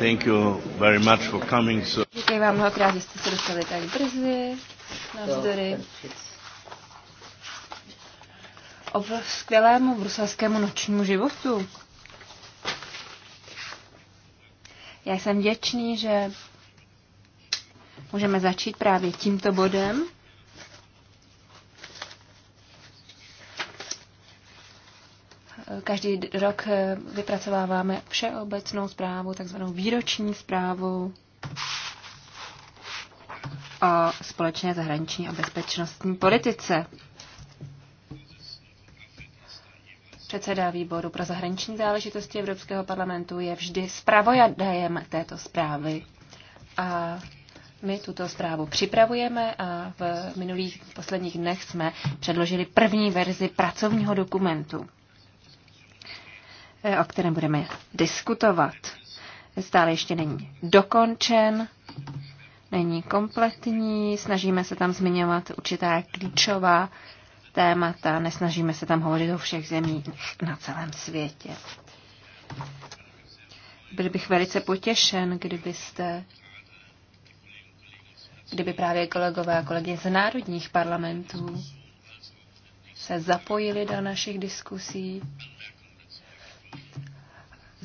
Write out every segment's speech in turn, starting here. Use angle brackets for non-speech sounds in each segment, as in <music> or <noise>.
Thank you very much for coming. So... Díky vám mnohokrát, že jste se dostali tak brzy. Navzdory skvělému bruselskému nočnímu životu. Já jsem vděčný, že můžeme začít právě tímto bodem. Každý rok eh, vypracováváme všeobecnou zprávu, takzvanou výroční zprávu o společné zahraniční a bezpečnostní politice. Předseda výboru pro zahraniční záležitosti Evropského parlamentu je vždy zpravodajem této zprávy. A my tuto zprávu připravujeme a v minulých posledních dnech jsme předložili první verzi pracovního dokumentu. Eh, o kterém budeme diskutovat. Stále ještě není dokončen, není kompletní, snažíme se tam zmiňovat určitá klíčová témata, nesnažíme se tam hovořit o všech zemích na celém světě. Byl bych velice potěšen, kdybyste, kdyby právě kolegové a kolegy z národních parlamentů se zapojili do našich diskusí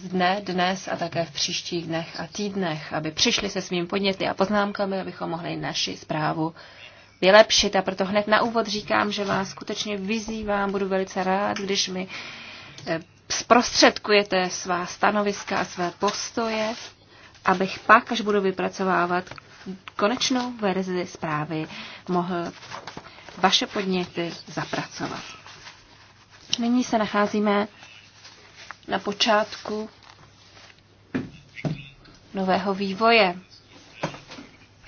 dne, dnes a také v příštích dnech a týdnech, aby přišli se svým podněty a poznámkami, abychom mohli naši zprávu vylepšit. A proto hned na úvod říkám, že vás skutečně vyzývám, budu velice rád, když mi eh, zprostředkujete svá stanoviska a své postoje, abych pak, až budu vypracovávat konečnou verzi zprávy, mohl vaše podněty zapracovat. Nyní se nacházíme na počátku nového vývoje.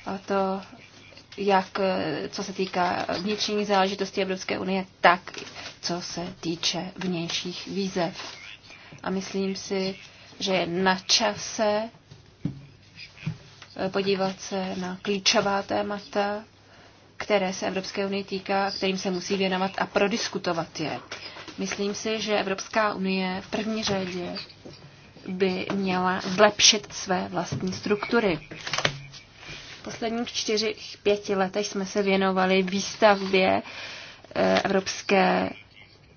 A to jak eh, co se týká vnitřní záležitosti Evropské unie, tak co se týče vnějších výzev. A myslím si, že je na čase eh, podívat se na klíčová témata, které se Evropské unie týká, kterým se musí věnovat a prodiskutovat je. Myslím si, že Evropská unie v první řadě by měla zlepšit své vlastní struktury. V posledních čtyřech, pěti letech jsme se věnovali výstavbě eh, Evropské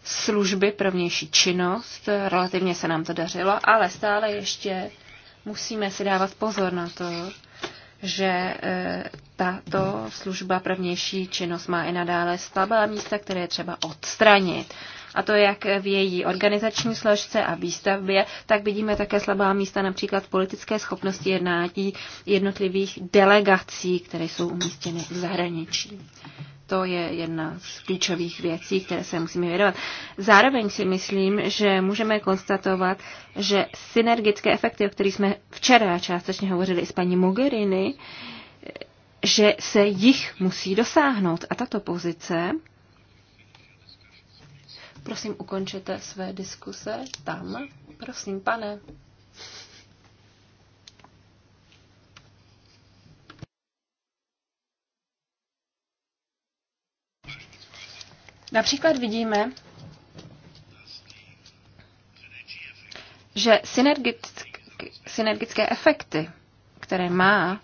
služby pro vnější činnost. Relativně se nám to dařilo, ale stále ještě musíme si dávat pozor na to, že eh, tato služba pro vnější činnost má i nadále slabá místa, které je třeba odstranit a to jak v její organizační složce a výstavbě, tak vidíme také slabá místa například politické schopnosti jednání jednotlivých delegací, které jsou umístěny v zahraničí. To je jedna z klíčových věcí, které se musíme vědovat. Zároveň si myslím, že můžeme konstatovat, že synergické efekty, o kterých jsme včera částečně hovořili i s paní Mogherini, že se jich musí dosáhnout. A tato pozice Prosím, ukončete své diskuse tam. Prosím, pane. Například vidíme, že synergické efekty, které má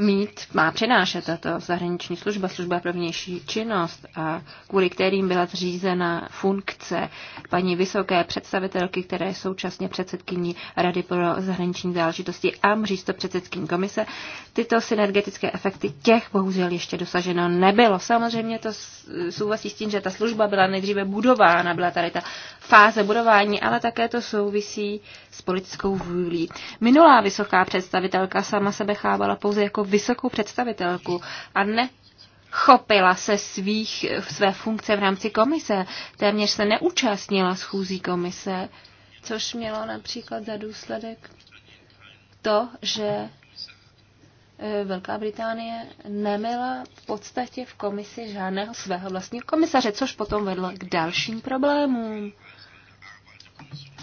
mít, má přinášet tato zahraniční služba, služba pro vnější činnost, a kvůli kterým byla zřízena funkce paní vysoké představitelky, které je současně předsedkyní Rady pro zahraniční záležitosti a mřísto předsedkyní komise. Tyto synergetické efekty těch bohužel ještě dosaženo nebylo. Samozřejmě to souvisí s tím, že ta služba byla nejdříve budována, byla tady ta fáze budování, ale také to souvisí s politickou vůlí. Minulá vysoká představitelka sama sebe chávala pouze jako vysokou představitelku a ne chopila se svých, své funkce v rámci komise. Téměř se neúčastnila schůzí komise, což mělo například za důsledek to, že e, Velká Británie neměla v podstatě v komisi žádného svého vlastního komisaře, což potom vedlo k dalším problémům.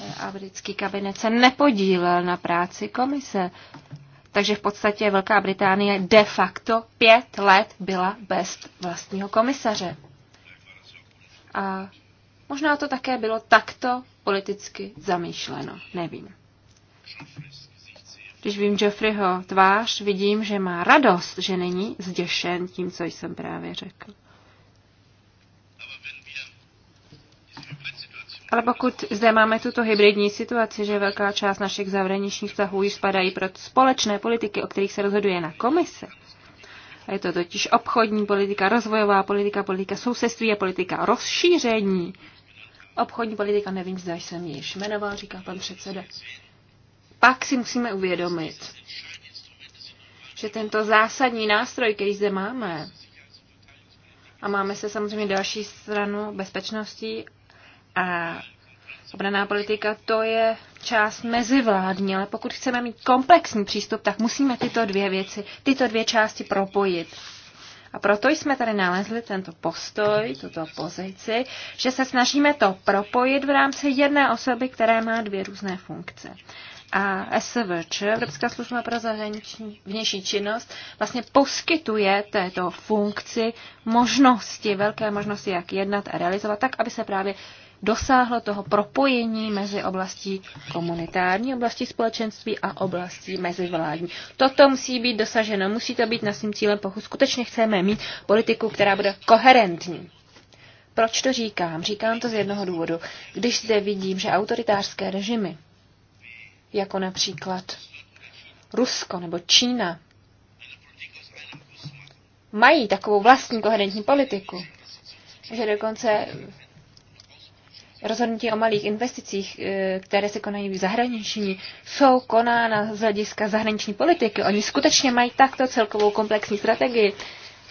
E, a britský kabinet se nepodílel na práci komise. Takže v podstatě Velká Británie de facto pět let byla bez vlastního komisaře. A možná to také bylo takto politicky zamýšleno, nevím. Když vím Geoffreyho tvář, vidím, že má radost, že není zděšen tím, co jsem právě řekl. Ale pokud zde máme tuto hybridní situaci, že velká část našich zahraničních vztahů již spadají pro společné politiky, o kterých se rozhoduje na komise, a je to totiž obchodní politika, rozvojová politika, politika sousedství a politika rozšíření. Obchodní politika, nevím, zda jsem ji již jmenoval, říká pan předseda. Pak si musíme uvědomit, že tento zásadní nástroj, který zde máme, a máme se samozřejmě další stranu bezpečnosti a obraná politika, to je část mezivládní, ale pokud chceme mít komplexní přístup, tak musíme tyto dvě věci, tyto dvě části propojit. A proto jsme tady nalezli tento postoj, tuto pozici, že se snažíme to propojit v rámci jedné osoby, která má dvě různé funkce. A SVČ, Evropská služba pro zahraniční vnější činnost, vlastně poskytuje této funkci možnosti, velké možnosti, jak jednat a realizovat, tak, aby se právě dosáhlo toho propojení mezi oblastí komunitární, oblastí společenství a oblastí mezivládní. Toto musí být dosaženo, musí to být naším cílem, pokud skutečně chceme mít politiku, která bude koherentní. Proč to říkám? Říkám to z jednoho důvodu. Když zde vidím, že autoritářské režimy, jako například Rusko nebo Čína, mají takovou vlastní koherentní politiku, že dokonce rozhodnutí o malých investicích, eh, které se konají v zahraničí, jsou konána z hlediska zahraniční politiky. Oni skutečně mají takto celkovou komplexní strategii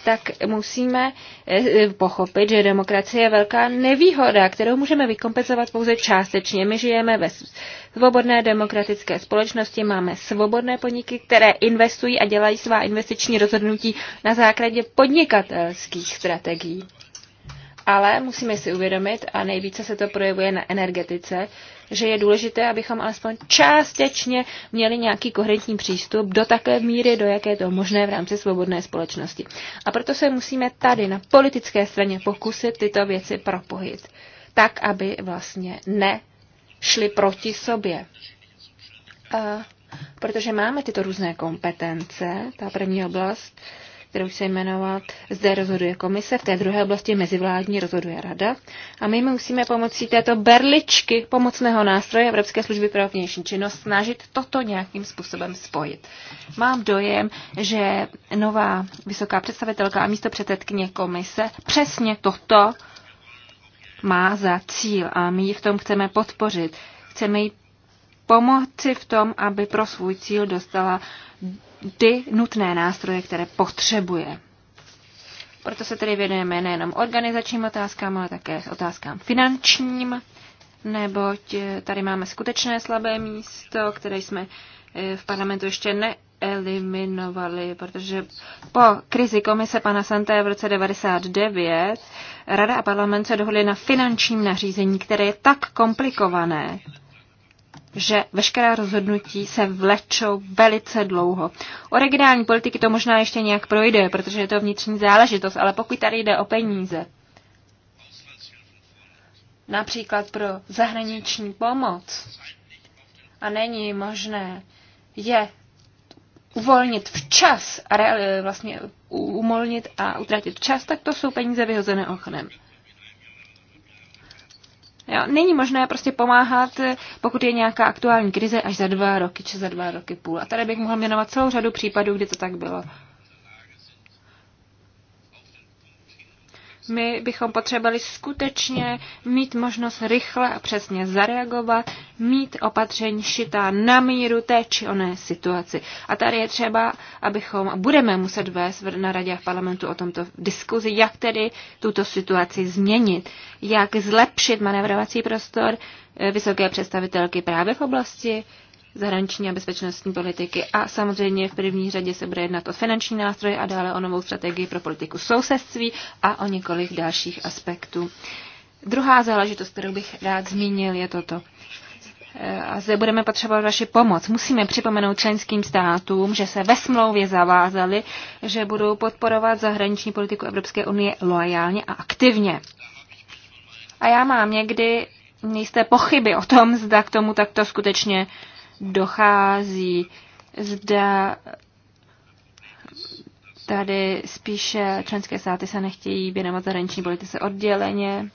tak musíme eh, eh, pochopit, že demokracie je velká nevýhoda, kterou můžeme vykompenzovat pouze částečně. My žijeme ve svobodné demokratické společnosti, máme svobodné podniky, které investují a dělají svá investiční rozhodnutí na základě podnikatelských strategií. Ale musíme si uvědomit, a nejvíce se to projevuje na energetice, že je důležité, abychom alespoň částečně měli nějaký koherentní přístup do takové míry, do jaké je to možné v rámci svobodné společnosti. A proto se musíme tady na politické straně pokusit tyto věci propojit, tak, aby vlastně nešly proti sobě. A protože máme tyto různé kompetence, ta první oblast, kterou se jmenoval, zde rozhoduje komise, v té druhé oblasti mezivládní rozhoduje rada. A my musíme pomocí této berličky pomocného nástroje Evropské služby pro vnější činnost snažit toto nějakým způsobem spojit. Mám dojem, že nová vysoká představitelka a místo předsedkyně komise přesně toto má za cíl a my ji v tom chceme podpořit. Chceme jí pomoci v tom, aby pro svůj cíl dostala ty nutné nástroje, které potřebuje. Proto se tedy věnujeme nejenom organizačním otázkám, ale také otázkám finančním, neboť eh, tady máme skutečné slabé místo, které jsme eh, v parlamentu ještě ne, eliminovali, protože po krizi komise pana Santé v roce 99 Rada a parlament se dohodli na finančním nařízení, které je tak komplikované, že veškerá rozhodnutí se vlečou velice dlouho. O regionální politiky to možná ještě nějak projde, protože je to vnitřní záležitost, ale pokud tady jde o peníze, například pro zahraniční pomoc, a není možné je uvolnit včas a re, vlastně umolnit a utratit čas, tak to jsou peníze vyhozené oknem. Jo, není možné prostě pomáhat, pokud je nějaká aktuální krize, až za dva roky či za dva roky půl. A tady bych mohl jmenovat celou řadu případů, kdy to tak bylo. My bychom potřebovali skutečně mít možnost rychle a přesně zareagovat, mít opatření šitá na míru té či oné situaci. A tady je třeba, abychom, budeme muset vést na radě a v parlamentu o tomto diskuzi, jak tedy tuto situaci změnit, jak zlepšit manevrovací prostor eh, vysoké představitelky právě v oblasti zahraniční a bezpečnostní politiky a samozřejmě v první řadě se bude jednat o finanční nástroje a dále o novou strategii pro politiku sousedství a o několik dalších aspektů. Druhá záležitost, kterou bych rád zmínil, je toto e, a zde budeme potřebovat vaši pomoc. Musíme připomenout členským státům, že se ve smlouvě zavázali, že budou podporovat zahraniční politiku Evropské unie loajálně a aktivně. A já mám někdy jisté pochyby o tom, zda k tomu takto skutečně dochází. Zda tady spíše členské státy se nechtějí věnovat zahraniční politice odděleně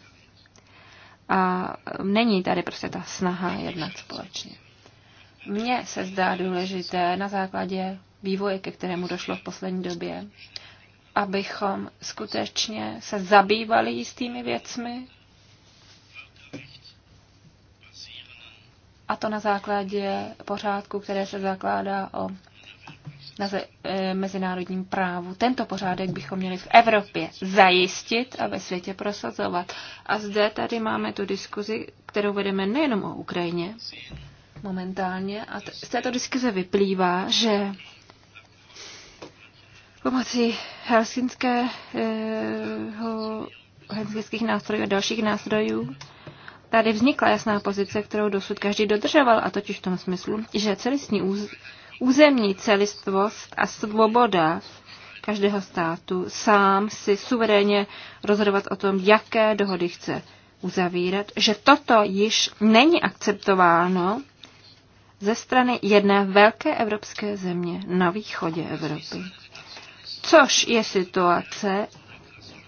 a není tady prostě ta snaha jednat společně. Mně se zdá důležité na základě vývoje, ke kterému došlo v poslední době, abychom skutečně se zabývali jistými věcmi, a to na základě pořádku, které se zakládá o na ze, e, mezinárodním právu. Tento pořádek bychom měli v Evropě zajistit a ve světě prosazovat. A zde tady máme tu diskuzi, kterou vedeme nejenom o Ukrajině momentálně. A z této diskuze vyplývá, že pomocí helsinského helsinských nástrojů a dalších nástrojů tady vznikla jasná pozice, kterou dosud každý dodržoval, a totiž v tom smyslu, že celistní úz, územní celistvost a svoboda každého státu sám si suverénně rozhodovat o tom, jaké dohody chce uzavírat, že toto již není akceptováno ze strany jedné velké evropské země na východě Evropy. Což je situace,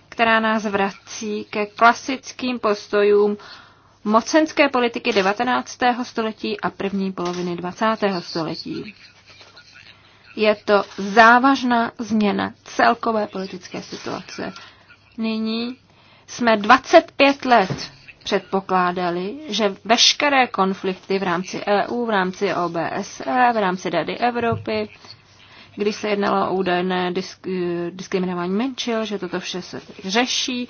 která nás vrací ke klasickým postojům mocenské politiky 19. století a první poloviny 20. století. Je to závažná změna celkové politické situace. Nyní jsme 25 let předpokládali, že veškeré konflikty v rámci EU, v rámci OBSE, v rámci Rady Evropy, když se jednalo o údajné disk, eh, diskriminování menšil, že toto vše se řeší.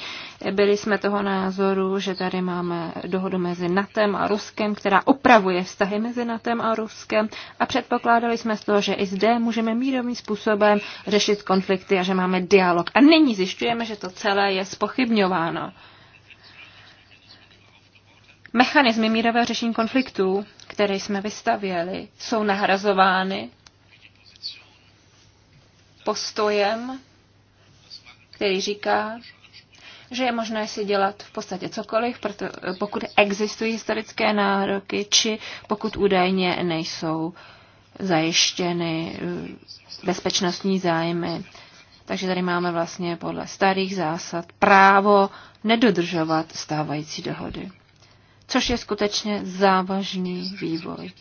Byli jsme toho názoru, že tady máme dohodu mezi NATEM a Ruskem, která opravuje vztahy mezi NATEM a Ruskem a předpokládali jsme z toho, že i zde můžeme mírovým způsobem řešit konflikty a že máme dialog. A nyní zjišťujeme, že to celé je spochybňováno. Mechanizmy mírového řešení konfliktů, které jsme vystavěli, jsou nahrazovány postojem, který říká, že je možné si dělat v podstatě cokoliv, proto, pokud existují historické nároky, či pokud údajně nejsou zajištěny eh, bezpečnostní zájmy. Takže tady máme vlastně podle starých zásad právo nedodržovat stávající dohody. Což je skutečně závažný vývoj.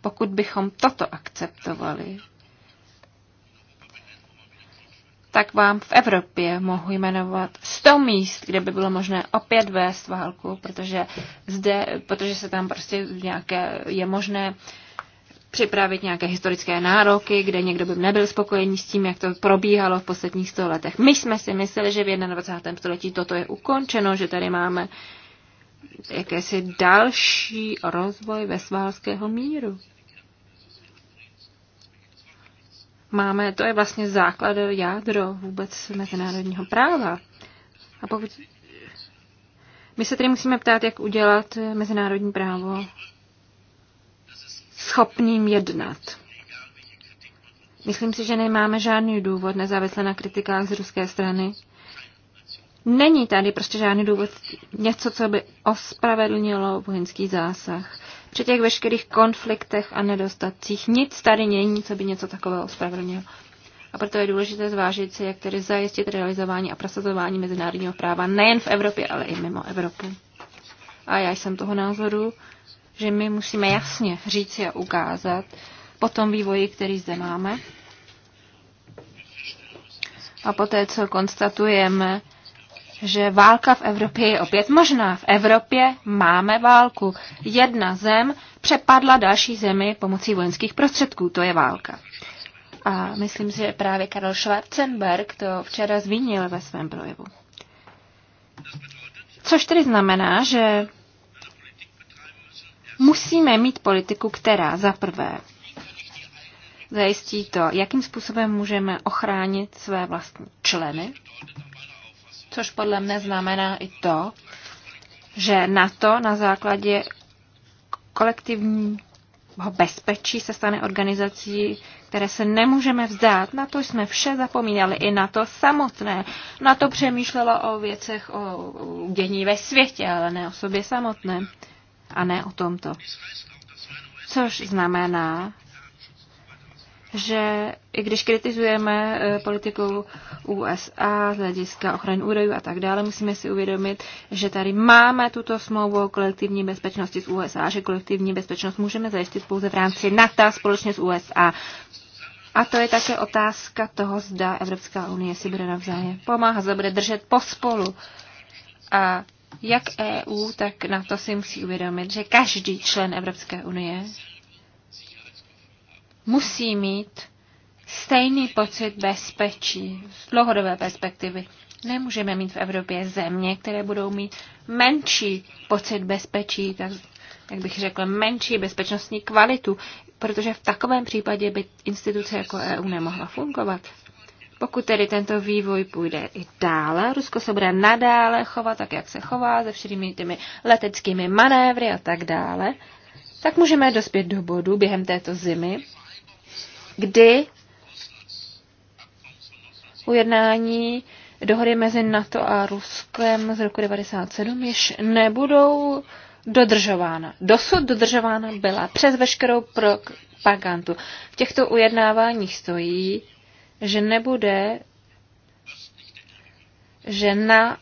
Pokud bychom toto akceptovali, tak vám v Evropě mohu jmenovat 100 míst, kde by bylo možné opět vést válku, protože zde, protože se tam prostě nějaké, je možné připravit nějaké historické nároky, kde někdo by nebyl spokojený s tím, jak to probíhalo v posledních sto letech. My jsme si mysleli, že v 21. století toto je ukončeno, že tady máme jakési další rozvoj vesválského míru. máme, to je vlastně základ jádro vůbec mezinárodního práva. A pokud my se tedy musíme ptát, jak udělat mezinárodní právo schopným jednat. Myslím si, že nemáme žádný důvod nezávisle na kritikách z ruské strany Není tady prostě žádný důvod něco, co by ospravedlnilo vojenský zásah. Při těch veškerých konfliktech a nedostatcích nic tady není, co by něco takového ospravedlnilo. A proto je důležité zvážit si, jak tedy zajistit realizování a prosazování mezinárodního práva nejen v Evropě, ale i mimo Evropu. A já jsem toho názoru, že my musíme jasně říci a ukázat po tom vývoji, který zde máme, a poté, co konstatujeme, že válka v Evropě je opět možná. V Evropě máme válku. Jedna zem přepadla další zemi pomocí vojenských prostředků. To je válka. A myslím si, že právě Karel Schwarzenberg to včera zmínil ve svém projevu. Což tedy znamená, že musíme mít politiku, která za prvé zajistí to, jakým způsobem můžeme ochránit své vlastní členy, což podle mne znamená i to, že NATO na základě kolektivního bezpečí se stane organizací, které se nemůžeme vzdát. Na to jsme vše zapomínali, i na to samotné. Na to přemýšlelo o věcech, o dění ve světě, ale ne o sobě samotné a ne o tomto. Což znamená, že i když kritizujeme eh, politiku USA z hlediska ochrany údajů a tak dále, musíme si uvědomit, že tady máme tuto smlouvu o kolektivní bezpečnosti z USA, že kolektivní bezpečnost můžeme zajistit pouze v rámci NATO společně s USA. A to je také otázka toho, zda Evropská unie si bude navzájem pomáhat, zda bude držet pospolu. A jak EU, tak na to si musí uvědomit, že každý člen Evropské unie musí mít stejný pocit bezpečí z dlouhodobé perspektivy. Nemůžeme mít v Evropě země, které budou mít menší pocit bezpečí, tak, jak bych řekl menší bezpečnostní kvalitu, protože v takovém případě by instituce jako EU nemohla fungovat. Pokud tedy tento vývoj půjde i dále, Rusko se bude nadále chovat tak, jak se chová, se všemi těmi leteckými manévry a tak dále, tak můžeme dospět do bodu během této zimy, kdy ujednání dohody mezi NATO a Ruskem z roku 1997 již nebudou dodržována. Dosud dodržována byla přes veškerou propagandu. V těchto ujednáváních stojí, že nebude, že na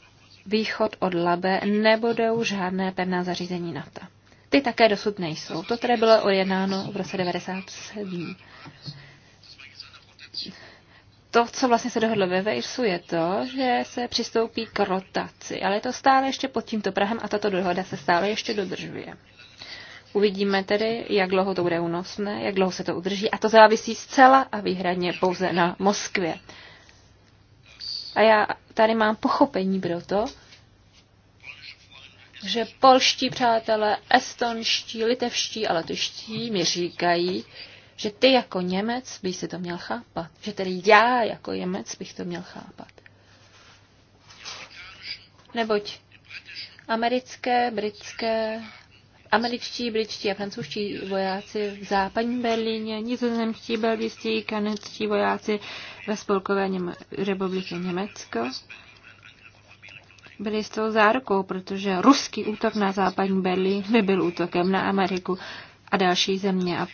východ od Labe nebudou žádné pevná zařízení NATO. Ty také dosud nejsou. To tedy bylo ujednáno v roce 1997 to, co vlastně se dohodlo ve Walesu, je to, že se přistoupí k rotaci, ale je to stále ještě pod tímto Prahem a tato dohoda se stále ještě dodržuje. Uvidíme tedy, jak dlouho to bude únosné, jak dlouho se to udrží a to závisí zcela a výhradně pouze na Moskvě. A já tady mám pochopení pro to, že polští přátelé, estonští, litevští a letuští mi říkají, že ty jako Němec by si to měl chápat, že tedy já jako Němec bych to měl chápat. Neboť americké, britské, američtí, britští a francouzští vojáci v západní Berlíně, nizozemští, belgičtí, kanadští vojáci ve Spolkové Něme- republiky Německo byli s tou zárukou, protože ruský útok na západní Berlín by byl útokem na Ameriku a další země. A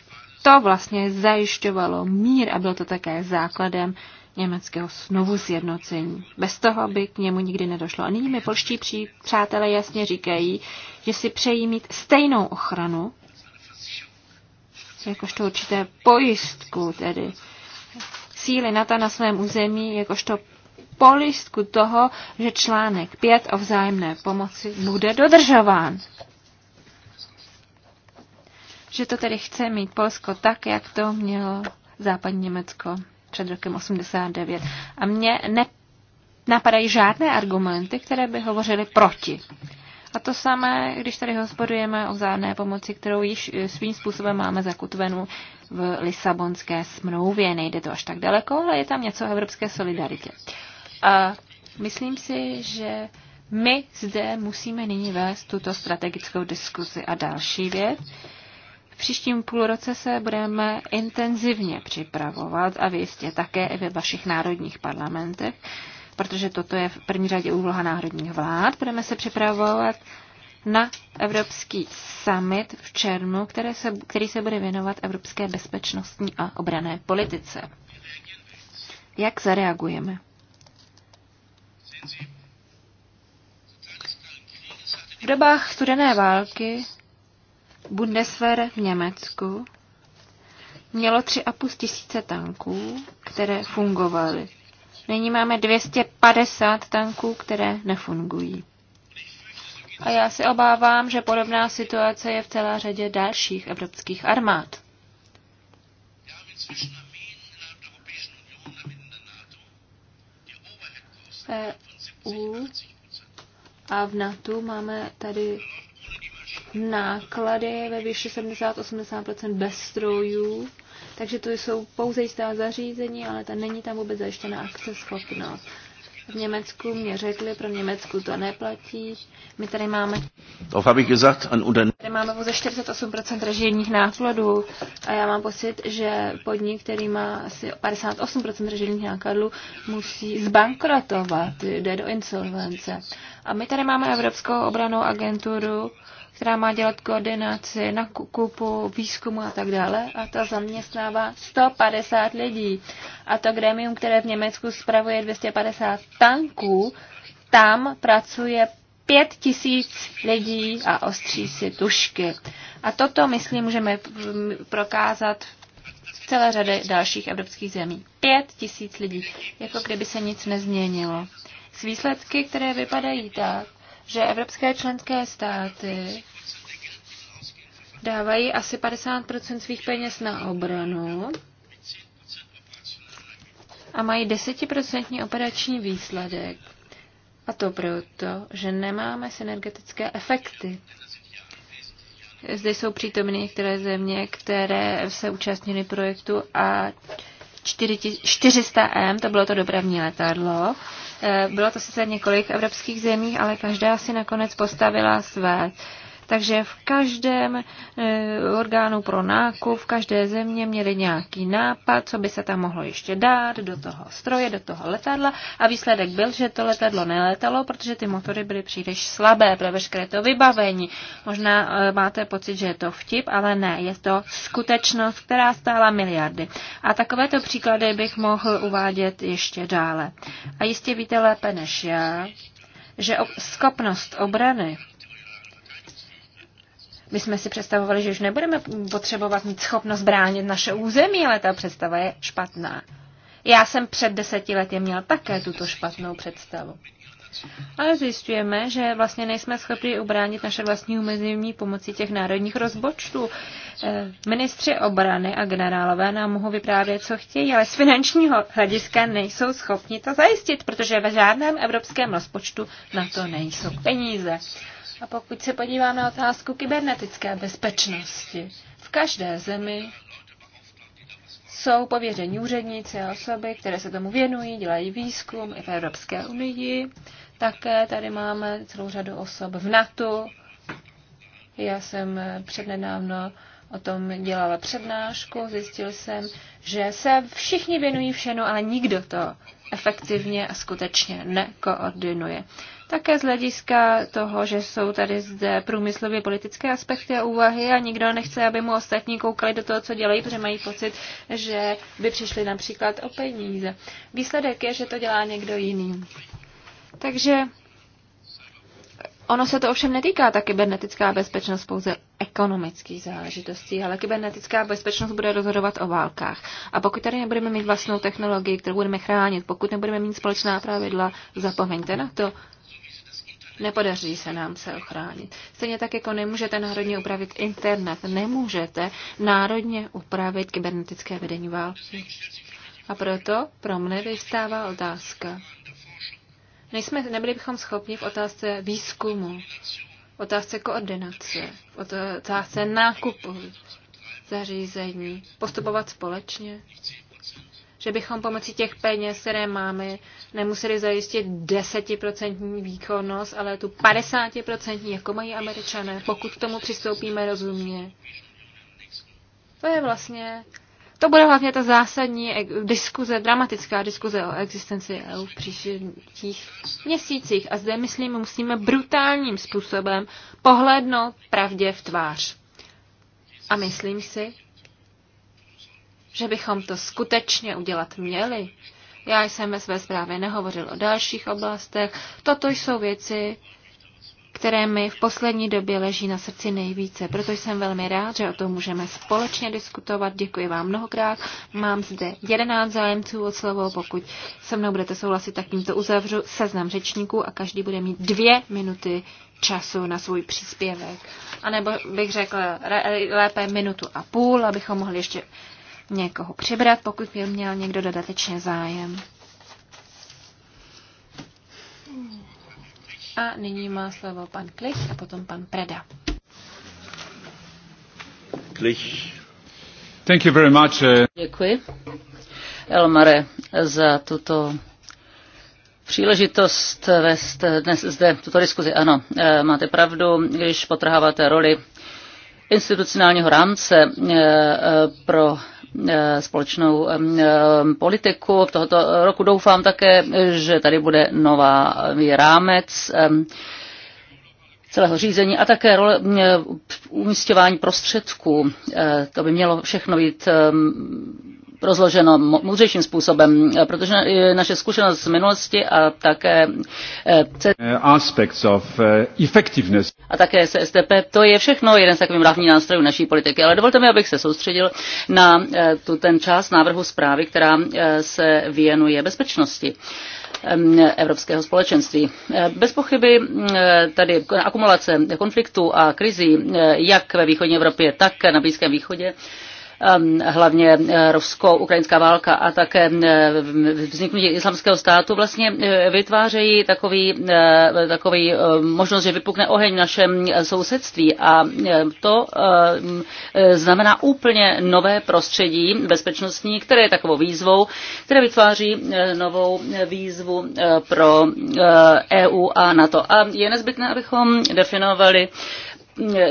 to vlastně zajišťovalo mír a bylo to také základem německého snovu sjednocení. Bez toho by k němu nikdy nedošlo. A nyní mi polští pří, přátelé jasně říkají, že si přejí mít stejnou ochranu, jakožto určité pojistku, tedy síly NATO na svém území, jakožto pojistku toho, že článek 5 o vzájemné pomoci bude dodržován že to tedy chce mít Polsko tak, jak to mělo západní Německo před rokem 89. A mně ne, napadají žádné argumenty, které by hovořily proti. A to samé, když tady hospodujeme o zádné pomoci, kterou již eh, svým způsobem máme zakutvenou v Lisabonské smlouvě. Nejde to až tak daleko, ale je tam něco o evropské solidaritě. A myslím si, že my zde musíme nyní vést tuto strategickou diskuzi. A další věc, v příštím půlroce se budeme intenzivně připravovat a vy jistě také i ve vašich národních parlamentech, protože toto je v první řadě úloha národních vlád. Budeme se připravovat na Evropský summit v červnu, které se, který se bude věnovat evropské bezpečnostní a obrané politice. Jak zareagujeme? V dobách studené války Bundeswehr v Německu mělo 3,5 tisíce tanků, které fungovaly. Nyní máme 250 tanků, které nefungují. A já se obávám, že podobná situace je v celé řadě dalších evropských armád. EU a v NATO máme tady náklady ve výši 70-80 bez strojů, takže to jsou pouze jistá zařízení, ale ta není tam vůbec zajištěna akceschopnost. V Německu mě řekli, pro Německu to neplatí. My tady máme... To habe ich gesagt, an Unternehmen... Tady máme pouze 48% režijních nákladů a já mám pocit, že podnik, který má asi 58% režijních nákladů, musí zbankrotovat, jde do insolvence. A my tady máme Evropskou obranou agenturu, která má dělat koordinaci na kupu, výzkumu a tak dále. A to zaměstnává 150 lidí. A to gremium, které v Německu spravuje 250 tanků, tam pracuje 5 tisíc lidí a ostří si tušky. A toto, myslím, můžeme mm, prokázat v celé řady dalších evropských zemí. 5 tisíc lidí, jako kdyby se nic nezměnilo. S výsledky, které vypadají tak, že evropské členské státy dávají asi 50 svých peněz na obranu a mají desetiprocentní operační výsledek. A to proto, že nemáme synergetické efekty. Zde jsou přítomny některé země, které se účastnily projektu a 400M, to bylo to dopravní letadlo, Eh, bylo to sice v několik evropských zemích, ale každá si nakonec postavila své. Takže v každém eh, orgánu pro nákup, v každé země měli nějaký nápad, co by se tam mohlo ještě dát do toho stroje, do toho letadla a výsledek byl, že to letadlo nelétalo, protože ty motory byly příliš slabé pro veškeré to vybavení. Možná eh, máte pocit, že je to vtip, ale ne, je to skutečnost, která stála miliardy. A takovéto příklady bych mohl uvádět ještě dále. A jistě víte lépe než já, že schopnost obrany my jsme si představovali, že už nebudeme potřebovat mít schopnost bránit naše území, ale ta představa je špatná. Já jsem před deseti lety měl také tuto špatnou představu. Ale zjistujeme, že vlastně nejsme schopni ubránit naše vlastní umezení pomocí těch národních rozpočtů. Eh, ministři obrany a generálové nám mohou vyprávět, co chtějí, ale z finančního hlediska nejsou schopni to zajistit, protože ve žádném evropském rozpočtu na to nejsou peníze. A pokud se podíváme na otázku kybernetické bezpečnosti, v každé zemi jsou pověření úředníci a osoby, které se tomu věnují, dělají výzkum i v Evropské unii. Také tady máme celou řadu osob v NATO. Já jsem přednedávno o tom dělala přednášku, zjistil jsem, že se všichni věnují všemu, ale nikdo to efektivně a skutečně nekoordinuje. Také z hlediska toho, že jsou tady zde průmyslově politické aspekty a úvahy a nikdo nechce, aby mu ostatní koukali do toho, co dělají, protože mají pocit, že by přišli například o peníze. Výsledek je, že to dělá někdo jiný. Takže Ono se to ovšem netýká ta kybernetická bezpečnost pouze ekonomických záležitostí, ale kybernetická bezpečnost bude rozhodovat o válkách. A pokud tady nebudeme mít vlastnou technologii, kterou budeme chránit, pokud nebudeme mít společná pravidla, zapomeňte na to, nepodaří se nám se ochránit. Stejně tak, jako nemůžete národně upravit internet, nemůžete národně upravit kybernetické vedení války. A proto pro mne vystává otázka. Nejsme, nebyli bychom schopni v otázce výzkumu, v otázce koordinace, v otázce nákupu zařízení postupovat společně že bychom pomocí těch peněz, které máme, nemuseli zajistit desetiprocentní výkonnost, ale tu 50% jako mají američané, pokud k tomu přistoupíme rozumně. To je vlastně, to bude hlavně ta zásadní diskuze, dramatická diskuze o existenci EU v příštích měsících. A zde, myslím, musíme brutálním způsobem pohlednout pravdě v tvář. A myslím si, že bychom to skutečně udělat měli. Já jsem ve své zprávě nehovořil o dalších oblastech. Toto jsou věci, které mi v poslední době leží na srdci nejvíce. Proto jsem velmi rád, že o tom můžeme společně diskutovat. Děkuji vám mnohokrát. Mám zde 11 zájemců od slovo. Pokud se mnou budete souhlasit, tak tímto uzavřu seznam řečníků a každý bude mít dvě minuty času na svůj příspěvek. A nebo bych řekla lépe minutu a půl, abychom mohli ještě někoho přibrat, pokud by měl někdo dodatečně zájem. A nyní má slovo pan Klich a potom pan Preda. Klich. Thank you very much. Eh. Děkuji, Elmare, za tuto příležitost vést dnes zde tuto diskuzi. Ano, eh, máte pravdu, když potrháváte roli institucionálního rámce eh, pro Eh, společnou eh, politiku. V tohoto roku doufám také, že tady bude nová rámec eh, celého řízení a také role umístěvání prostředků. To by mělo všechno být rozloženo můřejším způsobem, eh, protože eh, naše zkušenost z minulosti a také eh, aspects of effectiveness. A také CSTP, to je všechno jeden z takových hlavních nástrojů naší politiky. Ale dovolte mi, abych se soustředil na tu ten část návrhu zprávy, která se věnuje bezpečnosti. Evropského společenství. Bez pochyby mm, tady akumulace konfliktů a krizí jak ve východní Evropě, tak na Blízkém východě Ehm, hlavně eh, rusko-ukrajinská válka a také eh, vzniknutí islamského státu vlastně eh, vytvářejí takový, takový možnost, že vypukne oheň v našem sousedství a to znamená úplně nové prostředí bezpečnostní, které je takovou výzvou, které vytváří novou výzvu pro EU e a NATO. A je nezbytné, abychom definovali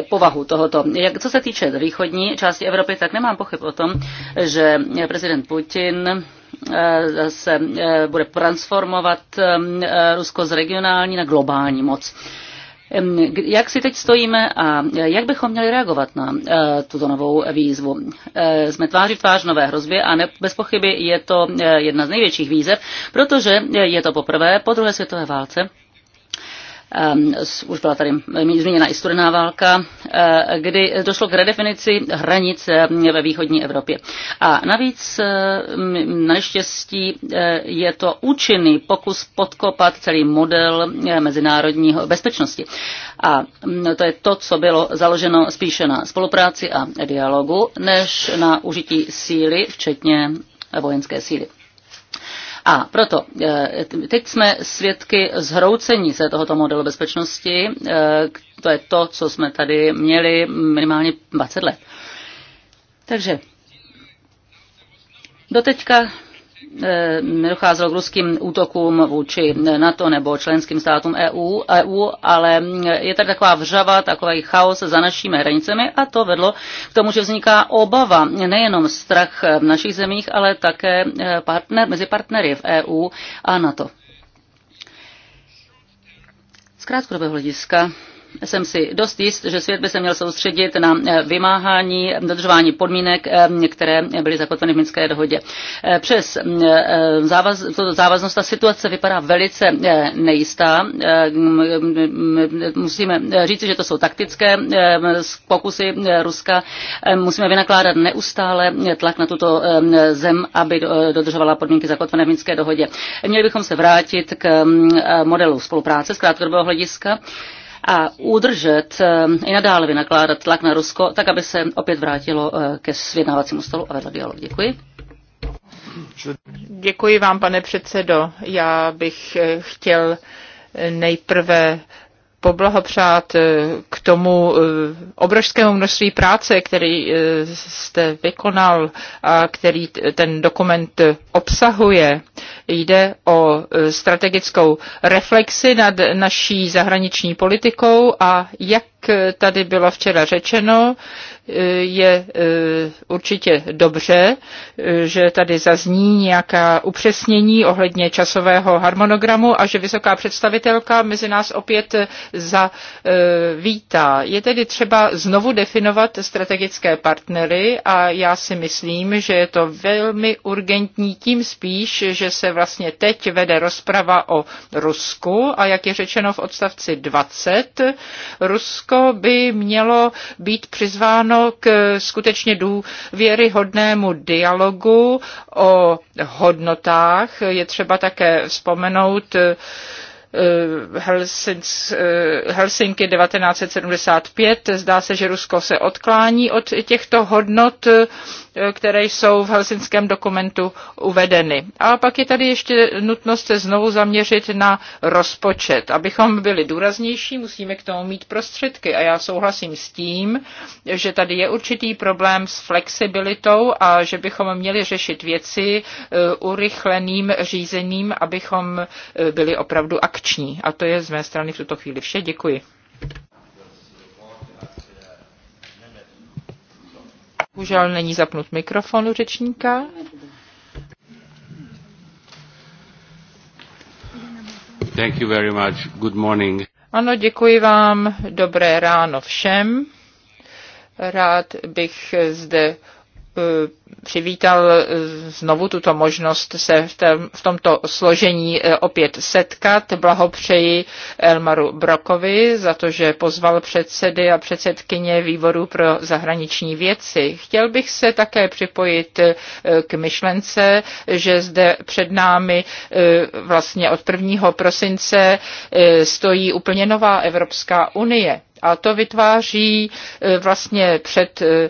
povahu tohoto. Jak, co se týče východní části Evropy, tak nemám pochyb o tom, že prezident Putin eh, se eh, bude transformovat eh, Rusko z regionální na globální moc. Jak si teď stojíme a jak bychom měli reagovat na tuto novou výzvu? Jsme tváří tvář nové hrozbě a ne, bez pochyby je to jedna z největších výzev, protože je to poprvé po druhé světové válce, Ehm, už byla tady zmíněna i studená válka, eh, kdy došlo k redefinici hranic mm, ve východní Evropě. A navíc ehm, naštěstí eh, je to účinný pokus podkopat celý model eh, mezinárodního bezpečnosti. A mm, to je to, co bylo založeno spíše na spolupráci a dialogu, než na užití síly, včetně vojenské síly. A proto eh, teď jsme svědky zhroucení se tohoto modelu bezpečnosti. Eh, to je to, co jsme tady měli minimálně 20 let. Takže doteďka Eh, nedocházelo k ruským útokům vůči NATO nebo členským státům EU, EU, ale je tady taková vřava, takový chaos za našimi hranicemi a to vedlo k tomu, že vzniká obava, nejenom strach v našich zemích, ale také eh, partner, mezi partnery v EU a NATO. Z krátkodobého hlediska jsem si dost jist, že svět by se měl soustředit na eh, vymáhání, dodržování podmínek, eh, které byly zakotveny v Minské dohodě. Eh, přes mm, závaz, závaznost ta situace vypadá velice nejistá. Mm, mm, musíme říct, že to jsou taktické pokusy Ruska. Musíme vynakládat neustále tlak na tuto zem, aby dodržovala podmínky zakotvené v Minské dohodě. Měli bychom se vrátit k modelu spolupráce z krátkodobého hlediska a udržet eh, i nadále vynakládat tlak na Rusko, tak aby se opět vrátilo eh, ke svědnávacímu stolu a vedle dialog. Děkuji. Děkuji vám, pane předsedo. Já bych eh, chtěl nejprve poblahopřát k tomu obrovskému množství práce, který jste vykonal a který ten dokument obsahuje. Jde o e, strategickou reflexi nad naší zahraniční politikou a jak e, tady bylo včera řečeno, e, je určitě dobře, že tady zazní nějaká upřesnění ohledně časového harmonogramu a že vysoká představitelka mezi nás opět zavítá. Je tedy třeba znovu definovat strategické partnery a já si myslím, že je to velmi urgentní tím spíš, že se vlastně teď vede rozprava o Rusku a jak je řečeno v odstavci 20, Rusko by mělo být přizváno k skutečně důvěryhodnému dialogu o hodnotách. Je třeba také vzpomenout eh, eh, Helsinky 1975. Zdá se, že Rusko se odklání od těchto hodnot Eh, které jsou v helsinském dokumentu uvedeny. A pak je tady ještě nutnost se znovu zaměřit na rozpočet. Abychom byli důraznější, musíme k tomu mít prostředky. A já souhlasím s tím, že tady je určitý problém s flexibilitou a že bychom měli řešit věci eh, urychleným řízením, abychom eh, byli opravdu akční. A to je z mé strany v tuto chvíli vše. Děkuji. Bohužel není zapnut mikrofon u řečníka. Thank you very much. Good morning. Ano, děkuji vám. Dobré ráno všem. Rád bych zde Eh, přivítal eh, znovu tuto možnost se v, tomto složení eh, opět setkat. Blahopřeji Elmaru Brokovi za to, že pozval předsedy a předsedkyně výboru pro zahraniční věci. Chtěl bych se také připojit k myšlence, že zde před námi vlastně od 1. prosince stojí úplně nová Evropská unie. A to vytváří e, vlastně před e,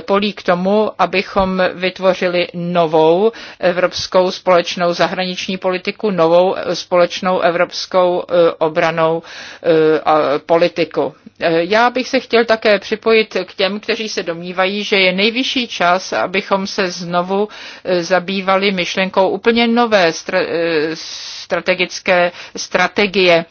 polí k tomu, abychom vytvořili novou evropskou společnou zahraniční politiku, novou e, společnou evropskou obranou politiku. Já bych se chtěl také připojit k těm, kteří se domnívají, že je nejvyšší čas, abychom se znovu zabývali myšlenkou úplně nové strategické strategie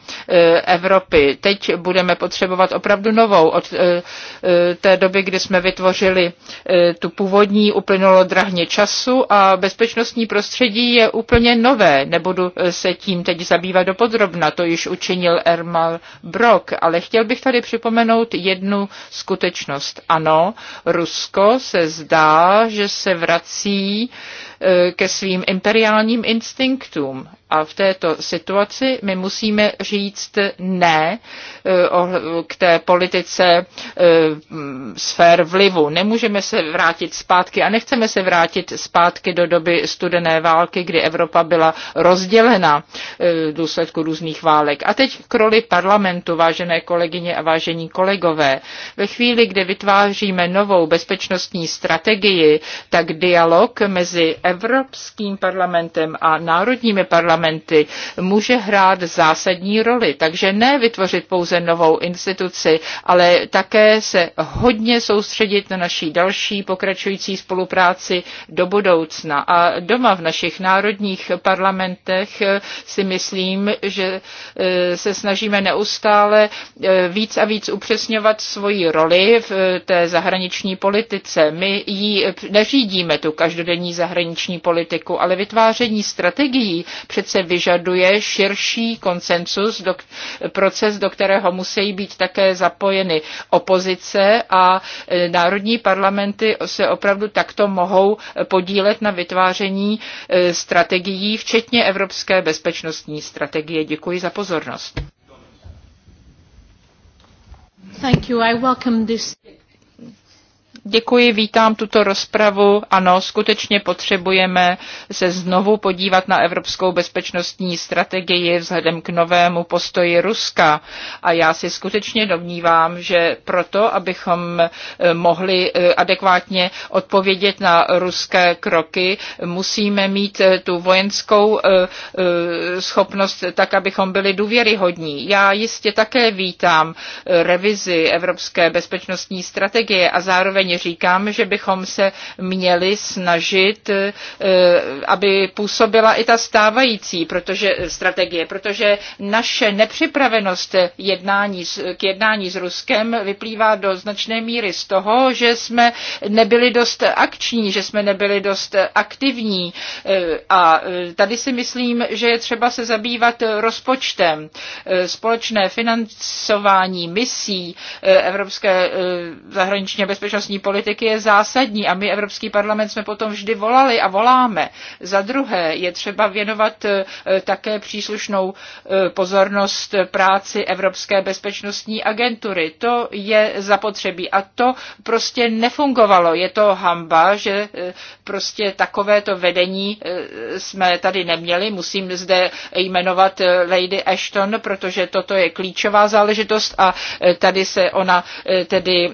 Evropy. Teď budeme potřebovat opravdu novou. Od eh, eh, té doby, kdy jsme vytvořili eh, tu původní, uplynulo drahně času a bezpečnostní prostředí je úplně nové. Nebudu se tím teď zabývat dopodrobna, to již učinil Ermal Brok, ale chtěl bych tady připomenout jednu skutečnost. Ano, Rusko se zdá, že se vrací E, ke svým imperiálním instinktům. A v této situaci my musíme říct ne e, k té politice e, sfér vlivu. Nemůžeme se vrátit zpátky a nechceme se vrátit zpátky do doby studené války, kdy Evropa byla rozdělena v důsledku různých válek. A teď k roli parlamentu, vážené kolegyně a vážení kolegové. Ve chvíli, kdy vytváříme novou bezpečnostní strategii, tak dialog mezi Evropou Evropským parlamentem a národními parlamenty může hrát zásadní roli. Takže ne vytvořit pouze novou instituci, ale také se hodně soustředit na naší další pokračující spolupráci do budoucna. A doma v našich národních parlamentech si myslím, že e, se snažíme neustále e, víc a víc upřesňovat svoji roli v e, té zahraniční politice. My ji neřídíme, tu každodenní zahraniční zahraniční politiku, ale vytváření strategií přece vyžaduje širší konsensus, do, proces, do kterého musí být také zapojeny opozice a e, národní parlamenty se opravdu takto mohou podílet na vytváření e, strategií, včetně Evropské bezpečnostní strategie. Děkuji za pozornost. Thank you. I welcome this. Děkuji, vítám tuto rozpravu. Ano, skutečně potřebujeme se znovu podívat na evropskou bezpečnostní strategii vzhledem k novému postoji Ruska. A já si skutečně domnívám, že proto, abychom eh, mohli eh, adekvátně odpovědět na ruské kroky, musíme mít eh, tu vojenskou schopnost tak, abychom byli důvěryhodní. Já jistě také vítám revizi evropské bezpečnostní strategie a zároveň říkám, že bychom se měli snažit, eh, aby působila i ta stávající protože, strategie, protože naše nepřipravenost jednání, k jednání s Ruskem vyplývá do značné míry z toho, že jsme nebyli dost akční, že jsme nebyli dost aktivní. Eh, a eh, tady si myslím, že je třeba se zabývat rozpočtem, společné financování misí Evropské zahraničně bezpečnostní politiky je zásadní a my, Evropský parlament, jsme potom vždy volali a voláme. Za druhé je třeba věnovat e, také příslušnou e, pozornost práci Evropské bezpečnostní agentury. To je zapotřebí a to prostě nefungovalo. Je to hamba, že e, prostě takovéto vedení jsme tady neměli. Musím zde jmenovat Lady Ashton, protože toto je klíčová záležitost a tady se ona tedy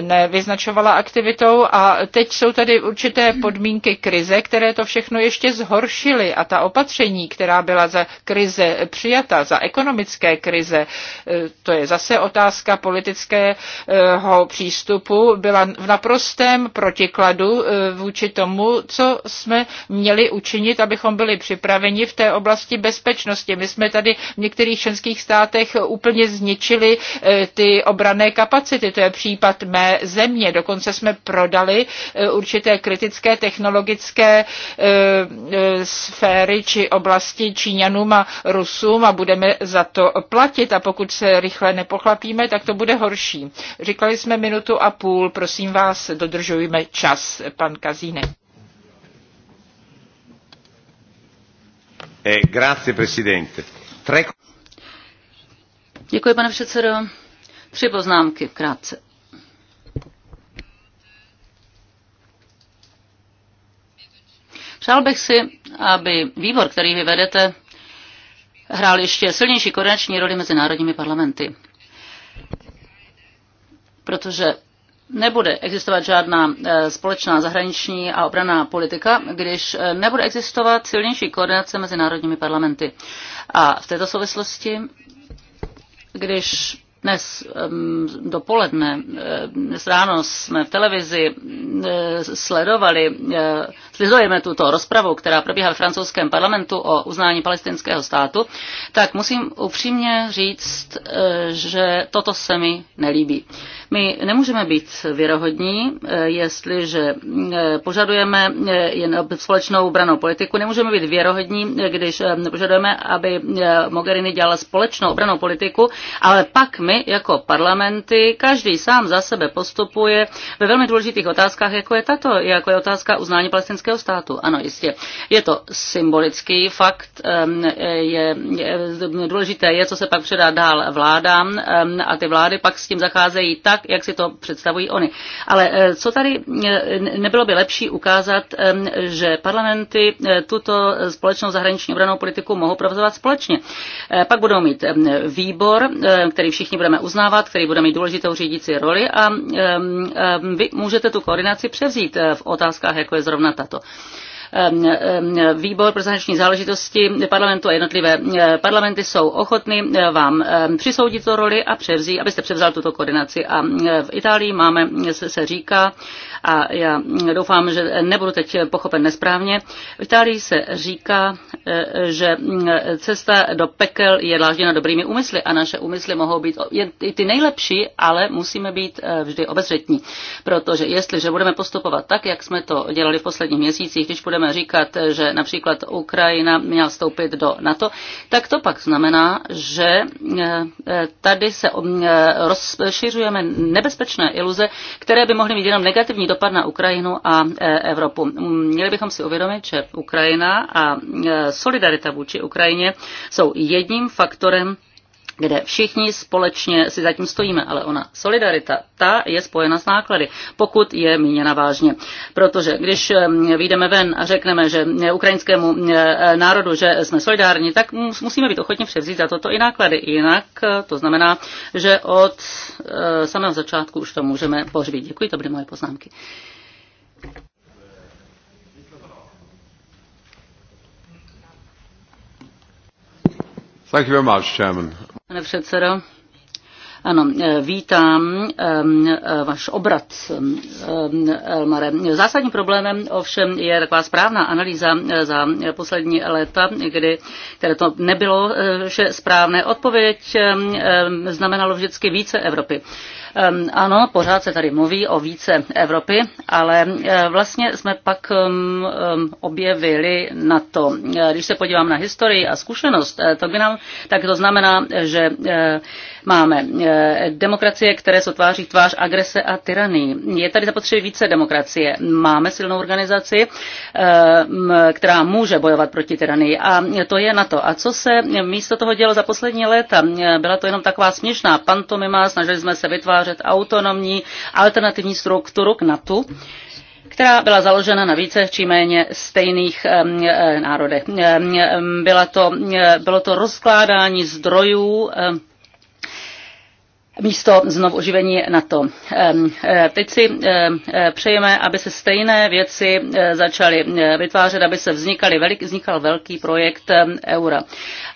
nevyznačovala aktivitou a teď jsou tady určité podmínky krize, které to všechno ještě zhoršily a ta opatření, která byla za krize přijata, za ekonomické krize, eh, to je zase otázka politického přístupu, byla v naprostém protikladu eh, vůči tomu, co jsme měli učinit, abychom byli připraveni v té oblasti bezpečnosti. My jsme tady v některých členských státech úplně zničili eh, ty obrané kapacity. To je případ mé země. Dokonce dokonce jsme prodali e, určité kritické technologické e, e, sféry či oblasti Číňanům a Rusům a budeme za to platit a pokud se rychle nepochlapíme, tak to bude horší. Říkali jsme minutu a půl, prosím vás, dodržujme čas, pan Kazíne. Eh, Děkuji, pane předsedo. Tři poznámky krátce. Přál bych si, aby výbor, který vy vedete, hrál ještě silnější koordinační roli mezi národními parlamenty. Protože nebude existovat žádná eh, společná zahraniční a obraná politika, když eh, nebude existovat silnější koordinace mezi národními parlamenty. A v této souvislosti, když dnes ehm, dopoledne, eh, dnes ráno jsme v televizi sledovali sledujeme tuto rozpravu, která probíhá v francouzském parlamentu o uznání palestinského státu, tak musím upřímně říct, eh, že toto se mi nelíbí. My nemůžeme být věrohodní, eh, jestliže eh, požadujeme jen společnou obranou politiku. Nemůžeme být věrohodní, když požadujeme, aby Mogherini dělala společnou obranou politiku, ale pak my jako parlamenty, každý sám za sebe postupuje ve velmi důležitých otázkách, jako je tato, jako je otázka uznání palestinského islámského státu. Ano, jistě. Je to symbolický fakt, je, je důležité je, co se pak předá dál vládám a ty vlády pak s tím zacházejí tak, jak si to představují oni. Ale eh, co tady eh, nebylo by lepší ukázat, že parlamenty eh, tuto společnou zahraniční obranou politiku mohou provozovat společně. Pak budou mít výbor, který všichni budeme uznávat, který bude mít důležitou řídící roli a vy můžete tu koordinaci převzít v otázkách, jako je zrovna tato státu výbor pro zahraniční záležitosti parlamentu a jednotlivé parlamenty jsou ochotny vám přisoudit to roli a převzít, abyste převzal tuto koordinaci. A v Itálii máme, se, se říká, a já doufám, že nebudu teď pochopen nesprávně, v Itálii se říká, e, že cesta do pekel je dlážděna dobrými úmysly a naše úmysly mohou být i ty nejlepší, ale musíme být e, vždy obezřetní, protože jestliže budeme postupovat tak, jak jsme to dělali v posledních měsících, když budeme budeme říkat, že například Ukrajina měla vstoupit do NATO, tak to pak znamená, že eh, tady se eh, rozšiřujeme nebezpečné iluze, které by mohly mít jenom negativní dopad na Ukrajinu a eh, Evropu. Měli bychom si uvědomit, že Ukrajina a solidarita vůči Ukrajině jsou jedním faktorem, kde všichni společně si zatím stojíme, ale ona solidarita, ta je spojena s náklady, pokud je míněna vážně. Protože když vyjdeme ven a řekneme, že ukrajinskému národu, že jsme solidární, tak musíme být ochotni převzít za toto i náklady. Jinak eh, to znamená, že od eh, samého začátku už to můžeme pohřbít. Děkuji, to byly moje poznámky. Thank you very much, Chairman. Pane předsedo, ano, eh, vítám ehm, eh, váš obrat, ehm, ehm, Elmare. Zásadním problémem ovšem je taková správná analýza eh, za poslední léta, kdy, které to nebylo že správné. Odpověď znamenalo vždycky více Evropy. Ano, pořád se tady mluví o více Evropy, ale eh, vlastně jsme pak objevili na to. Eh, když se podívám na historii a zkušenost, eh, tak, by nám, tak to znamená, že Máme eh, demokracie, které jsou tváří tvář agrese a tyranii. Je tady zapotřebí více demokracie. Máme silnou organizaci, eh, která může bojovat proti tyranii a to je na to. A co se místo toho dělo za poslední léta? Eh, byla to jenom taková směšná pantomima, snažili jsme se vytvářet autonomní alternativní strukturu k NATO která byla založena na více či méně stejných národech. Byla to, bylo to rozkládání zdrojů místo znovu oživení to. E, teď si e, přejeme, aby se stejné věci e, začaly vytvářet, aby se vznikaly vznikal velký projekt eura.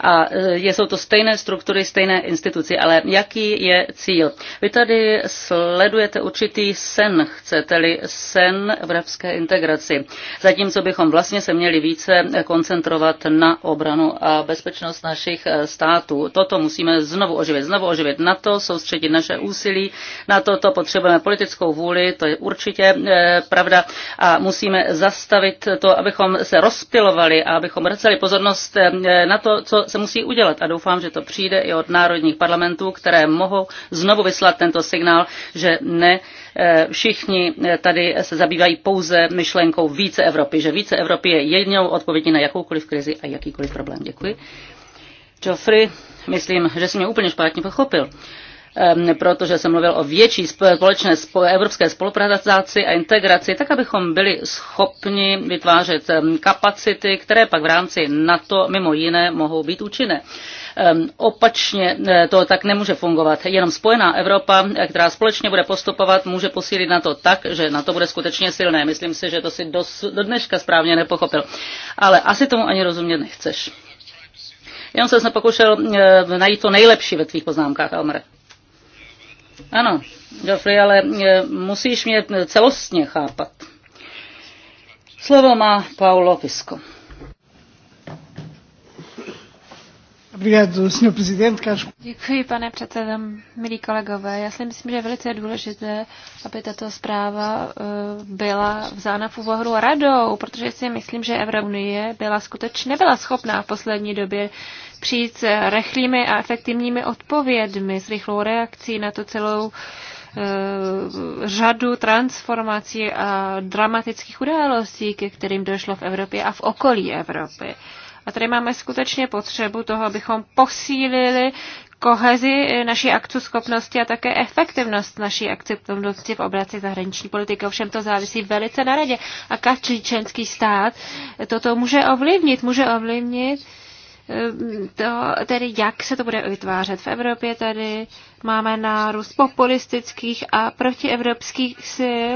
A jsou to stejné struktury, stejné instituce, ale jaký je cíl? Vy tady sledujete určitý sen, chcete-li sen evropské integraci, zatímco bychom vlastně se měli více koncentrovat na obranu a bezpečnost našich států. Toto musíme znovu oživit, znovu oživit to soustředit soustředit naše úsilí. Na toto potřebujeme politickou vůli, to je určitě eh, pravda a musíme zastavit to, abychom se rozpilovali a abychom vraceli pozornost eh, na to, co se musí udělat. A doufám, že to přijde i od národních parlamentů, které mohou znovu vyslat tento signál, že ne eh, všichni tady se zabývají pouze myšlenkou více Evropy, že více Evropy je jedinou odpovědí na jakoukoliv krizi a jakýkoliv problém. Děkuji. Geoffrey, myslím, že jsi mě úplně špatně pochopil. Ehm, protože jsem mluvil o větší společné evropské spolupráci a integraci, tak abychom byli schopni vytvářet ehm, kapacity, které pak v rámci NATO mimo jiné mohou být účinné. Ehm, opačně e, to tak nemůže fungovat. Jenom spojená Evropa, e, která společně bude postupovat, může posílit na to tak, že na to bude skutečně silné. Myslím si, že to si do, do dneška správně nepochopil. Ale asi tomu ani rozumět nechceš. Jenom jsem se pokoušel e, najít to nejlepší ve tvých poznámkách, Elmere. Ano, Geoffrey, ale e, musíš mě celostně chápat. Slovo má Paulo Pisco. Děkuji, pane předsedo, milí kolegové. Já si myslím, že je velice důležité, aby tato zpráva e, byla vzána v úvahu radou, protože si myslím, že Evropa byla skutečně nebyla schopná v poslední době přijít s rychlými a efektivními odpovědmi, s rychlou reakcí na to celou eh, řadu transformací a dramatických událostí, ke kterým došlo v Evropě a v okolí Evropy. A tady máme skutečně potřebu toho, abychom posílili kohezi naší schopnosti a také efektivnost naší akceschopnosti v oblasti zahraniční politiky. Ovšem to závisí velice na radě. A každý členský stát toto může ovlivnit. Může ovlivnit to, tedy jak se to bude vytvářet v Evropě. Tady máme nárůst populistických a protievropských sil,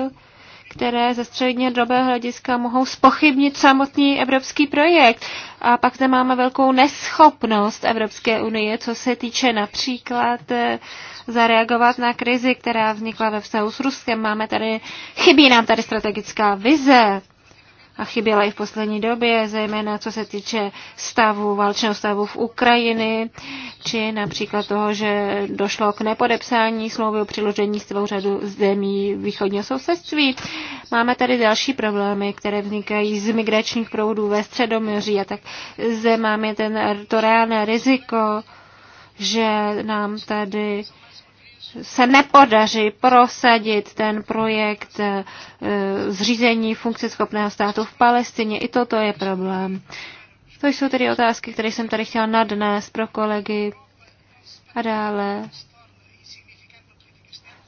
které ze dobého hlediska mohou spochybnit samotný evropský projekt. A pak zde máme velkou neschopnost Evropské unie, co se týče například eh, zareagovat na krizi, která vznikla ve vztahu s Ruskem. Máme tady, chybí nám tady strategická vize a chyběla i v poslední době, zejména co se týče stavu, válčného stavu v Ukrajiny, či například toho, že došlo k nepodepsání smlouvy o přiložení s celou řadu zemí východního sousedství. Máme tady další problémy, které vznikají z migračních proudů ve Středomoří a tak zde máme ten, to reálné riziko, že nám tady se nepodaří prosadit ten projekt eh, zřízení funkce schopného státu v Palestině. I toto je problém. To jsou tedy otázky, které jsem tady chtěla nadnést pro kolegy. A dále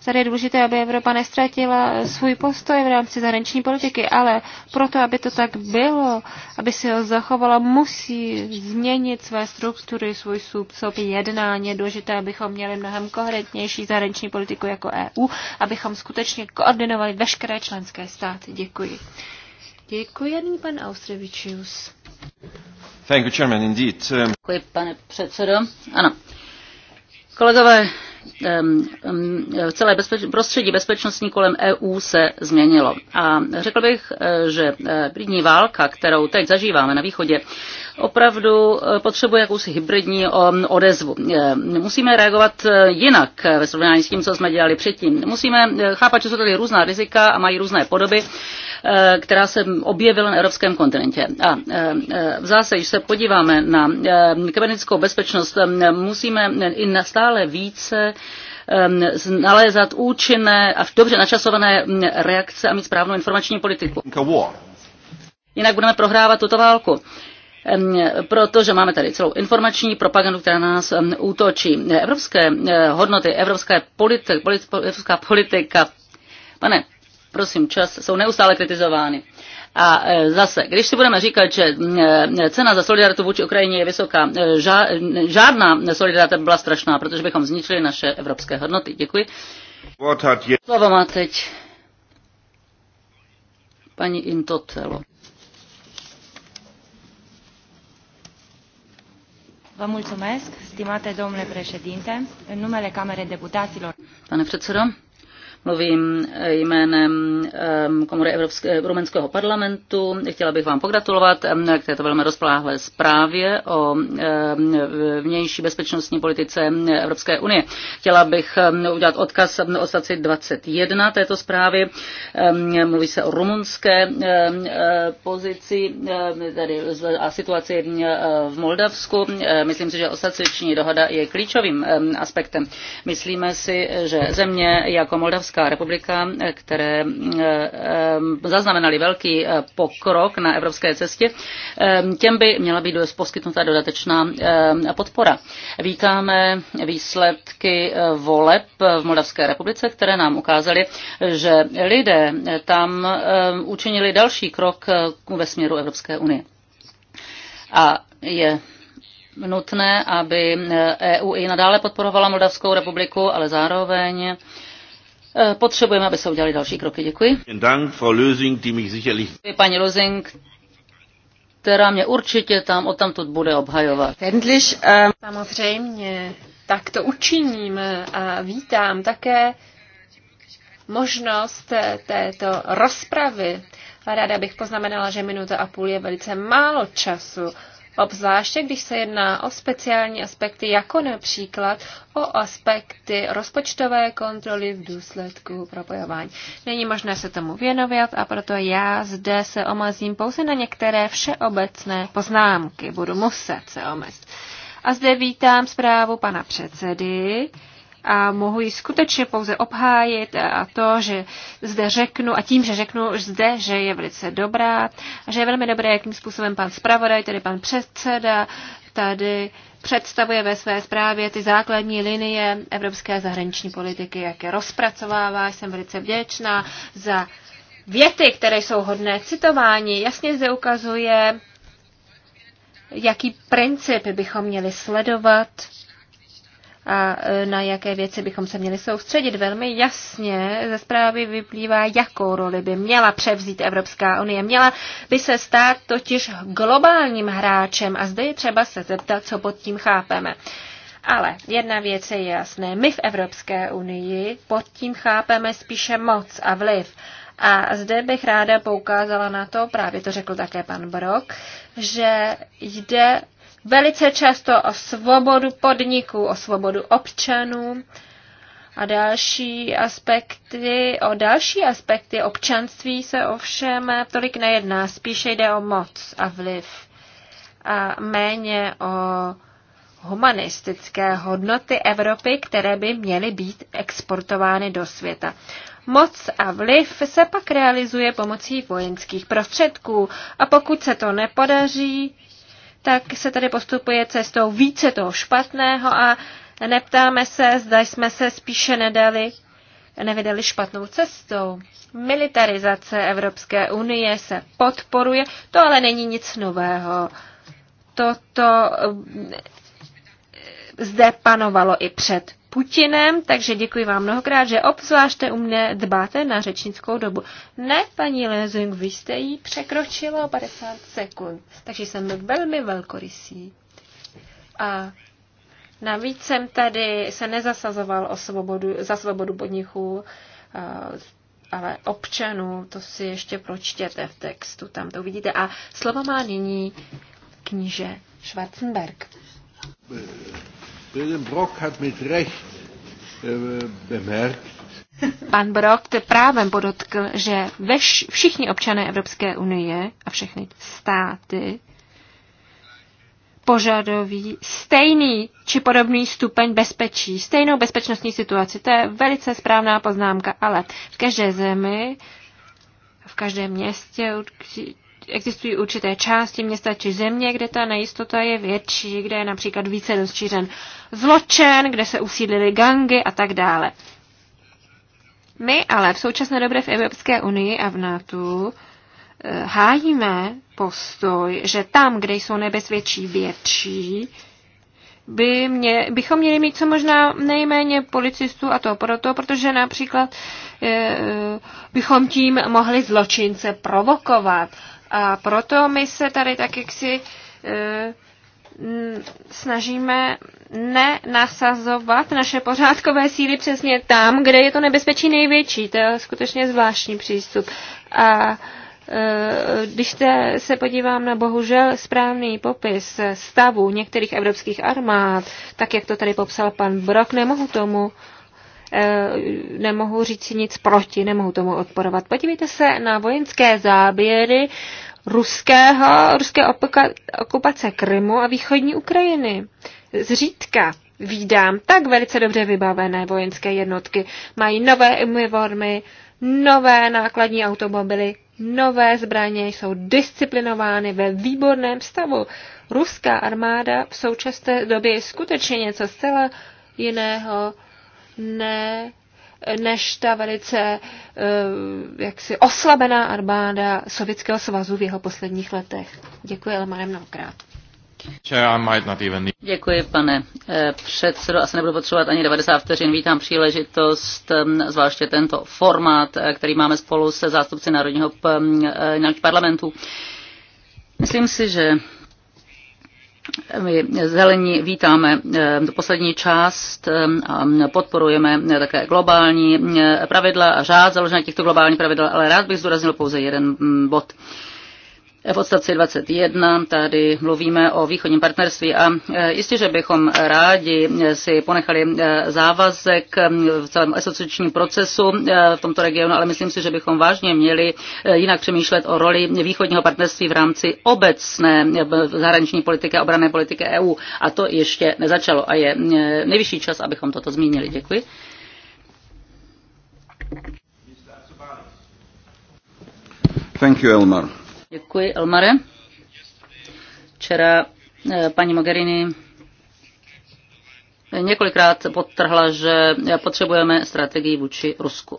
Tady je důležité, aby Evropa nestratila svůj postoj v rámci zahraniční politiky, ale proto, aby to tak bylo, aby si ho zachovala, musí změnit své struktury, svůj způsob jednání. Je důležité, abychom měli mnohem koherentnější zahraniční politiku jako EU, abychom skutečně koordinovali veškeré členské státy. Děkuji. Děkuji, jedný pan Austrevičius. Thank you, Chairman, indeed. Děkuji, pane předsedo. Ano. Kolegové, celé bezpeč- prostředí bezpečnostní kolem EU se změnilo. A řekl bych, e, že hybridní e, válka, kterou teď zažíváme na východě, opravdu eh, potřebuje jakousi hybridní eh, odezvu. Eh, musíme reagovat jinak ve srovnání s tím, co jsme dělali předtím. Musíme chápat, že jsou tady různá rizika a mají různé podoby, která se objevila na evropském kontinentě. A v zase, když se podíváme na kybernetickou bezpečnost, musíme i na stále více nalézat účinné a dobře načasované hm, reakce a mít správnou informační politiku. Jinak budeme prohrávat tuto válku protože máme tady celou informační propagandu, která nás útočí. Evropské eh, hodnoty, evropské politi- politi- evropská politika, pane, prosím, čas, jsou neustále kritizovány. A eh, zase, když si budeme říkat, že mm, eh, cena za solidaritu vůči Ukrajině je vysoká, žádná solidarita byla strašná, protože bychom zničili naše evropské hodnoty. Děkuji. Slovo má teď paní Intotelo. Vă mulțumesc, stimate domnule președinte, în numele Camerei Deputaților. Pane předsedo, mluvím eh, jménem eh, Komory Evropské, Rumenského parlamentu. Chtěla bych vám pogratulovat eh, k této velmi rozpláhlé zprávě o vnější bezpečnostní politice Evropské unie. Chtěla bych udělat odkaz odstavci 21 této zprávy. Mluví se o rumunské pozici tady a situaci v Moldavsku. Myslím si, že osaciční dohoda je klíčovým aspektem. Myslíme si, že země jako Moldavská Česká republika, které eh, eh, zaznamenali velký eh, pokrok na evropské cestě, těm by měla být poskytnuta dodatečná podpora. Vítáme výsledky voleb v Moldavské republice, které nám ukázaly, že lidé tam učinili další krok ve směru Evropské unie. A je nutné, aby EU e i nadále podporovala Moldavskou republiku, ale zároveň Eh, potřebujeme, aby se udělali další kroky. Děkuji. Děkuji paní Lozing, která mě určitě tam odtamtud bude obhajovat. Eh, Samozřejmě, tak to učiním a vítám také možnost této rozpravy. Ráda bych poznamenala, že minuta a půl je velice málo času obzvláště když se jedná o speciální aspekty, jako například o aspekty rozpočtové kontroly v důsledku propojování. Není možné se tomu věnovat a proto já zde se omezím pouze na některé všeobecné poznámky. Budu muset se omezit. A zde vítám zprávu pana předsedy, a mohu ji skutečně pouze obhájit a to, že zde řeknu a tím, že řeknu zde, že je velice dobrá a že je velmi dobré, jakým způsobem pan zpravodaj, tedy pan předseda, tady představuje ve své zprávě ty základní linie evropské zahraniční politiky, jak je rozpracovává. Jsem velice vděčná za věty, které jsou hodné citování. Jasně zde ukazuje, jaký princip bychom měli sledovat a e, na jaké věci bychom se měli soustředit. Velmi jasně ze zprávy vyplývá, jakou roli by měla převzít Evropská unie. Měla by se stát totiž globálním hráčem a zde je třeba se zeptat, co pod tím chápeme. Ale jedna věc je jasné. My v Evropské unii pod tím chápeme spíše moc a vliv. A zde bych ráda poukázala na to, právě to řekl také pan Brok, že jde velice často o svobodu podniků, o svobodu občanů a další aspekty, o další aspekty občanství se ovšem tolik nejedná, spíše jde o moc a vliv a méně o humanistické hodnoty Evropy, které by měly být exportovány do světa. Moc a vliv se pak realizuje pomocí vojenských prostředků a pokud se to nepodaří, tak se tady postupuje cestou více toho špatného a neptáme se, zda jsme se spíše nedali, nevydali špatnou cestou. Militarizace Evropské unie se podporuje, to ale není nic nového. Toto eh, zde panovalo i před Putinem, takže děkuji vám mnohokrát, že obzvláště u mě dbáte na řečnickou dobu. Ne, paní Lezing, vy jste ji překročila o 50 sekund, takže jsem velmi velkorysí. A navíc jsem tady se nezasazoval o svobodu, za svobodu podniků, ale občanů, to si ještě pročtěte v textu, tam to uvidíte. A slovo má nyní kníže Schwarzenberg. Äh, Pan Brock te právem podotkl, že veš, všichni občané Evropské unie a všechny státy požadoví stejný či podobný stupeň bezpečí, stejnou bezpečnostní situaci. To je velice správná poznámka, ale v každé zemi, v každém městě existují určité části města či země, kde ta nejistota je větší, kde je například více rozšířen zločen, kde se usídlily gangy a tak dále. My ale v současné době v Evropské unii a v NATO eh, hájíme postoj, že tam, kde jsou nebezpečí větší, by mě, bychom měli mít co možná nejméně policistů a to proto, protože například je, eh, eh, bychom tím mohli zločince provokovat. A proto my se tady tak jaksi e, snažíme nenasazovat naše pořádkové síly přesně tam, kde je to nebezpečí největší. To je skutečně zvláštní přístup. A e, když te se podívám na bohužel správný popis stavu některých evropských armád, tak jak to tady popsal pan Brok, nemohu tomu Eh, nemohu říct nic proti, nemohu tomu odporovat. Podívejte se na vojenské záběry ruského, ruské okupace Krymu a východní Ukrajiny. Zřídka vídám tak velice dobře vybavené vojenské jednotky. Mají nové uniformy, nové nákladní automobily, nové zbraně, jsou disciplinovány ve výborném stavu. Ruská armáda v současné době je skutečně něco zcela jiného ne, než ta velice eh, jaksi oslabená armáda Sovětského svazu v jeho posledních letech. Děkuji, ale máme mnohokrát. Děkuji, pane eh, předsedo. Asi nebudu potřebovat ani 90 vteřin. Vítám příležitost, ehm, zvláště tento formát, eh, který máme spolu se zástupci Národního ehm, parlamentů. Myslím si, že my zelení vítáme eh, poslední část eh, a podporujeme eh, také globální pravidla a řád založené těchto globálních pravidel, ale rád bych zdůraznil pouze jeden mm, bod. V odstavci 21 tady mluvíme o východním partnerství a e, jistě, že bychom rádi si ponechali e, závazek e, v celém asociačním procesu v tomto regionu, ale myslím si, že bychom vážně měli jinak přemýšlet o roli východního partnerství v rámci obecné zahraniční politiky a obrané politiky EU. A to ještě nezačalo a je nejvyšší čas, abychom toto zmínili. Děkuji. Thank you, Elmar. Děkuji, Elmare. Včera eh, paní Mogherini několikrát podtrhla, že potřebujeme strategii vůči Rusku.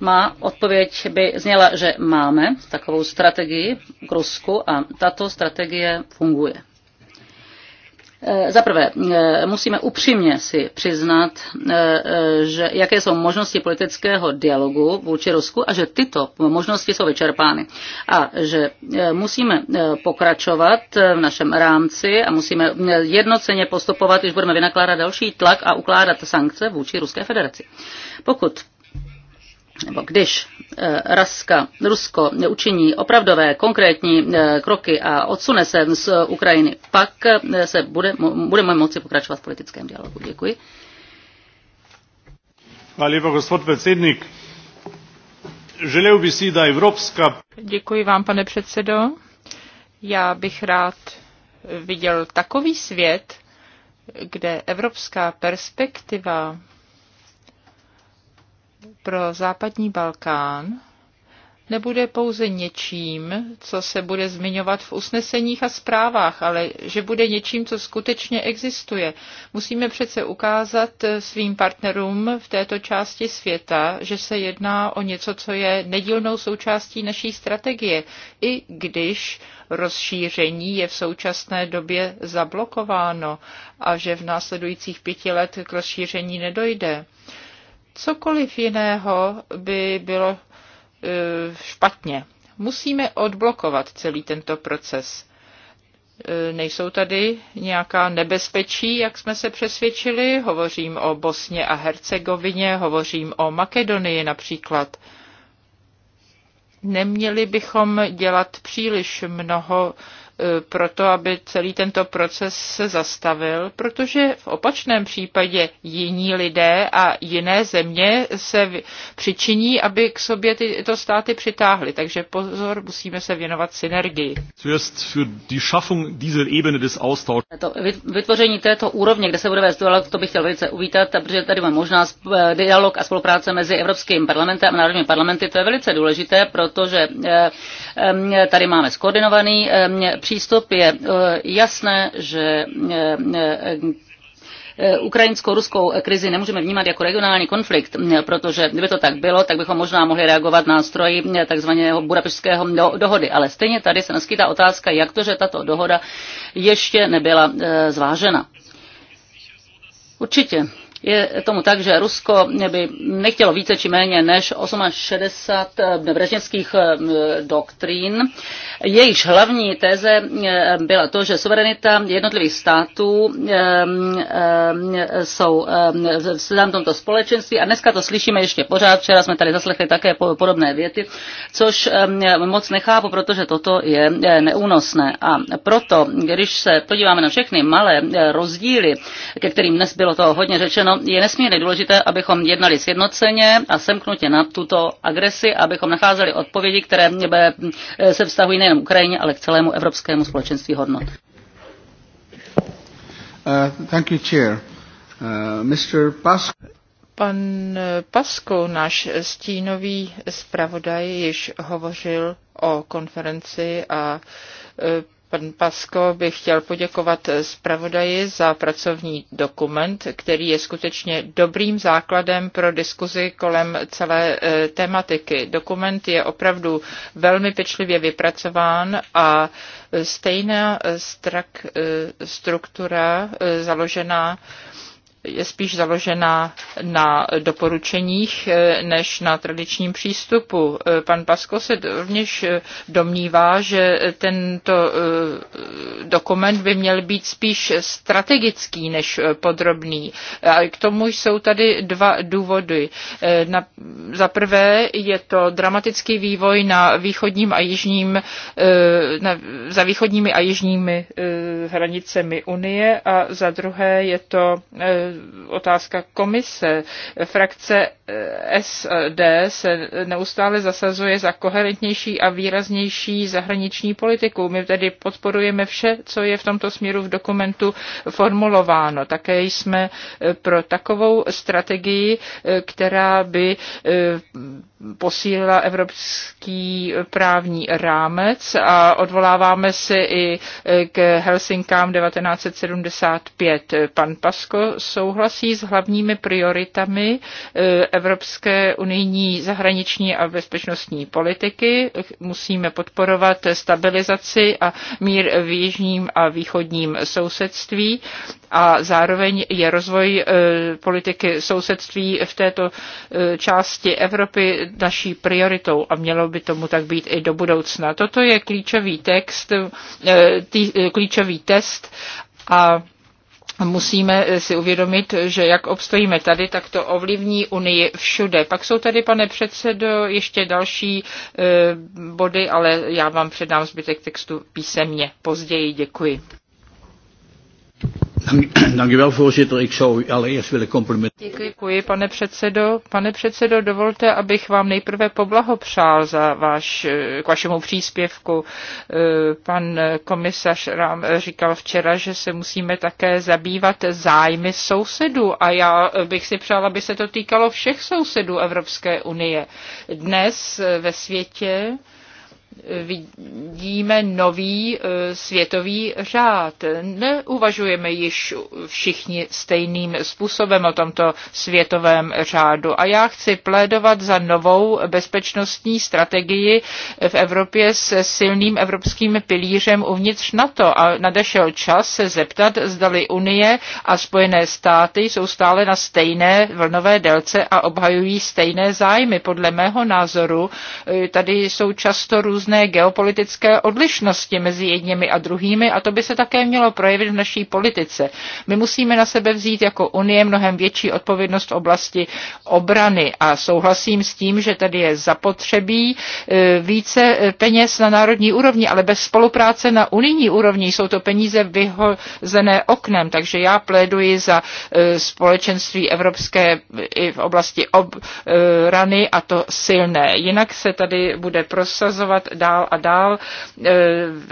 Má odpověď by zněla, že máme takovou strategii k Rusku a tato strategie funguje. Eh, za prvé, eh, musíme upřímně si přiznat, eh, že jaké jsou možnosti politického dialogu vůči Rusku a že tyto možnosti jsou vyčerpány. A že musíme pokračovat v našem rámci a musíme jednoceně postupovat, když budeme vynakládat další tlak a ukládat sankce vůči Ruské federaci. Pokud nebo když eh, Raska, Rusko učiní opravdové konkrétní eh, kroky a odsune se z Ukrajiny, pak eh, se bude, budeme moci pokračovat v politickém dialogu. Děkuji. Evropská... Děkuji vám, pane předsedo. Já bych rád viděl takový svět, kde evropská perspektiva pro západní Balkán nebude pouze něčím, co se bude zmiňovat v usneseních a zprávách, ale že bude něčím, co skutečně existuje. Musíme přece ukázat svým partnerům v této části světa, že se jedná o něco, co je nedílnou součástí naší strategie, i když rozšíření je v současné době zablokováno a že v následujících pěti let k rozšíření nedojde. Cokoliv jiného by bylo e, špatně. Musíme odblokovat celý tento proces. E, nejsou tady nějaká nebezpečí, jak jsme se přesvědčili. Hovořím o Bosně a Hercegovině, hovořím o Makedonii například. Neměli bychom dělat příliš mnoho E, proto, aby celý tento proces se zastavil, protože v opačném případě jiní lidé a jiné země se přičiní, aby k sobě tyto státy přitáhly. Takže pozor, musíme se věnovat synergii. To vytvoření této úrovně, kde se bude vést dialog, to bych chtěl velice uvítat, protože tady máme možná e, dialog a spolupráce mezi Evropským parlamentem a národními parlamenty. To je velice důležité, protože e, tady máme skoordinovaný příklad přístup je eh, jasné, že eh, eh, ukrajinsko-ruskou krizi nemůžeme vnímat jako regionální konflikt, protože kdyby to tak bylo, tak bychom možná mohli reagovat stroji takzvaného budapešského dohody. Ale stejně tady se naskytá otázka, jak to, že tato dohoda ještě nebyla zvážena. Určitě je tomu tak, že Rusko by nechtělo více či méně než 68 eh, brežněvských eh, doktrín. Jejíž hlavní téze eh, byla to, že suverenita jednotlivých států ehm, ehm, jsou ehm, v tomto společenství a dneska to slyšíme ještě pořád. Včera jsme tady zaslechli také podobné věty, což moc nechápu, protože toto je neúnosné. A proto, když se podíváme na všechny malé rozdíly, ke kterým dnes bylo to hodně řečeno, řečeno, je nesmírně důležité, abychom jednali sjednoceně a semknutě na tuto agresi, abychom nacházeli odpovědi, které e, se vztahují nejen Ukrajině, ale k celému evropskému společenství hodnot. Uh, thank you, Chair. Uh, Mr. Pas. Pan e, Pasko, náš stínový zpravodaj, již hovořil o konferenci a e, Pan Pasko bych chtěl poděkovat zpravodaji za pracovní dokument, který je skutečně dobrým základem pro diskuzi kolem celé e, tematiky. Dokument je opravdu velmi pečlivě vypracován a stejná strak, e, struktura e, založená je spíš založena na doporučeních eh, než na tradičním přístupu. Eh, pan Pasko se rovněž eh, domnívá, že tento dokument by měl být spíš strategický než podrobný. A k tomu jsou tady dva důvody. Za prvé je to dramatický vývoj na východním a jižním, na, za východními a jižními hranicemi Unie a za druhé je to otázka komise. Frakce SD se neustále zasazuje za koherentnější a výraznější zahraniční politiku. My tedy podporujeme vše, co je v tomto směru v dokumentu formulováno. Také jsme e, pro takovou strategii, e, která by e, posílila evropský právní rámec a odvoláváme se i k Helsinkám 1975. Pan Pasko souhlasí s hlavními prioritami evropské unijní zahraniční a bezpečnostní politiky. Musíme podporovat stabilizaci a mír v jižním a východním sousedství a zároveň je rozvoj e, politiky sousedství v této e, části Evropy naší prioritou a mělo by tomu tak být i do budoucna. Toto je klíčový text, e, klíčový test a musíme eh, si uvědomit, že jak obstojíme tady, tak to ovlivní Unii všude. Pak jsou tady, pane předsedo, ještě další eh, body, ale já vám předám zbytek textu písemně. Později děkuji. <clears throat> Děkuji, pane předsedo. Pane předsedo, dovolte, abych vám nejprve poblahopřál za váš, eh, k vašemu příspěvku. Eh, pan komisař Rám říkal včera, že se musíme také zabývat zájmy sousedů a já bych si přál, aby se to týkalo všech sousedů Evropské unie. Dnes eh, ve světě vidíme nový e, světový řád. Neuvažujeme již všichni stejným způsobem o tomto světovém řádu. A já chci plédovat za novou bezpečnostní strategii v Evropě s silným evropským pilířem uvnitř NATO. A nadešel čas se zeptat, zdali Unie a Spojené státy jsou stále na stejné vlnové délce a obhajují stejné zájmy. Podle mého názoru e, tady jsou často různé různé geopolitické odlišnosti mezi jedněmi a druhými a to by se také mělo projevit v naší politice. My musíme na sebe vzít jako Unie mnohem větší odpovědnost v oblasti obrany a souhlasím s tím, že tady je zapotřebí e, více e, peněz na národní úrovni, ale bez spolupráce na unijní úrovni jsou to peníze vyhozené oknem, takže já pléduji za e, společenství evropské i v oblasti obrany a to silné. Jinak se tady bude prosazovat dál a dál. E,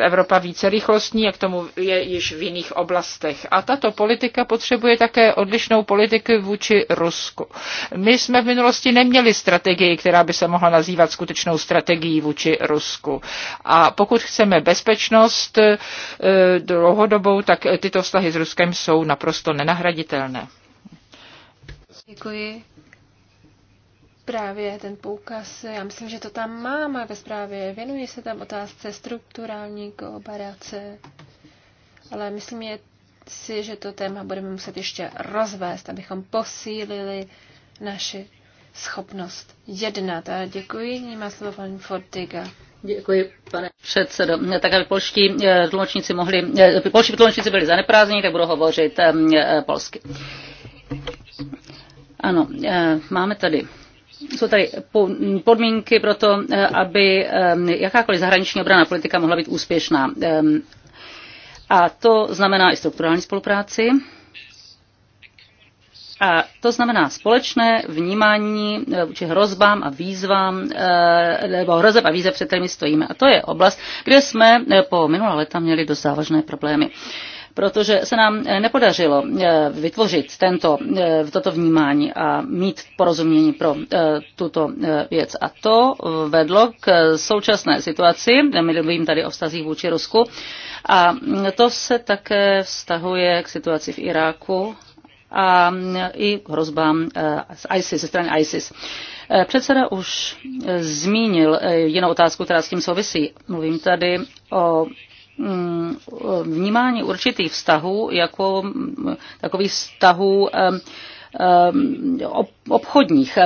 Evropa více rychlostní, jak tomu je již v jiných oblastech. A tato politika potřebuje také odlišnou politiku vůči Rusku. My jsme v minulosti neměli strategii, která by se mohla nazývat skutečnou strategií vůči Rusku. A pokud chceme bezpečnost e, dlouhodobou, tak tyto vztahy s Ruskem jsou naprosto nenahraditelné. Děkuji zprávě ten poukaz, já myslím, že to tam máme ve zprávě, věnuje se tam otázce strukturální kooperace, ale myslím je si, že to téma budeme muset ještě rozvést, abychom posílili naši schopnost jednat. A děkuji, nyní má slovo paní Fortiga. Děkuji, pane předsedo. Tak, aby polští eh, tlumočníci mohli, eh, polští tlumočníci byli zaneprázdněni, tak budou hovořit eh, polsky. Ano, máme tady jsou tady podmínky pro to, eh, aby eh, jakákoliv zahraniční obrana politika mohla být úspěšná. Eh, a to znamená i strukturální spolupráci. A to znamená společné vnímání vůči hrozbám a výzvám, nebo hrozeb a výzev, před kterými stojíme. A to je oblast, kde jsme po minulá leta měli dost závažné problémy protože se nám eh, nepodařilo eh, vytvořit tento, eh, toto vnímání a mít porozumění pro tuto věc. A to vedlo k současné situaci, my mluvím tady o vztazích vůči Rusku, a mm, to se také vztahuje k situaci v Iráku a mm, i k hrozbám z ISIS, ze strany ISIS. Předseda už zmínil jinou otázku, která s tím souvisí. Mluvím tady o Mm, vnímání určitých vztahů jako mm, takových vztahů obchodních.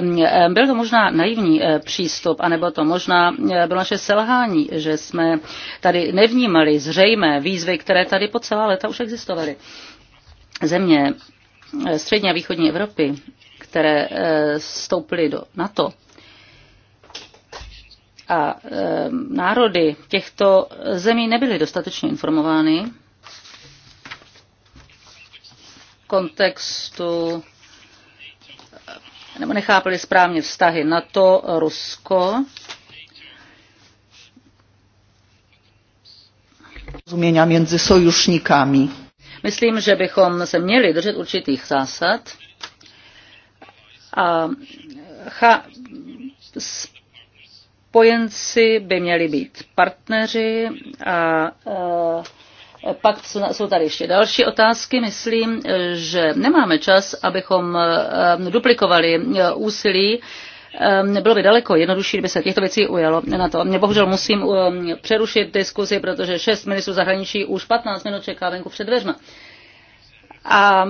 Byl to možná naivní eh, přístup, anebo to možná eh, bylo naše selhání, že jsme tady nevnímali zřejmé výzvy, které tady po celá léta už existovaly. Země eh, střední a východní Evropy, které vstoupily do NATO, a e, národy těchto zemí nebyly dostatečně informovány v kontextu e, nebo nechápali správně vztahy NATO, Rusko. Rozuměňa mezi sojušníkami. Myslím, že bychom se měli držet určitých zásad a e, spojenci by měli být partneři a e, pak jsou tady ještě další otázky. Myslím, že nemáme čas, abychom e, duplikovali e, úsilí. Bylo by daleko jednodušší, kdyby se těchto věcí ujalo na to. Mě bohužel musím přerušit diskuzi, protože šest ministrů zahraničí už 15 minut čeká venku před dveřma. A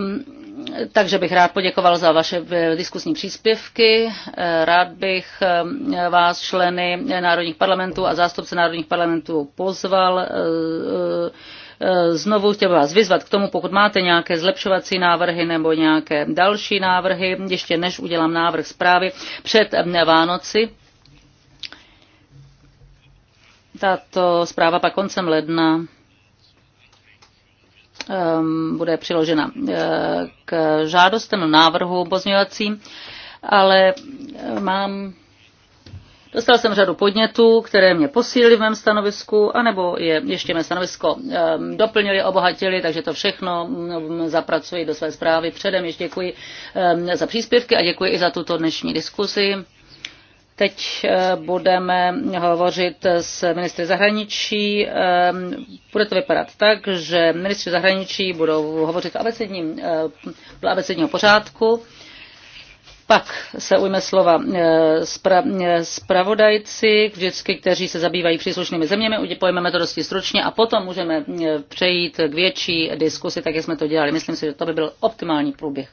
takže bych rád poděkoval za vaše eh, diskusní příspěvky. Eh, rád bych eh, vás, členy národních parlamentů a zástupce národních parlamentů, pozval. Znovu chtěl vás vyzvat k tomu, pokud máte nějaké zlepšovací návrhy nebo nějaké další návrhy, ještě než udělám návrh zprávy před Vánoci. Tato zpráva pak koncem ledna Ehm, bude přiložena eh, k žádostem návrhu pozměňovacím, ale eh, mám Dostal jsem řadu podnětů, které mě posílili v mém stanovisku, anebo je ještě mé stanovisko ehm, doplnili, obohatili, takže to všechno mm, zapracuji do své zprávy. Předem ještě děkuji ehm, za příspěvky a děkuji i za tuto dnešní diskusi. Teď eh, budeme hovořit s ministry zahraničí. Eh, bude to vypadat tak, že ministři zahraničí budou hovořit abecedním, eh, abecedního pořádku. Pak se ujme slova spra, spravodajci, vždycky, kteří se zabývají příslušnými zeměmi, pojmeme to dosti stručně a potom můžeme přejít k větší diskusi, tak jak jsme to dělali. Myslím si, že to by byl optimální průběh.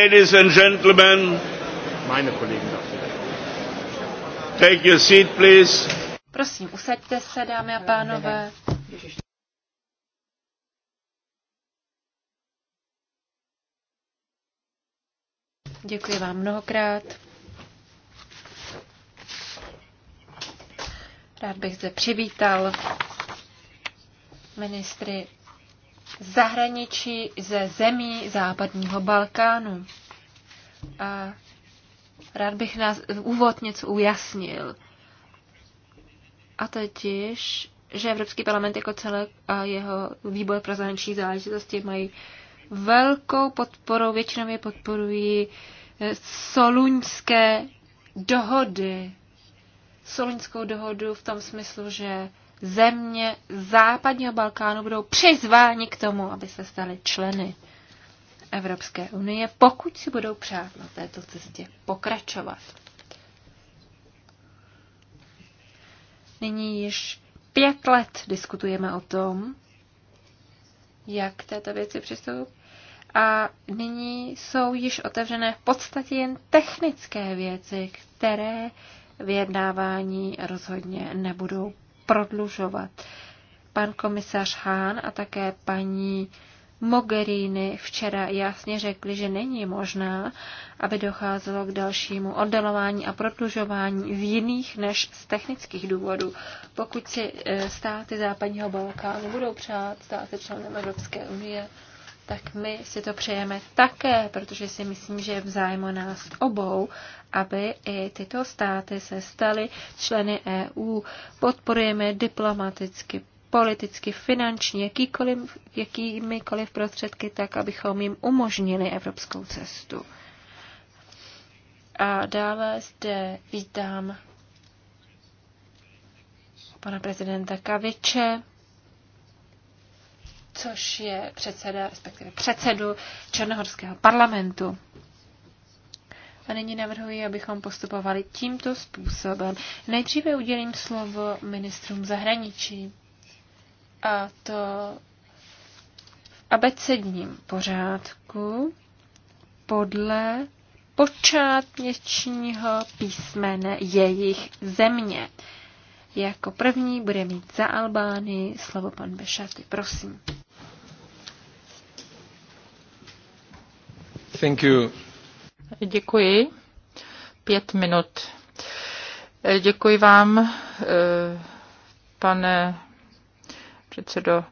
Ladies and gentlemen, meine Kollegen Take your seat, please. Prosím, usaďte se, dámy a pánové. Děkuji vám mnohokrát. Rád bych zde přivítal ministry zahraničí ze zemí západního Balkánu. A rád bych nás úvod něco ujasnil. A totiž, že Evropský parlament jako celek a jeho výbor pro zahraniční záležitosti mají velkou podporu, většinově podporují eh, soluňské dohody. Soluňskou dohodu v tom smyslu, že země západního Balkánu budou přizváni k tomu, aby se staly členy Evropské unie, pokud si budou přát na této cestě pokračovat. Nyní již pět let diskutujeme o tom, jak k této věci přistoupit. A nyní jsou již otevřené v podstatě jen technické věci, které vyjednávání rozhodně nebudou prodlužovat. Pan komisař Hán a také paní Mogherini včera jasně řekli, že není možná, aby docházelo k dalšímu oddalování a prodlužování v jiných než z technických důvodů. Pokud si e, státy západního Balkánu budou přát státy členem Evropské unie, tak my si to přejeme také, protože si myslím, že je v zájmu nás obou, aby i tyto státy se staly členy EU. Podporujeme diplomaticky, politicky, finančně, jakýmikoliv prostředky, tak abychom jim umožnili evropskou cestu. A dále zde vítám pana prezidenta Kaviče, což je předseda, respektive předsedu Černohorského parlamentu. A nyní navrhuji, abychom postupovali tímto způsobem. Nejdříve udělím slovo ministrům zahraničí. A to v abecedním pořádku podle počátečního písmene jejich země. Jako první bude mít za Albánii slovo pan Bešaty. Prosím. Thank you, Děkuji. Pět minut. Děkuji vám, eh, pane předsedo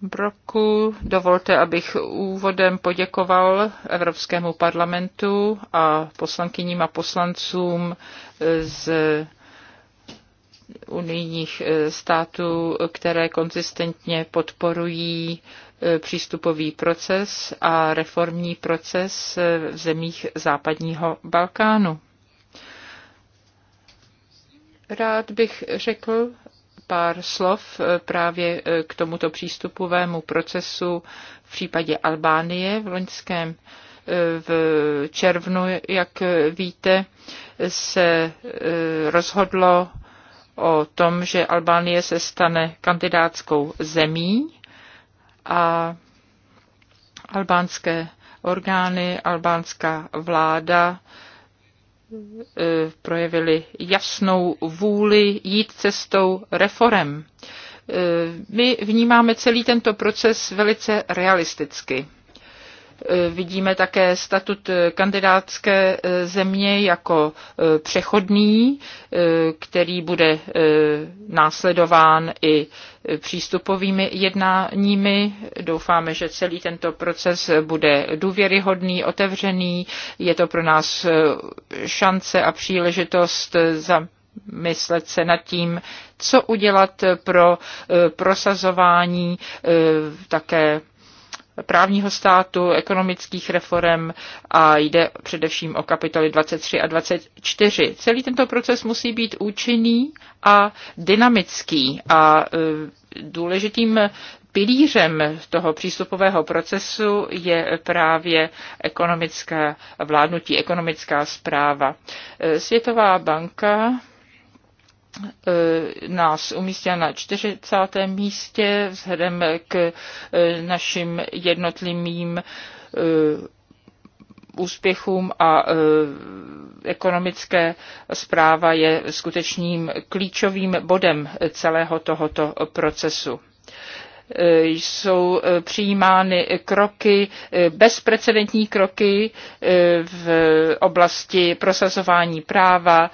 Broku. Dovolte, abych úvodem poděkoval Evropskému parlamentu a poslankyním a poslancům z unijních e, států, které konzistentně podporují e, přístupový proces a reformní proces e, v zemích západního Balkánu. Rád bych řekl pár slov právě k tomuto přístupovému procesu v případě Albánie v loňském v červnu, jak víte, se rozhodlo o tom, že Albánie se stane kandidátskou zemí a albánské orgány, albánská vláda e, projevili jasnou vůli jít cestou reform. E, my vnímáme celý tento proces velice realisticky. Eh, vidíme také statut eh, kandidátské eh, země jako přechodný, který bude následován i přístupovými jednáními. Doufáme, že celý tento proces bude důvěryhodný, otevřený. Je to pro nás šance a příležitost za myslet se nad tím, co udělat pro prosazování také právního státu, ekonomických reform a jde především o kapitoly 23 a 24. Celý tento proces musí být účinný a dynamický a e, důležitým pilířem toho přístupového procesu je právě ekonomická vládnutí, ekonomická zpráva. E, Světová banka Eh, nás umístila na 40. místě vzhledem k eh, našim jednotlivým eh, úspěchům a ekonomické zpráva je skutečným klíčovým bodem celého tohoto procesu jsou e, přijímány kroky, e, bezprecedentní kroky e, v oblasti prosazování práva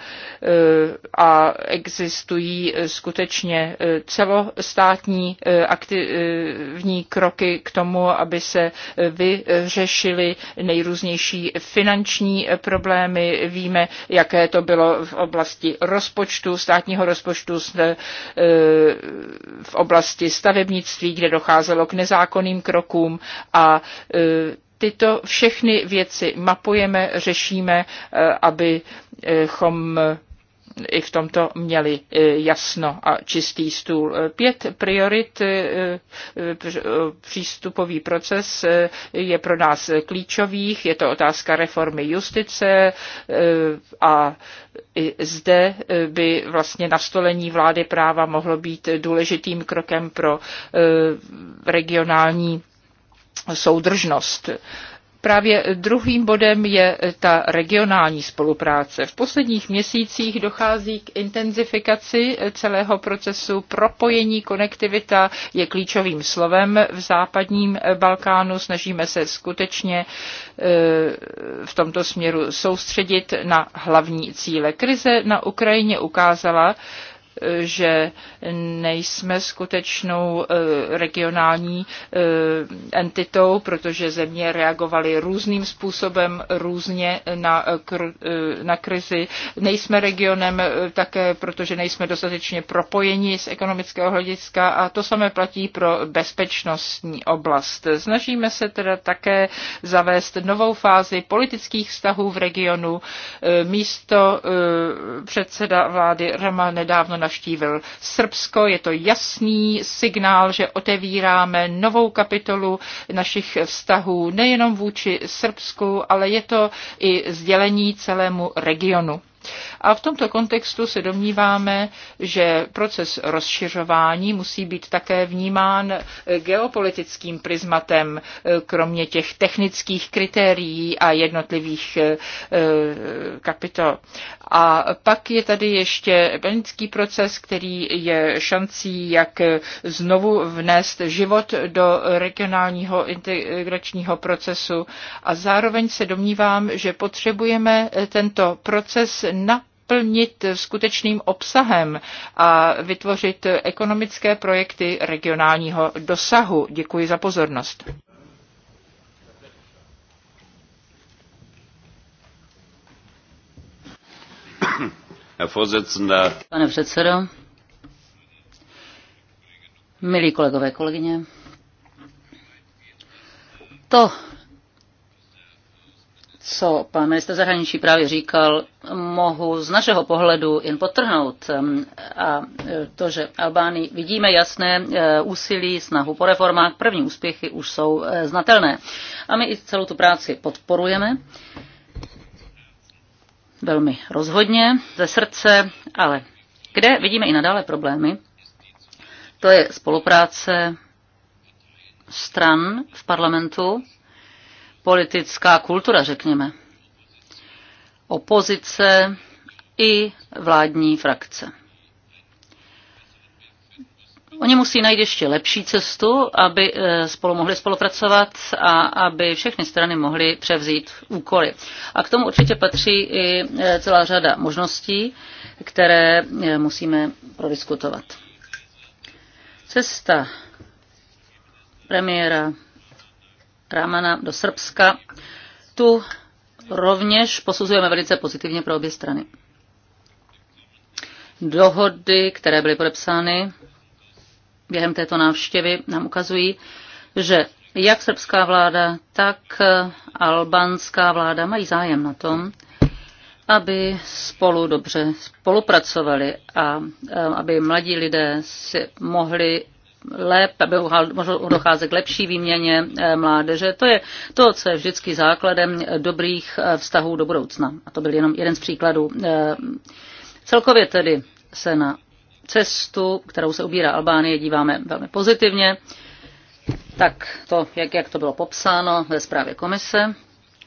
a existují skutečně celostátní aktivní kroky k tomu, aby se vyřešily nejrůznější finanční problémy. Víme, jaké to bylo v oblasti rozpočtu, státního rozpočtu, v oblasti stavebnictví, školství, kde docházelo k nezákonným krokům a e, tyto všechny věci mapujeme, řešíme, e, abychom i v tomto měli e, jasno a čistý stůl. E, pět priorit e, přístupový proces je pro nás klíčových. Je to otázka reformy justice a i zde by vlastně nastolení vlády práva mohlo být důležitým krokem pro regionální soudržnost. Právě druhým bodem je ta regionální spolupráce. V posledních měsících dochází k intenzifikaci celého procesu. Propojení, konektivita je klíčovým slovem v západním Balkánu. Snažíme se skutečně e, v tomto směru soustředit na hlavní cíle. Krize na Ukrajině ukázala, že nejsme skutečnou eh, regionální eh, entitou, protože země reagovaly různým způsobem, různě na, eh, na krizi. Nejsme regionem také, protože nejsme dostatečně propojeni z ekonomického hlediska a to samé platí pro bezpečnostní oblast. Snažíme se teda také zavést novou fázi politických vztahů v regionu. Místo předseda vlády Rama nedávno navštívil Srbsko. Je to jasný signál, že otevíráme novou kapitolu našich vztahů nejenom vůči Srbsku, ale je to i sdělení celému regionu. A v tomto kontextu se domníváme, že proces rozšiřování musí být také vnímán eh, geopolitickým prismatem, eh, kromě těch technických kritérií a jednotlivých eh, kapitol. A pak je tady ještě benický proces, který je šancí, jak znovu vnést život do regionálního integračního procesu a zároveň se domnívám, že potřebujeme tento proces na plnit skutečným obsahem a vytvořit ekonomické projekty regionálního dosahu. Děkuji za pozornost. Pane předsedo, milí kolegové, kolegyně, to, co pan minister zahraničí právě říkal, mohu z našeho pohledu jen potrhnout. A e, to, že Albány vidíme jasné e, úsilí, snahu po reformách, první úspěchy už jsou e, znatelné. A my i celou tu práci podporujeme velmi rozhodně, ze srdce, ale kde vidíme i nadále problémy, to je spolupráce stran v parlamentu, politická kultura, řekněme. Opozice i vládní frakce. Oni musí najít ještě lepší cestu, aby eh, spolu mohli spolupracovat a aby všechny strany mohly převzít úkoly. A k tomu určitě patří i eh, celá řada možností, které eh, musíme prodiskutovat. Cesta premiéra Ramana do Srbska. Tu rovněž posuzujeme velice pozitivně pro obě strany. Dohody, které byly podepsány během této návštěvy, nám ukazují, že jak srbská vláda, tak albánská vláda mají zájem na tom, aby spolu dobře spolupracovali a aby mladí lidé si mohli lépe, aby mohlo docházet k lepší výměně eh, mládeže. To je to, co je vždycky základem dobrých eh, vztahů do budoucna. A to byl jenom jeden z příkladů. Eh, celkově tedy se na cestu, kterou se ubírá Albánie, díváme velmi pozitivně. Tak to, jak, jak to bylo popsáno ve zprávě komise.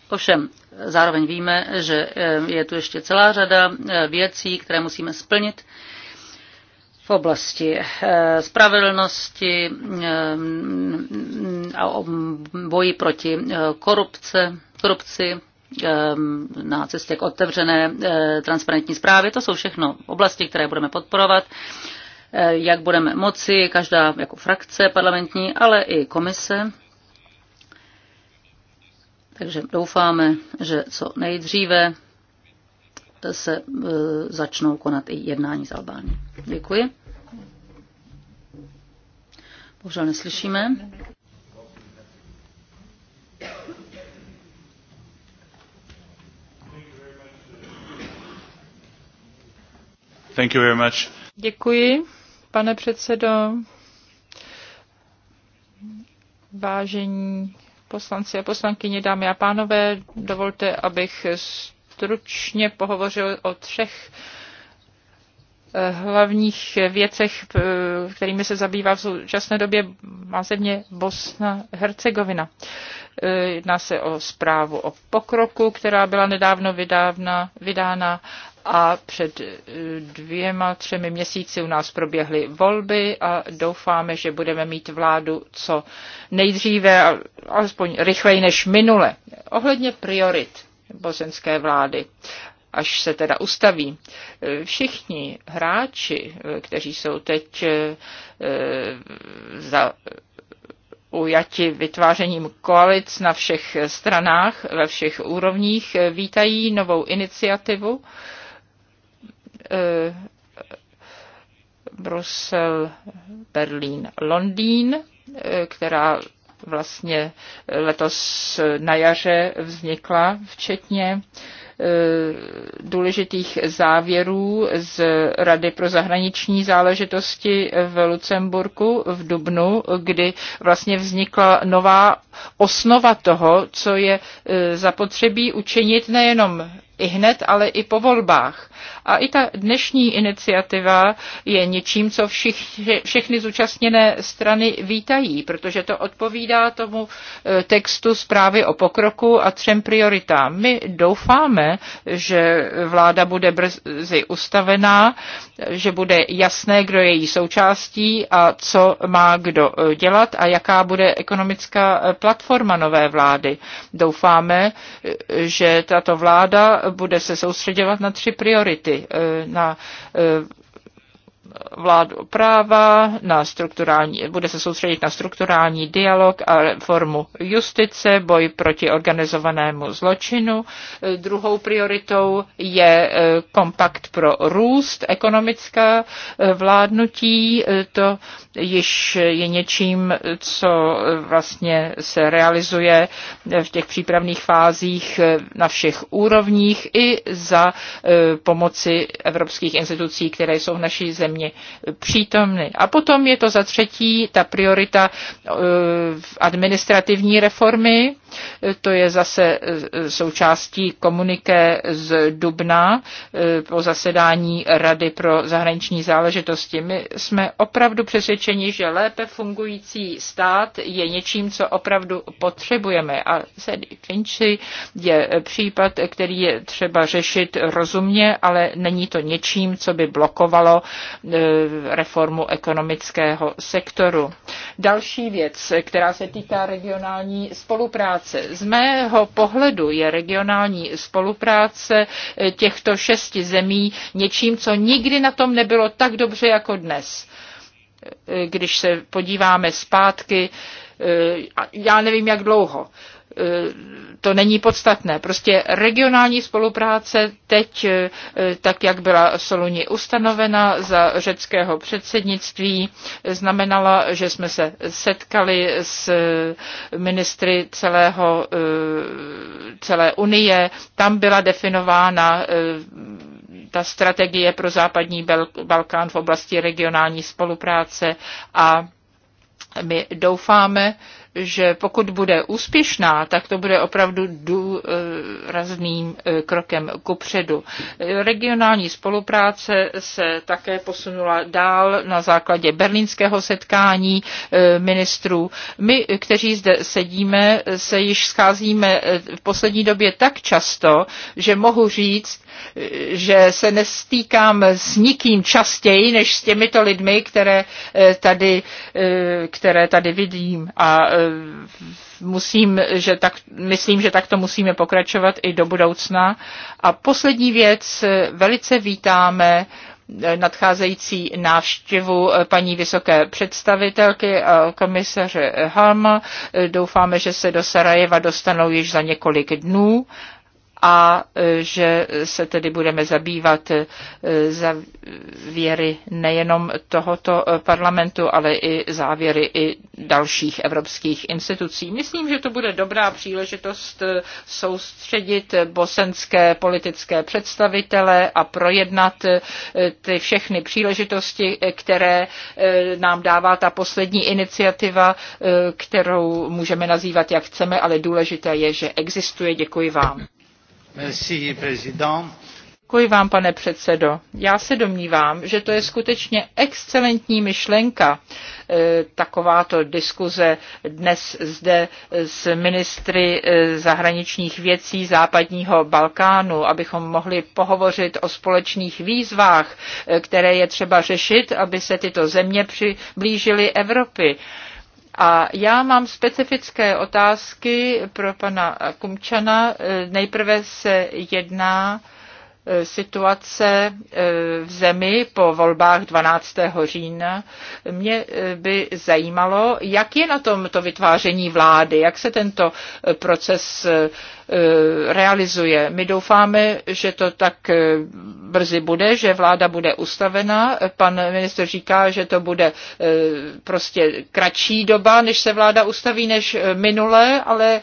Ovšem, zároveň víme, že je tu ještě celá řada věcí, které musíme splnit v oblasti eh, spravedlnosti eh, a boji proti eh, korupce, korupci, na cestě k otevřené transparentní zprávě. To jsou všechno oblasti, které budeme podporovat jak budeme moci, každá jako frakce parlamentní, ale i komise. Takže doufáme, že co nejdříve se e, začnou konat i jednání z Albánie. Děkuji. Bohužel neslyšíme. Thank you very much. Děkuji, pane předsedo. Vážení poslanci a poslankyně, dámy a pánové, dovolte, abych stručně pohovořil o třech eh, hlavních věcech, eh, kterými se zabývá v současné době má země Bosna Hercegovina. Eh, jedná se o zprávu o pokroku, která byla nedávno vydávna, vydána a před dvěma, třemi měsíci u nás proběhly volby a doufáme, že budeme mít vládu co nejdříve, alespoň rychleji než minule. Ohledně priorit bosenské vlády až se teda ustaví. Všichni hráči, kteří jsou teď eh, za ujati vytvářením koalic na všech stranách, ve všech úrovních, eh, vítají novou iniciativu. Eh, Brusel, Berlín, Londýn, která vlastně letos na jaře vznikla, včetně e, důležitých závěrů z Rady pro zahraniční záležitosti v Lucemburku v Dubnu, kdy vlastně vznikla nová osnova toho, co je e, zapotřebí učinit nejenom i hned, ale i po volbách. A i ta dnešní iniciativa je něčím, co všich, všechny zúčastněné strany vítají, protože to odpovídá tomu e, textu zprávy o pokroku a třem prioritám. My doufáme, že vláda bude brzy ustavená, že bude jasné, kdo je její součástí a co má kdo e, dělat a jaká bude ekonomická e, platforma nové vlády. Doufáme, že tato vláda bude se soustředovat na tři priority. Eh, na eh, vládu práva, na strukturální, bude se soustředit na strukturální dialog a reformu justice, boj proti organizovanému zločinu. Druhou prioritou je e, kompakt pro růst, ekonomická e, vládnutí. E, to již je něčím, co vlastně se realizuje v těch přípravných fázích na všech úrovních i za pomoci evropských institucí, které jsou v naší zemi samozřejmě přítomny. A potom je to za třetí ta priorita e, administrativní reformy, e, to je zase e, součástí komuniké z Dubna po zasedání Rady pro zahraniční záležitosti. My jsme opravdu přesvědčeni, že lépe fungující stát je něčím, co opravdu potřebujeme. A Sedy Finči je případ, který je třeba řešit rozumně, ale není to něčím, co by blokovalo E, reformu ekonomického sektoru. Další věc, která se týká regionální spolupráce. Z mého pohledu je regionální spolupráce e, těchto šesti zemí něčím, co nikdy na tom nebylo tak dobře jako dnes. E, když se podíváme zpátky, já nevím, jak dlouho Eh, to není podstatné. Prostě regionální spolupráce teď, eh, tak jak byla Soluní Soluni ustanovena za řeckého předsednictví, znamenala, že jsme se setkali s ministry celého, eh, celé Unie. Tam byla definována ta strategie pro západní Balkán v oblasti regionální spolupráce a my doufáme, že pokud bude úspěšná, tak to bude opravdu důrazným eh, krokem ku předu. Regionální spolupráce se také posunula dál na základě berlínského setkání eh, ministrů. My, kteří zde sedíme, se již scházíme eh, v poslední době tak často, že mohu říct, že se nestýkám s nikým častěji než s těmito lidmi, které eh, tady, eh, které tady vidím. A eh, musím, že tak, myslím, že tak to musíme pokračovat i do budoucna. A poslední věc, velice vítáme nadcházející návštěvu paní vysoké představitelky a komisaře Halma. Doufáme, že se do Sarajeva dostanou již za několik dnů a e, že se tedy budeme zabývat e, věry nejenom tohoto e, parlamentu, ale i závěry i dalších evropských institucí. Myslím, že to bude dobrá příležitost soustředit bosenské politické představitele a projednat ty všechny příležitosti, které nám dává ta poslední iniciativa, kterou můžeme nazývat jak chceme, ale důležité je, že existuje. Děkuji vám. Děkuji vám, pane předsedo. Já se domnívám, že to je skutečně excelentní myšlenka, e, takováto diskuze dnes zde s ministry e, zahraničních věcí západního Balkánu, abychom mohli pohovořit o společných výzvách, e, které je třeba řešit, aby se tyto země přiblížily Evropy. A já mám specifické otázky pro pana Kumčana. Nejprve se jedná e, situace e, v zemi po volbách 12. října. Mě e, by zajímalo, jak je na tom to vytváření vlády, jak se tento proces Eh, realizuje. My doufáme, že to tak eh, brzy bude, že vláda bude ustavena. Pan minister říká, že to bude eh, prostě kratší doba, než se vláda ustaví, než minule, ale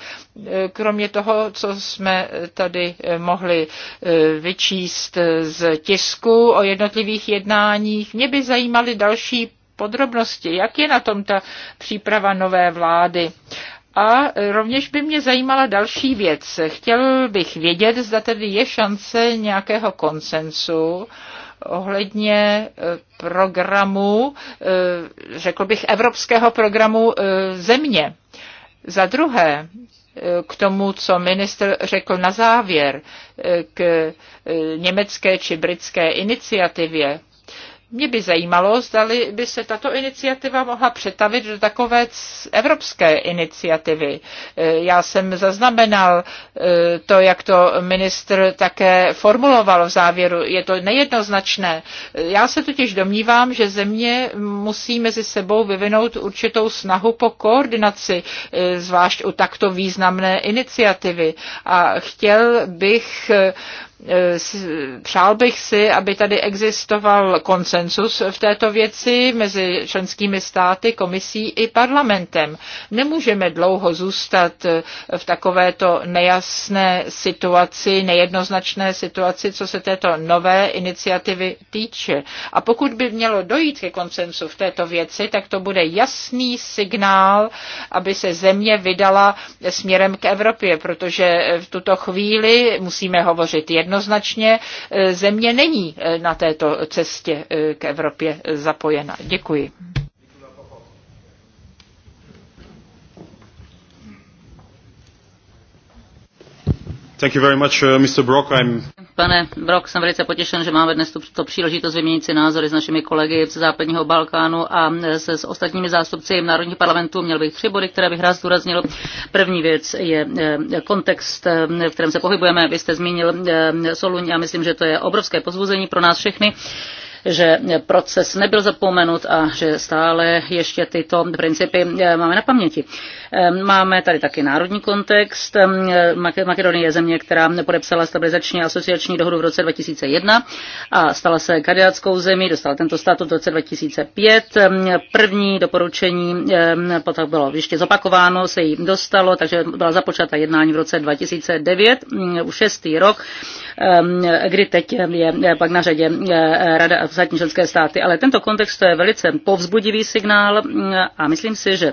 kromě toho, co jsme tady mohli vyčíst z tisku o jednotlivých jednáních, mě by zajímaly další podrobnosti, jak je na tom ta příprava nové vlády. A rovněž by mě zajímala další věc. Chtěl bych vědět, zda tedy je šance nějakého konsensu ohledně e, programu, e, řekl bych, evropského programu e, země. Za druhé, k tomu, co ministr řekl na závěr, k německé či britské iniciativě mě by zajímalo, zda by se tato iniciativa mohla přetavit do takové evropské iniciativy. E, já jsem zaznamenal e, to, jak to ministr také formuloval v závěru. Je to nejednoznačné. E, já se totiž domnívám, že země musí mezi sebou vyvinout určitou snahu po koordinaci, zvlášť u takto významné iniciativy. A chtěl bych Eh, přál bych si, aby tady existoval konsensus v této věci mezi členskými státy, komisí i parlamentem. Nemůžeme dlouho zůstat eh, v takovéto nejasné situaci, nejednoznačné situaci, co se této nové iniciativy týče. A pokud by mělo dojít ke konsensu v této věci, tak to bude jasný signál, aby se země vydala směrem k Evropě, protože v tuto chvíli musíme hovořit jedno jednoznačně e, země není e, na této cestě e, k Evropě zapojena. Děkuji. Thank you very much, uh, Mr. Brock. I'm... Pane Brock, jsem velice potěšen, že máme dnes tu, tu příležitost vyměnit si názory s našimi kolegy z západního Balkánu a eh, se, s ostatními zástupci národních parlamentů. Měl bych tři body, které bych rád zdůraznil. První věc je eh, kontext, eh, v kterém se pohybujeme. Vy jste zmínil Soluň a myslím, že to je obrovské pozvuzení pro nás všechny že proces nebyl zapomenut a že stále ještě tyto principy eh, máme na paměti. Ehm, máme tady taky národní kontext. Ehm, Makedonie je země, která podepsala stabilizační asociační dohodu v roce 2001 a stala se kandidátskou zemí, dostala tento statut v roce 2005. Ehm, první doporučení potom bylo ještě zopakováno, se jí dostalo, takže byla započata jednání v roce 2009, mm, už šestý rok, kdy teď je pak na řadě eh, Rada ostatní členské státy, ale tento kontext to je velice povzbudivý signál mm, a myslím si, že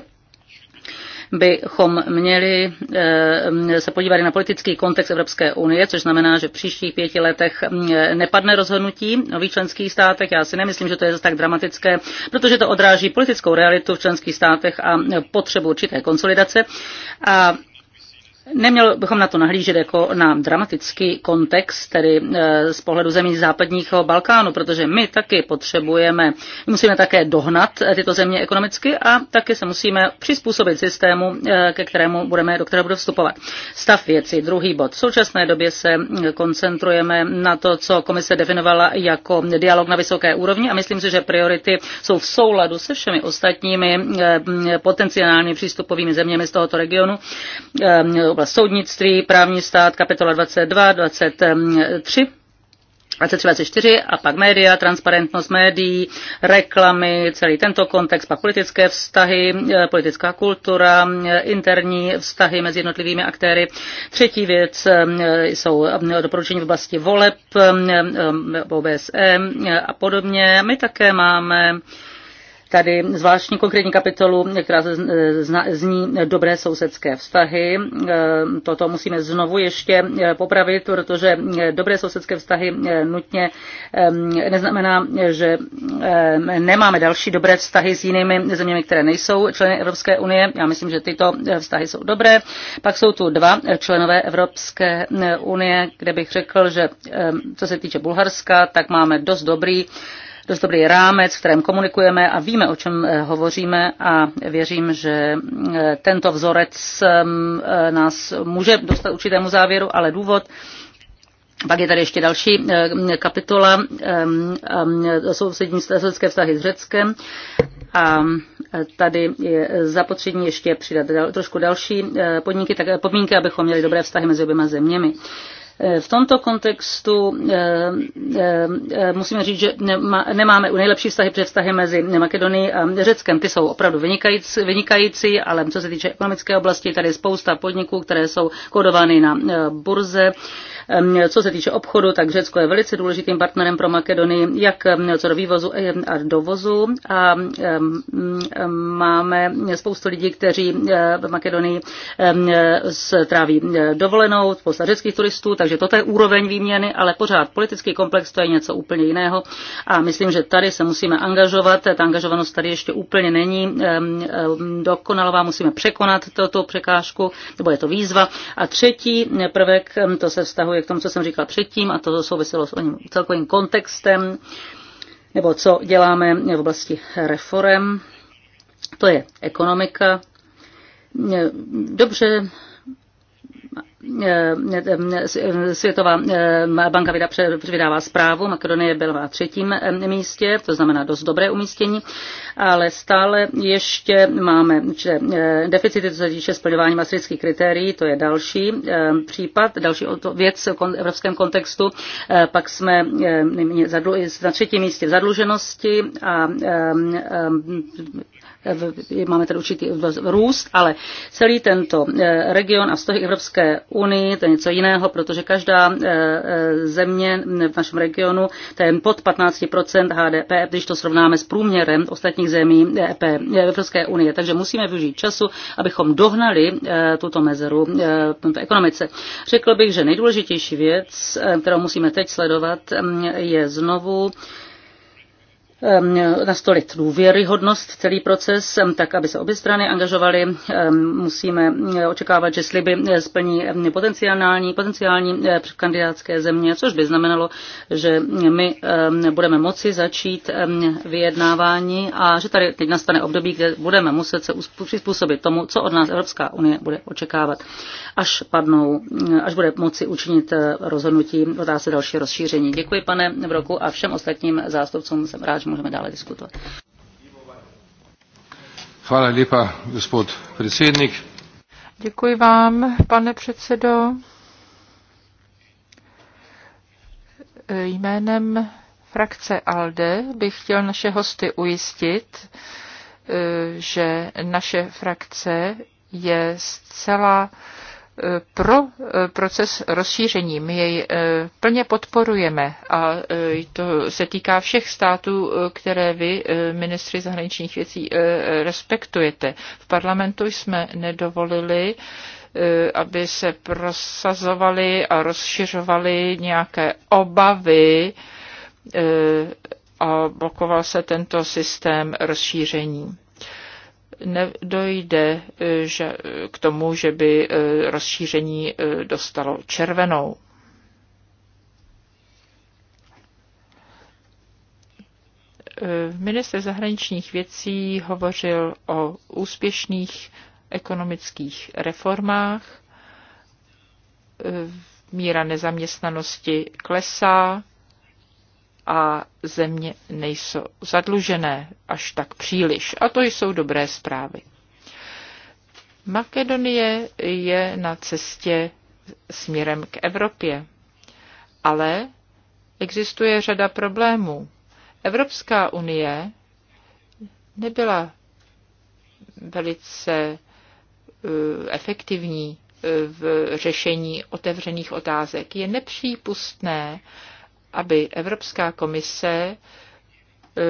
bychom měli eh, se podívat na politický kontext Evropské unie, což znamená, že v příštích pěti letech mm, nepadne rozhodnutí v nových členských státech. Já si nemyslím, že to je zase tak dramatické, protože to odráží politickou realitu v členských státech a potřebu určité konsolidace. A Neměl bychom na to nahlížet jako na dramatický kontext, tedy eh, z pohledu zemí západního Balkánu, protože my taky potřebujeme, musíme také dohnat eh, tyto země ekonomicky a taky se musíme přizpůsobit systému, eh, ke kterému budeme, do kterého budeme vstupovat. Stav věci, druhý bod. V současné době se koncentrujeme na to, co komise definovala jako dialog na vysoké úrovni a myslím si, že priority jsou v souladu se všemi ostatními potenciálně přístupovými zeměmi z tohoto regionu oblast soudnictví, právní stát, kapitola 22, 23. 23-24 a pak média, transparentnost médií, reklamy, celý tento kontext, pak politické vztahy, eh, politická kultura, eh, interní vztahy mezi jednotlivými aktéry. Třetí věc eh, jsou doporučení v oblasti voleb, OBSE a podobně. My také máme tady zvláštní konkrétní kapitolu, která zní dobré sousedské vztahy. E, toto musíme znovu ještě e, popravit, protože e, dobré sousedské vztahy nutně neznamená, že nemáme další dobré vztahy s jinými zeměmi, které nejsou členy Evropské unie. Já myslím, že tyto vztahy jsou dobré. Pak jsou tu dva členové Evropské unie, kde bych řekl, že co se týče Bulharska, tak máme dost dobrý dost dobrý rámec, v kterém komunikujeme a víme, o čem eh, hovoříme a věřím, že eh, tento vzorec ehm, eh, nás může dostat určitému závěru, ale důvod, pak je tady ještě další kapitola ehm, ehm, sousední strategické vztahy s Řeckem a tady je zapotřebí ještě přidat trošku další podmínky, tak, podmínky, abychom měli dobré vztahy mezi oběma zeměmi. Eh, v tomto kontextu eh, eh, musíme říct, že nemáme u nejlepší vztahy, před vztahy mezi Makedonií a Řeckem, ty jsou opravdu vynikající, vynikající, ale co se týče ekonomické oblasti, tady je spousta podniků, které jsou kodovány na burze. Co se týče obchodu, tak Řecko je velice důležitým partnerem pro Makedonii, jak co do vývozu a dovozu. A máme spoustu lidí, kteří v Makedonii stráví dovolenou, spousta řeckých turistů, takže toto je úroveň výměny, ale pořád politický komplex to je něco úplně jiného. A myslím, že tady se musíme angažovat. Ta angažovanost tady ještě úplně není dokonalová. Musíme překonat tuto překážku, nebo je to výzva. A třetí prvek, to se vztahuje k tomu, co jsem říkala předtím, a to souviselo s oním celkovým kontextem, nebo co děláme v oblasti reform. To je ekonomika. Dobře, Světová eh, banka vydává zprávu, Makedonie byla na třetím eh, místě, to znamená dost dobré umístění, ale stále ještě máme že eh, deficity, co se týče splňování masrických kritérií, to je další případ, další věc v evropském kontextu. Pak jsme na třetím místě v zadluženosti a Eh, máme tady určitý růst, ale celý tento eh, region a vztahy Evropské unii, to je něco jiného, protože každá eh, země v našem regionu, to je pod 15% HDP, když to srovnáme s průměrem ostatních zemí EP, Evropské unie. Takže musíme využít času, abychom dohnali tuto mezeru v ekonomice. Řekl bych, že nejdůležitější věc, kterou musíme teď sledovat, mm, je znovu Ehm, nastolit důvěryhodnost celý proces, ehm, tak aby se obě strany angažovaly. Ehm, musíme eh, očekávat, že sliby eh, splní potenciální, potenciální eh, kandidátské země, což by znamenalo, že my budeme moci začít vyjednávání a že tady teď nastane období, kde budeme muset se přizpůsobit tomu, co od nás Evropská unie bude očekávat, až, padnou, až bude moci učinit rozhodnutí otázky další rozšíření. Děkuji, pane Broku, a všem ostatním zástupcům jsem rád, můžeme dále diskutovat. Hvala lepa, gospod predsednik. Děkuji vám, pane předsedo. Jménem frakce ALDE bych chtěl naše hosty ujistit, eh, že naše frakce je zcela pro eh, proces rozšíření. My jej eh, plně podporujeme a eh, to se týká všech států, které vy, ministři zahraničních věcí, respektujete. V parlamentu jsme nedovolili aby se prosazovaly a rozšiřovaly nějaké obavy a blokoval se tento systém rozšíření nedojde eh, že eh, k tomu, že by eh, rozšíření dostalo červenou. Minister zahraničních věcí hovořil o úspěšných ekonomických reformách. Míra nezaměstnanosti klesá a země nejsou zadlužené až tak příliš. A to jsou dobré zprávy. Makedonie je na cestě směrem k Evropě, ale existuje řada problémů. Evropská unie nebyla velice eh, efektivní eh, v řešení otevřených otázek. Je nepřípustné, aby Evropská komise eh,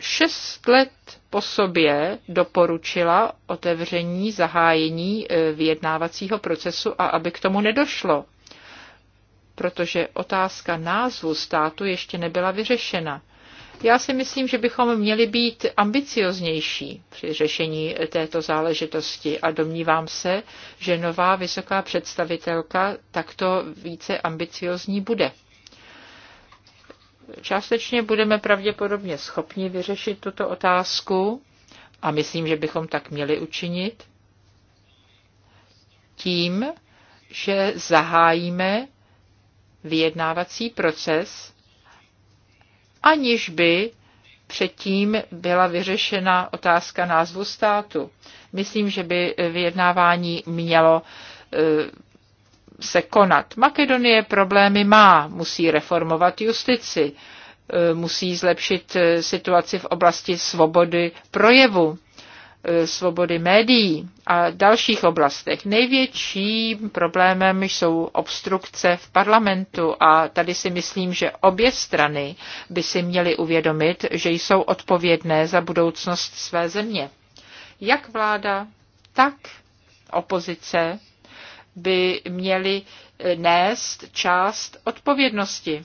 šest let po sobě doporučila otevření, zahájení eh, vyjednávacího procesu a aby k tomu nedošlo, protože otázka názvu státu ještě nebyla vyřešena. Já si myslím, že bychom měli být ambicioznější při řešení této záležitosti a domnívám se, že nová vysoká představitelka takto více ambiciozní bude. Částečně budeme pravděpodobně schopni vyřešit tuto otázku a myslím, že bychom tak měli učinit tím, že zahájíme vyjednávací proces aniž by předtím byla vyřešena otázka názvu státu. Myslím, že by vyjednávání mělo e, se konat. Makedonie problémy má, musí reformovat justici, e, musí zlepšit e, situaci v oblasti svobody projevu E, svobody médií a dalších oblastech. Největším problémem jsou obstrukce v parlamentu a tady si myslím, že obě strany by si měly uvědomit, že jsou odpovědné za budoucnost své země. Jak vláda, tak opozice by měly e, nést část odpovědnosti.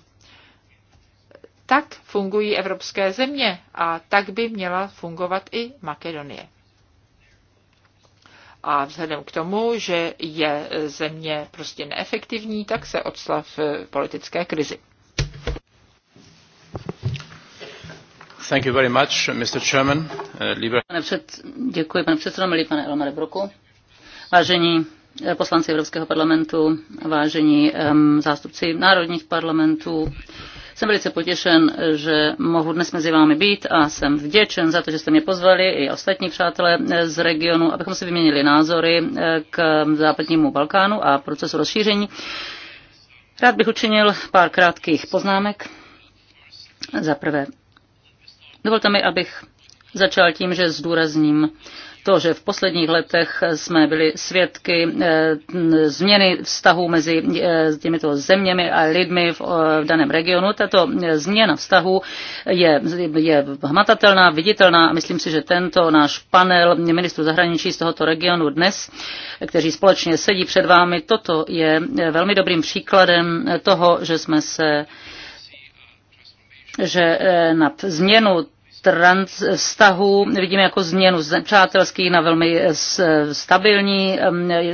Tak fungují evropské země a tak by měla fungovat i Makedonie. A vzhledem k tomu, že je země prostě neefektivní, tak se odslav v eh, politické krizi. Thank you very much, Mr. Chairman. uh, Pane před, děkuji, pane předsedo, milý pane Elmar Broku. Vážení eh, poslanci Evropského parlamentu, vážení um, zástupci národních parlamentů, jsem velice potěšen, že mohu dnes mezi vámi být a jsem vděčen za to, že jste mě pozvali i ostatní přátelé eh, z regionu, abychom si vyměnili názory eh, k západnímu Balkánu a procesu rozšíření. Rád bych učinil pár krátkých poznámek. Za prvé, dovolte mi, abych začal tím, že zdůrazním to, že v posledních letech jsme byli svědky eh, změny vztahů mezi eh, těmito zeměmi a lidmi v eh, daném regionu. Tato změna vztahů je, je hmatatelná, viditelná a myslím si, že tento náš panel ministrů zahraničí z tohoto regionu dnes, kteří společně sedí před vámi, toto je velmi dobrým příkladem toho, že jsme se že na změnu trans, vztahu, vidíme jako změnu z přátelských na velmi eh, stabilní,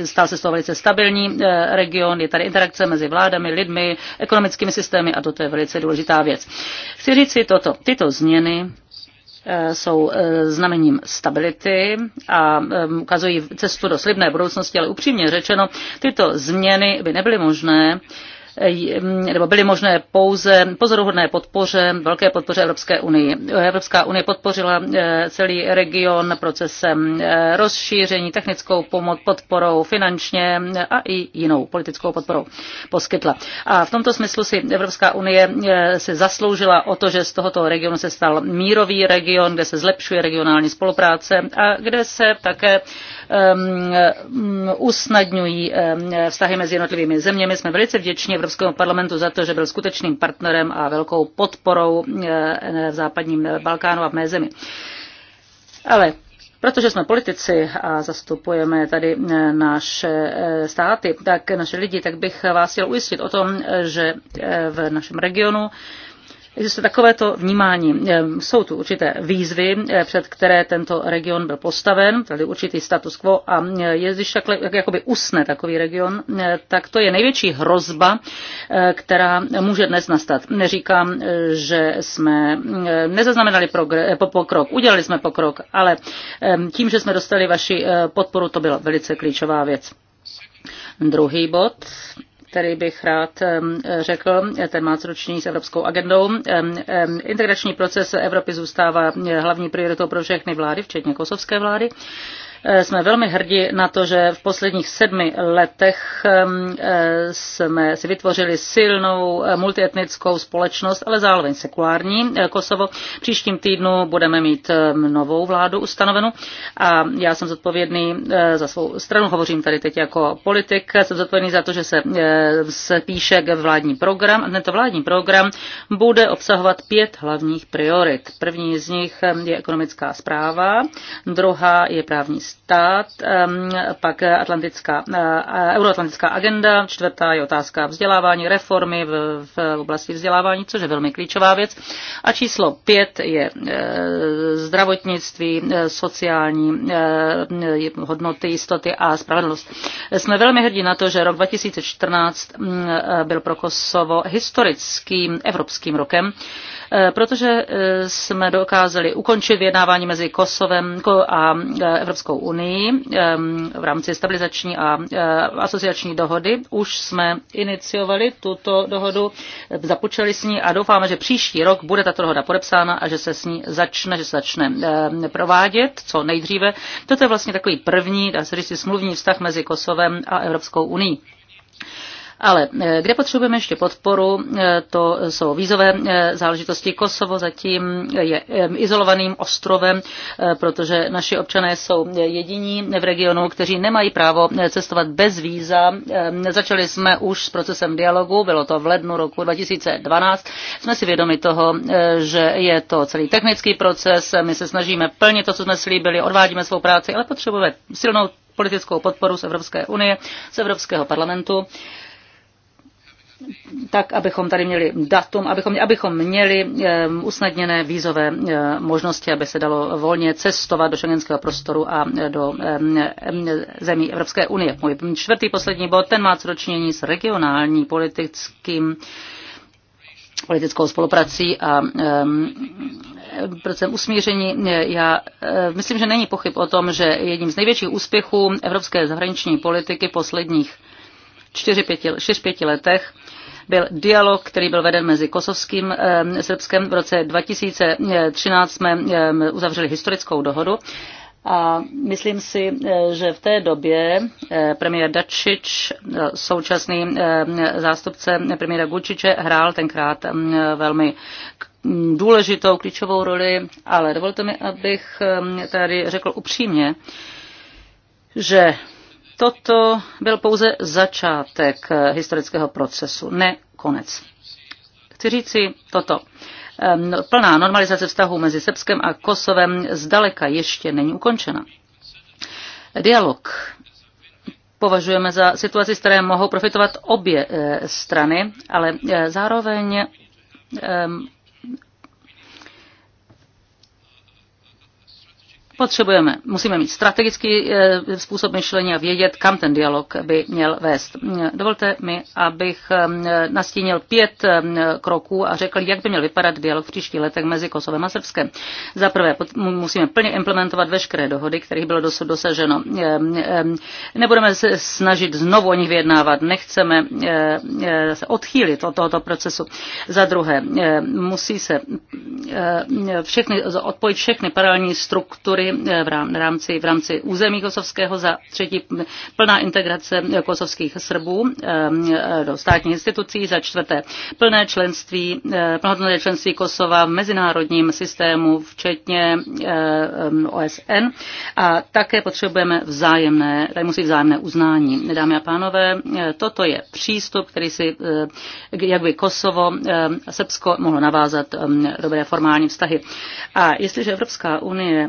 stál se z toho velice stabilní eh, region, je tady interakce mezi vládami, lidmi, ekonomickými systémy a toto je velice důležitá věc. Chci říct si toto, tyto změny eh, jsou znamením stability a ukazují cestu do slibné budoucnosti, ale upřímně řečeno, tyto změny by nebyly možné, nebo byly možné pouze pozoruhodné podpoře, velké podpoře Evropské unii. Evropská unie podpořila eh, celý region procesem eh, rozšíření, technickou pomoc, podporou finančně eh, a i jinou politickou podporou poskytla. A v tomto smyslu si Evropská unie se zasloužila o to, že z tohoto regionu se stal mírový region, kde se zlepšuje regionální spolupráce a kde se také Ehm, ehm, usnadňují ehm, vztahy mezi jednotlivými zeměmi. Jsme velice vděční Evropskému parlamentu za to, že byl skutečným partnerem a velkou podporou v západním Balkánu a v mé zemi. Ale Protože jsme politici a zastupujeme tady naše státy, tak naše lidi, tak bych vás chtěl ujistit o tom, že v našem regionu Existuje takovéto vnímání. Eh, jsou tu určité výzvy, eh, před které tento region byl postaven, tedy určitý status quo a eh, je, když takhle jakoby usne takový region, tak to je největší hrozba, která může dnes nastat. Neříkám, že jsme nezaznamenali pokrok, udělali jsme pokrok, ale tím, že jsme dostali vaši podporu, to byla velice klíčová věc. Druhý bod který bych rád řekl, ten má roční s evropskou agendou. Integrační proces Evropy zůstává hlavní prioritou pro všechny vlády, včetně kosovské vlády. Eh, jsme velmi hrdí na to, že v posledních sedmi letech eh, jsme si vytvořili silnou eh, multietnickou společnost, ale zároveň sekulární Kosovo. Příštím týdnu budeme mít novou vládu ustanovenu a já jsem zodpovědný za svou stranu, hovořím tady teď jako politik, jsem zodpovědný za to, že se spíše vládní program. A tento vládní program bude obsahovat pět hlavních priorit. První z nich je ekonomická zpráva, druhá je právní stát, pak Atlantická, eh, Euroatlantická agenda, čtvrtá je otázka vzdělávání, reformy v, v oblasti vzdělávání, což je velmi klíčová věc. A číslo pět je eh, zdravotnictví, eh, sociální hodnoty, jistoty a spravedlnost. Jsme velmi hrdí na to, že rok 2014 mm, byl pro Kosovo historickým evropským rokem, protože jsme dokázali ukončit vyjednávání mezi Kosovem a Evropskou unii v rámci stabilizační a e, asociační dohody. Už jsme iniciovali tuto dohodu, započali s ní a doufáme, že příští rok bude tato dohoda podepsána a že se s ní začne, že se začne provádět co nejdříve. Toto je vlastně takový první, dá se říct, smluvní vztah mezi Kosovem a Evropskou unii. Ale eh, kde potřebujeme ještě podporu, eh, to jsou vízové eh, záležitosti. Kosovo zatím je izolovaným ostrovem, protože naši občané jsou jediní v regionu, kteří nemají právo cestovat bez víza. Začali jsme už s procesem dialogu, bylo to v lednu roku 2012. Jsme si vědomi toho, že je to celý technický proces, my se snažíme plnit to, co jsme slíbili, odvádíme svou práci, ale potřebujeme silnou politickou podporu z Evropské unie, z Evropského parlamentu tak, abychom tady měli datum, abychom, abychom měli eh, usnadněné vízové eh, možnosti, aby se dalo volně cestovat do šengenského prostoru a eh, do zemí Evropské unie. Můj čtvrtý poslední bod, ten má co s regionální politickým politickou spoluprací a procesem usmíření. Já myslím, že není pochyb o tom, že jedním z největších úspěchů evropské zahraniční politiky čtyři posledních 4-5 letech byl dialog, který byl veden mezi kosovským Srbskem. V roce 2013 jsme uzavřeli historickou dohodu. A myslím si, eh, že v té době eh, premiér Dačič, eh, současný zástupce premiéra Gučiče, hrál tenkrát velmi důležitou, klíčovou roli, ale dovolte mi, abych tady řekl upřímně, že Toto byl pouze začátek historického procesu, ne konec. Chci říci toto. Plná normalizace vztahů mezi Srbskem a Kosovem zdaleka ještě není ukončena. Dialog považujeme za situaci, z které mohou profitovat obě eh, strany, ale eh, zároveň Potřebujeme, musíme mít strategický eh, způsob myšlení a vědět, kam ten dialog by měl vést. Dovolte mi, abych ehm, nastínil pět ehm, kroků a řekl, jak by měl vypadat dialog v příštích letech mezi Kosovem a Srbskem. Za prvé, musíme plně implementovat veškeré dohody, kterých bylo dosud dosaženo. Ehm, nebudeme se snažit znovu o nich vyjednávat, nechceme eh, eh, se odchýlit od tohoto procesu. Za druhé, musí se všechny, odpojit všechny paralelní struktury rám, v rámci, v rámci území kosovského, za třetí plná integrace kosovských Srbů ehm, eh, do státních institucí, za čtvrté plné členství, eh, plnohodnotné členství Kosova v mezinárodním systému, včetně eh, OSN a také potřebujeme vzájemné, tady musí vzájemné uznání. Dámy a pánové, toto je přístup, který si, jak by Kosovo a Srbsko mohlo navázat ehm, dobré formální vztahy. A jestliže Evropská unie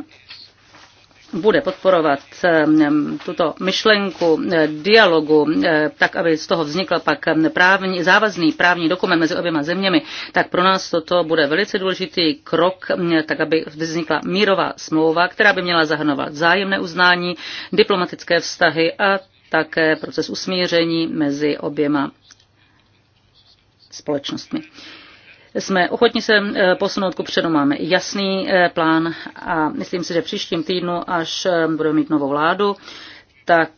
bude podporovat ehm, tuto myšlenku eh, dialogu, eh, tak aby z toho vznikl pak ehm, právní, závazný právní dokument mezi oběma zeměmi, tak pro nás toto bude velice důležitý krok, mm, tak aby vznikla mírová smlouva, která by měla zahrnovat zájemné uznání, diplomatické vztahy a také proces usmíření mezi oběma společnostmi jsme ochotni se eh, posunout ku předu. Máme jasný eh, plán a myslím si, že příštím týdnu, až eh, budeme mít novou vládu, tak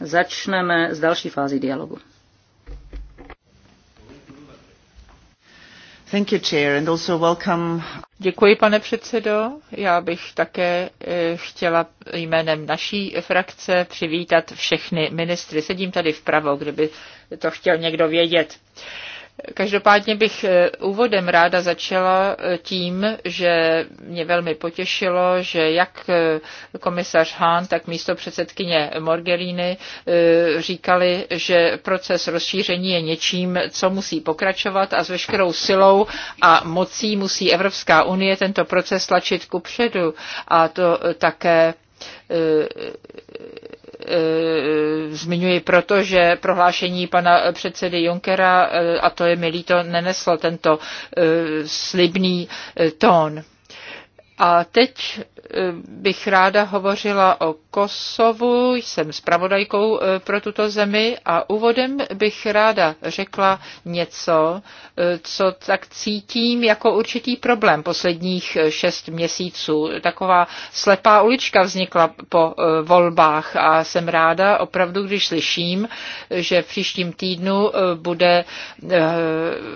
začneme s další fází dialogu. Thank you, Chair, and also welcome. Děkuji, pane předsedo. Já bych také chtěla jménem naší frakce přivítat všechny ministry. Sedím tady vpravo, kdyby to chtěl někdo vědět. Uh, Každopádně bych eh, úvodem ráda začala eh, tím, že mě velmi potěšilo, že jak eh, komisař Hahn, tak místo předsedkyně Morgelíny říkali, že proces rozšíření je něčím, co musí pokračovat a s veškerou silou a mocí musí Evropská unie tento proces tlačit ku předu a to také Eh, zmiňuji proto, že prohlášení pana předsedy Junckera, eh, a to je mi líto, neneslo tento eh, slibný tón. A teď bych ráda hovořila o Kosovu, jsem zpravodajkou e, pro tuto zemi a úvodem bych ráda řekla něco, e, co tak cítím jako určitý problém posledních e, šest měsíců. Taková slepá ulička vznikla po volbách a jsem ráda opravdu, když slyším, že v příštím týdnu bude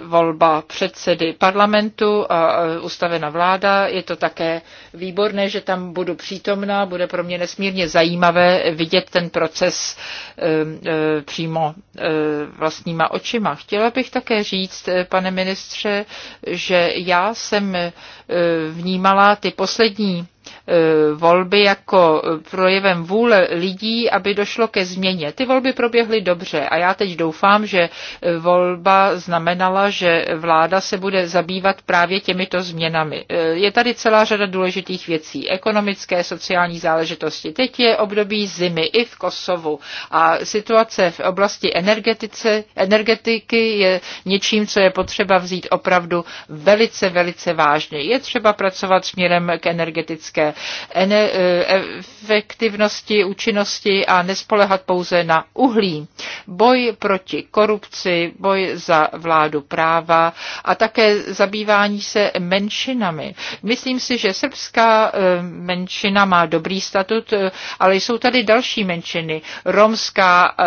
volba předsedy parlamentu a ustavena vláda. Je to také výborné, že tam budu přítomná, bude pro mě nesmírně zajímavé vidět ten proces um, uh, přímo uh, vlastníma očima. Chtěla bych také říct, eh, pane ministře, že já jsem eh, vnímala ty poslední E, volby jako projevem vůle lidí, aby došlo ke změně. Ty volby proběhly dobře a já teď doufám, že volba znamenala, že vláda se bude zabývat právě těmito změnami. E, je tady celá řada důležitých věcí, ekonomické, sociální záležitosti. Teď je období zimy i v Kosovu a situace v oblasti energetice, energetiky je něčím, co je potřeba vzít opravdu velice, velice vážně. Je třeba pracovat směrem k energetice energetické eh, efektivnosti, účinnosti a nespolehat pouze na uhlí boj proti korupci, boj za vládu práva a také zabývání se menšinami. Myslím si, že srbská eh, menšina má dobrý statut, eh, ale jsou tady další menšiny, romská eh,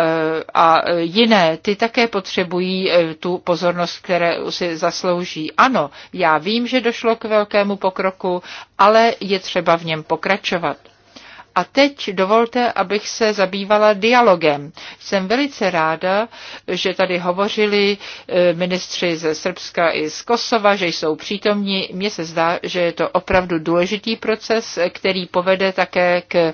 a jiné, ty také potřebují tu pozornost, které si zaslouží. Ano, já vím, že došlo k velkému pokroku, ale je třeba v něm pokračovat. A teď dovolte, abych se zabývala dialogem. Jsem velice ráda, že tady hovořili eh, ministři ze Srbska i z Kosova, že jsou přítomní. Mně se zdá, že je to opravdu důležitý proces, který povede také k eh,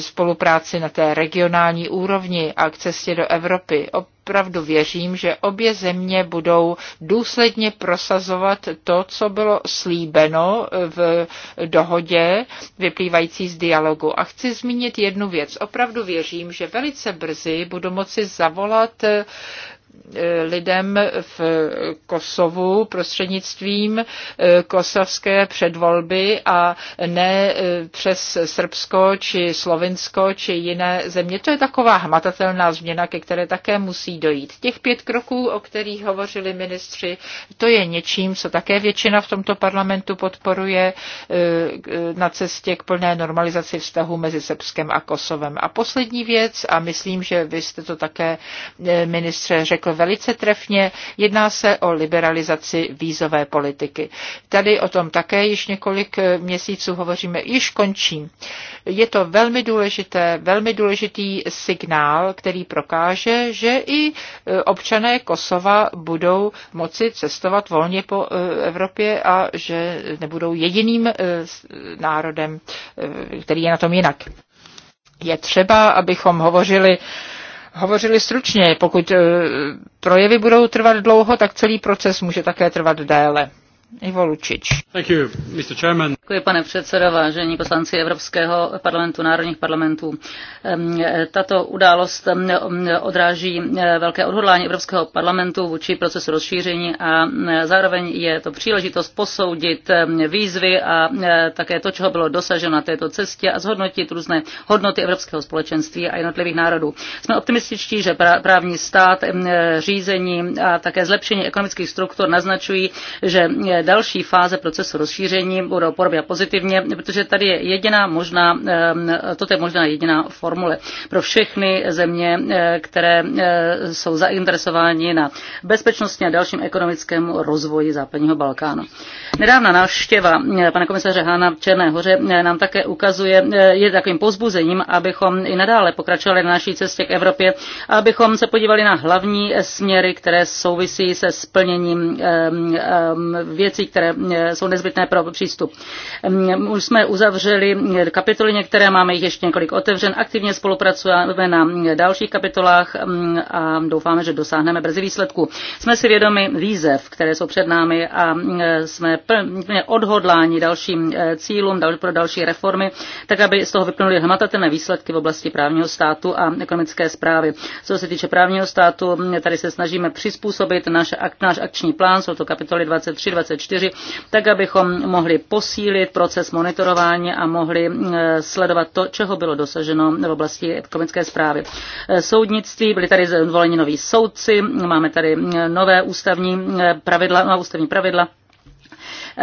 spolupráci na té regionální úrovni a k cestě do Evropy opravdu věřím, že obě země budou důsledně prosazovat to, co bylo slíbeno v dohodě vyplývající z dialogu. A chci zmínit jednu věc. Opravdu věřím, že velice brzy budu moci zavolat lidem v Kosovu prostřednictvím eh, kosovské předvolby a ne eh, přes Srbsko či Slovinsko či jiné země. To je taková hmatatelná změna, ke které také musí dojít. Těch pět kroků, o kterých hovořili ministři, to je něčím, co také většina v tomto parlamentu podporuje eh, na cestě k plné normalizaci vztahu mezi Srbskem a Kosovem. A poslední věc, a myslím, že vy jste to také ministře řekl, řekl velice trefně, jedná se o liberalizaci vízové politiky. Tady o tom také již několik eh, měsíců hovoříme, již končím. Je to velmi důležité, velmi důležitý signál, který prokáže, že i eh, občané Kosova budou moci cestovat volně po eh, Evropě a že nebudou jediným národem, který je na tom jinak. Je třeba, abychom hovořili hovořili stručně. Pokud eh, projevy budou trvat dlouho, tak celý proces může také trvat déle. Ivo Lučič. Thank you, Mr. Chairman. Děkuji, pane předsedo, vážení poslanci Evropského parlamentu, národních parlamentů. Tato událost odráží velké odhodlání Evropského parlamentu vůči procesu rozšíření a zároveň je to příležitost posoudit výzvy a také to, čeho bylo dosaženo na této cestě a zhodnotit různé hodnoty Evropského společenství a jednotlivých národů. Jsme optimističtí, že právní stát, řízení a také zlepšení ekonomických struktur naznačují, že další fáze procesu rozšíření budou podobně pozitivně, protože tady je jediná možná, toto je možná jediná formule pro všechny země, které jsou zainteresováni na bezpečnosti a dalším ekonomickém rozvoji západního Balkánu. Nedávna návštěva pana komisaře Hána v Černé hoře nám také ukazuje, je takovým pozbuzením, abychom i nadále pokračovali na naší cestě k Evropě, abychom se podívali na hlavní směry, které souvisí se splněním věcí věcí, které eh, jsou nezbytné pro přístup. Mm, už jsme uzavřeli eh, kapitoly, některé máme jich ještě několik otevřen. Aktivně spolupracujeme na mm, dalších kapitolách mm, a doufáme, že dosáhneme brzy výsledku. Jsme si vědomi výzev, které jsou před námi a jsme plně odhodláni dalším eh, cílům pro další reformy, tak aby z toho vyplnuli hmatatelné výsledky v oblasti právního státu a ekonomické zprávy. Co se týče právního státu, tady se snažíme přizpůsobit náš, náš akční plán, jsou to kapitoly 23, 24, 2024, tak abychom mohli posílit proces monitorování a mohli eh, sledovat to, čeho bylo dosaženo v oblasti ekonomické zprávy. Eh, soudnictví, byli tady zvoleni noví soudci, máme tady eh, nové ústavní pravidla, ústavní pravidla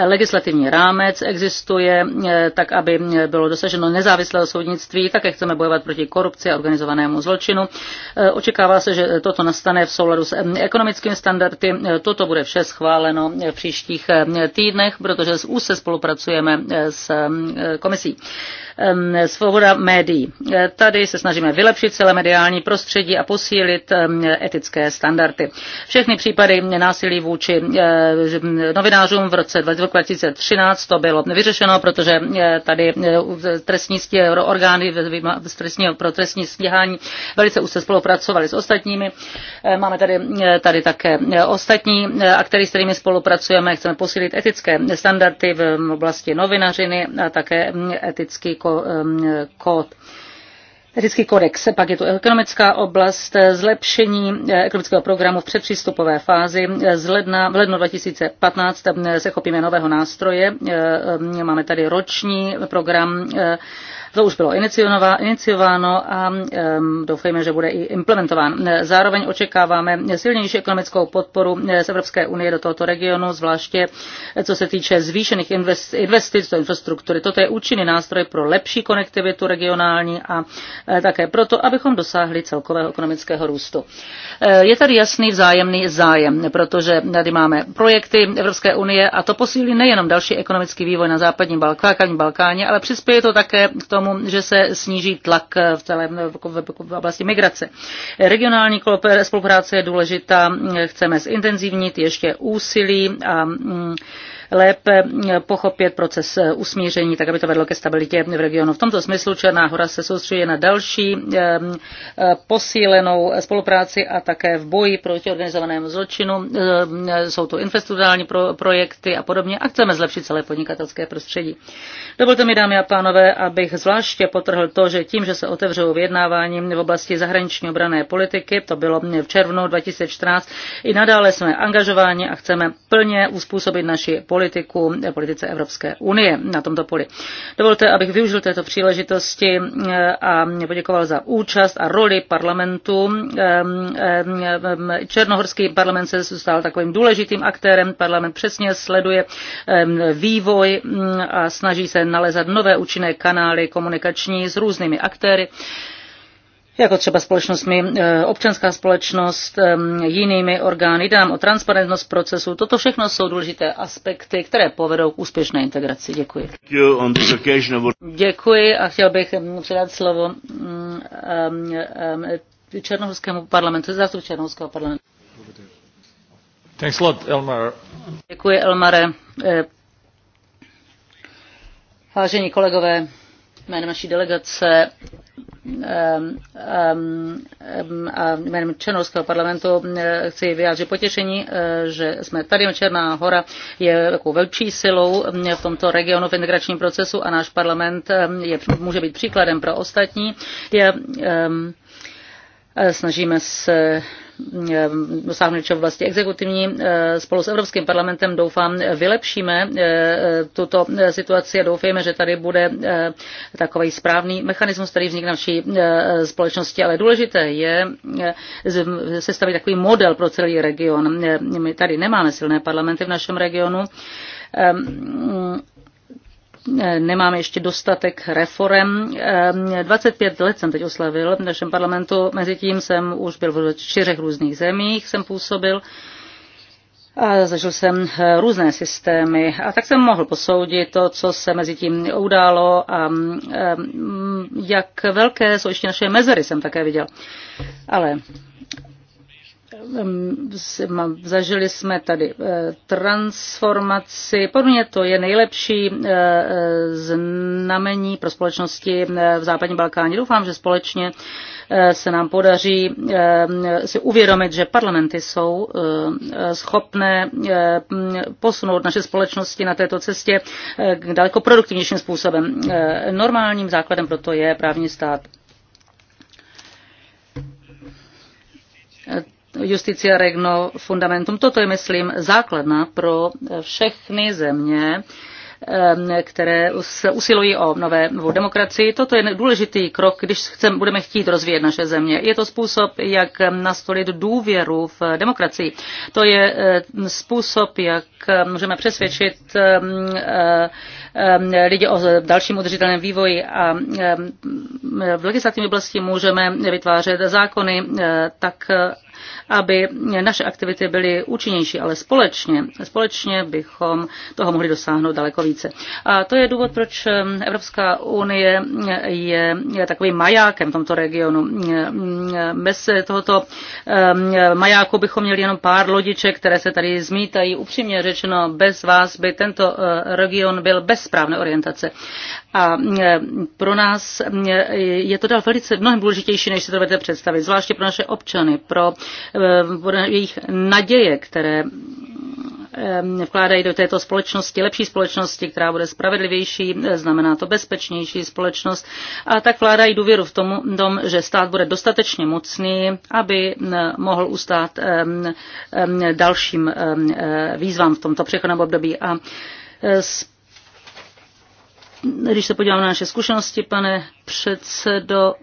legislativní rámec existuje, eh, tak aby bylo dosaženo nezávislého soudnictví, také chceme bojovat proti korupci a organizovanému zločinu. Eh, očekává se, že toto nastane v souladu s eh, ekonomickými standardy. Toto bude vše schváleno v příštích týdnech, protože už se spolupracujeme s komisí svoboda médií. E, tady se snažíme vylepšit celé mediální prostředí a posílit etické standardy. Všechny případy násilí vůči e, novinářům v roce 2013 to bylo vyřešeno, protože e, tady trestní orgány pro trestní stíhání velice úzce spolupracovali s ostatními. Máme tady, tady také ostatní aktéry, s kterými spolupracujeme. Chceme posílit etické standardy v oblasti novinařiny a také etický kód. Etický kodex, pak je tu ekonomická oblast, zlepšení eh, ekonomického programu v předpřístupové fázi. Z ledna, v lednu 2015 se chopíme nového nástroje. Eh, máme tady roční program eh, to už bylo iniciováno a doufejme, že bude i implementován. Zároveň očekáváme silnější ekonomickou podporu eh, z Evropské unie do tohoto regionu, zvláště eh, co se týče zvýšených investic do infrastruktury. Toto je účinný nástroj pro lepší konektivitu regionální a eh, také proto, abychom dosáhli celkového ekonomického růstu. Je tady jasný vzájemný zájem, protože tady máme projekty Evropské unie a to posílí nejenom další ekonomický vývoj na západním Balkáně, ale přispěje to také k tomu, tomu, že se sníží tlak v celé v oblasti migrace. Regionální spolupráce je důležitá, chceme zintenzivnit ještě úsilí a mm, lépe pochopit proces usmíření, tak aby to vedlo ke stabilitě v regionu. V tomto smyslu Černá hora se soustředí na další eh, posílenou spolupráci a také v boji proti organizovanému zločinu. Jsou to infesturální projekty a podobně a chceme zlepšit celé podnikatelské prostředí. Dovolte mi, dámy a pánové, abych zvláště potrhl to, že tím, že se otevřou vyjednávání v oblasti zahraniční obrané politiky, to bylo v červnu 2014, i nadále jsme angažováni a chceme plně uspůsobit naši politiku politiku, eh, politice Evropské unie na tomto poli. Dovolte, abych využil této příležitosti eh, a poděkoval za účast a roli parlamentu. Ehm, ehm, ehm, Černohorský parlament se stal takovým důležitým aktérem. Parlament přesně sleduje vývoj mm, a snaží se nalezat nové účinné kanály komunikační s různými aktéry jako třeba společnostmi, eh, občanská společnost, eh, jinými orgány, dám o transparentnost procesu. Toto všechno jsou důležité aspekty, které povedou k úspěšné integraci. Děkuji. Děkuji a chtěl bych hm, předat slovo hm, hm, Černohorskému parlamentu, zástupu Černohorského parlamentu. Thanks a lot, Elmar. Děkuji, Elmare. Eh, Vážení kolegové, jménem naší delegace a jménem Černovského parlamentu chci vyjádřit potěšení, eh, že jsme tady. Černá hora je takovou velčí silou v tomto regionu v integračním procesu a náš parlament je, může být příkladem pro ostatní. Je, Eh, snažíme se eh, dosáhnout v oblasti exekutivní. Eh, spolu s Evropským parlamentem doufám vylepšíme tuto situaci a doufejme, že tady bude takový správný mechanismus, který vznikne v naší společnosti. Ale důležité je sestavit takový model pro celý region. My tady nemáme silné parlamenty v našem regionu ehm, Eh, nemáme ještě dostatek reform. 25 eh, let jsem teď oslavil v našem parlamentu, mezi tím jsem už byl v čtyřech různých zemích, jsem působil. A zažil jsem eh, různé systémy a tak jsem mohl posoudit to, co se mezi tím událo a jak velké jsou ještě naše mezery, jsem také viděl. Ale zažili jsme tady eh, transformaci. Podle mě to je nejlepší eh, eh, znamení pro společnosti v západní Balkáně. Doufám, že společně se nám podaří si uvědomit, že parlamenty jsou schopné posunout naše společnosti na této cestě k daleko produktivnějším způsobem. Normálním základem proto je právní stát. Justicia Regno Fundamentum. Toto je, myslím, základna pro všechny země, eh, které se usilují o nové demokracii. Toto je důležitý krok, když chcem, budeme chtít rozvíjet naše země. Je to způsob, jak nastolit důvěru v demokracii. To je eh, způsob, jak eh, můžeme přesvědčit lidi o dalším udržitelném vývoji a v legislativní oblasti můžeme vytvářet zákony tak, aby naše aktivity byly účinnější, ale společně, společně bychom toho mohli dosáhnout daleko více. A to je důvod, proč Evropská unie je, je takovým majákem v tomto regionu. Bez tohoto majáku bychom měli jenom pár lodiček, které se tady zmítají. Upřímně řečeno, bez vás by tento eh, region byl bez správné orientace. A pro nás je to dal velice mnohem důležitější, než si to budete představit, zvláště pro naše občany, pro Eh, jejich naděje, které eh, vkládají do této společnosti, lepší společnosti, která bude spravedlivější, eh, znamená to bezpečnější společnost a tak vkládají důvěru v tom, tom že stát bude dostatečně mocný, aby mohl ustát dalším výzvám v tomto přechodném období. A když se podívám na naše zkušenosti, pane předsedo,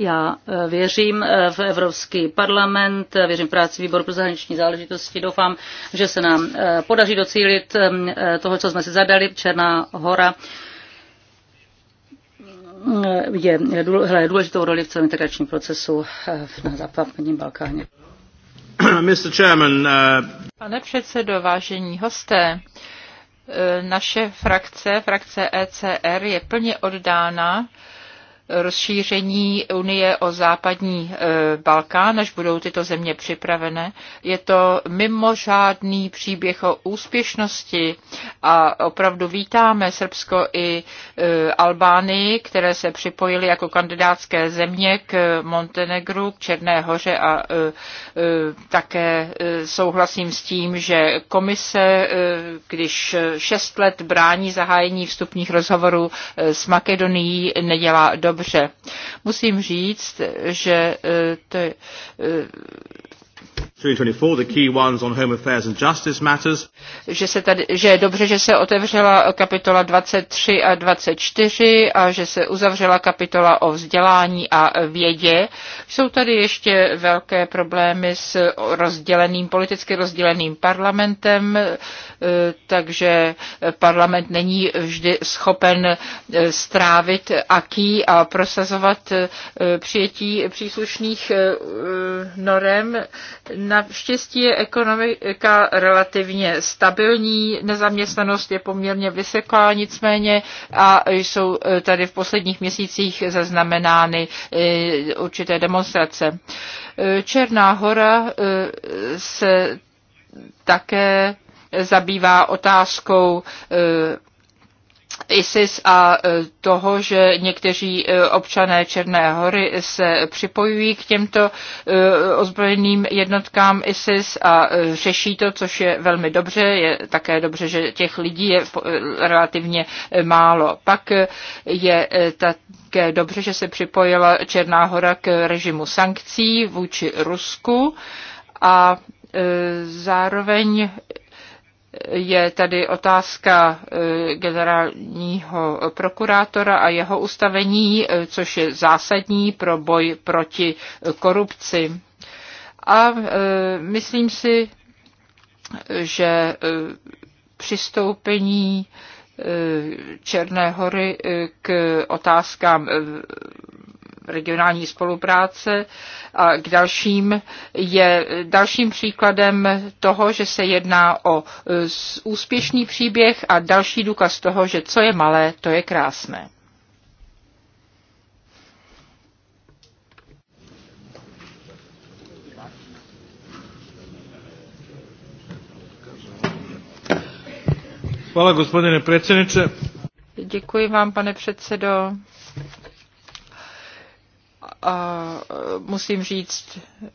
já e, věřím e, v Evropský parlament, e, věřím v práci výboru pro zahraniční záležitosti. Doufám, že se nám podaří docílit toho, co jsme si zadali. Černá hora je, hraje důležitou roli v celém integračním procesu na západním Balkáně. <clears throat> Mr. Chairman, uh, Pane předsedo, vážení hosté, naše frakce, frakce ECR, je plně oddána rozšíření Unie o západní e, Balkán, až budou tyto země připravené. Je to mimořádný příběh o úspěšnosti a opravdu vítáme Srbsko i e, Albánii, které se připojily jako kandidátské země k Montenegru, k Černé hoře a e, také souhlasím s tím, že komise, když šest let brání zahájení vstupních rozhovorů s Makedonií, nedělá dobře dobře. Musím říct, že eh, to je eh, že, se tady, že je dobře, že se otevřela kapitola 23 a 24 a že se uzavřela kapitola o vzdělání a vědě. Jsou tady ještě velké problémy s rozděleným, politicky rozděleným parlamentem, eh, takže parlament není vždy schopen eh, strávit aký a prosazovat eh, přijetí příslušných norem Naštěstí je ekonomika relativně stabilní, nezaměstnanost je poměrně vysoká, nicméně a jsou e, tady v posledních měsících zaznamenány e, určité demonstrace. E, Černá hora se také zabývá otázkou ISIS a e, toho, že někteří e, občané Černé hory se připojují k těmto e, ozbrojeným jednotkám ISIS a řeší to, což je velmi dobře. Je také dobře, že těch lidí je relativně málo. Pak je také dobře, že se připojila Černá hora k režimu sankcí vůči Rusku a zároveň je tady otázka eh, generálního prokurátora a jeho ustavení, eh, což je zásadní pro boj proti korupci. A eh, myslím si, že přistoupení Černé hory k otázkám regionální spolupráce. A k dalším je dalším příkladem toho, že se jedná o e, úspěšný příběh a další důkaz toho, že co je malé, to je krásné. Hvala, gospodine predsjedniče. Děkuji vám, pane předsedo a e, musím říct, e,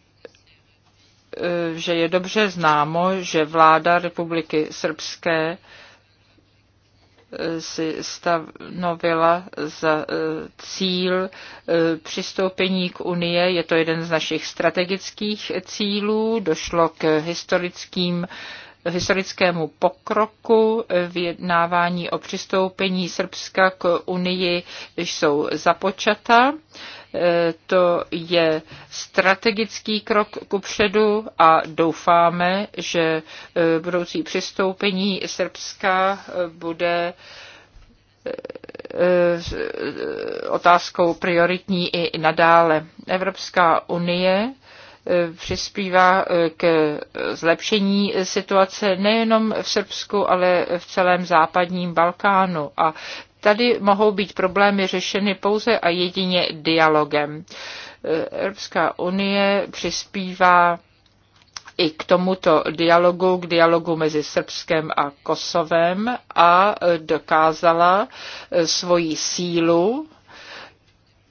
že je dobře známo, že vláda Republiky Srbské e, si stanovila za cíl přistoupení k Unie. Je to jeden z našich strategických cílů. Došlo k historickým historickému pokroku vyjednávání o přistoupení Srbska k Unii jsou započata. E, to je strategický krok kupředu a doufáme, že e, budoucí přistoupení Srbska bude e, otázkou prioritní i nadále. Evropská unie Eh, přispívá eh, k zlepšení situace nejenom v Srbsku, ale v celém západním Balkánu. A tady mohou být problémy řešeny pouze a jedině dialogem. Eh, Evropská unie přispívá i k tomuto dialogu, k dialogu mezi Srbskem a Kosovem a dokázala svoji sílu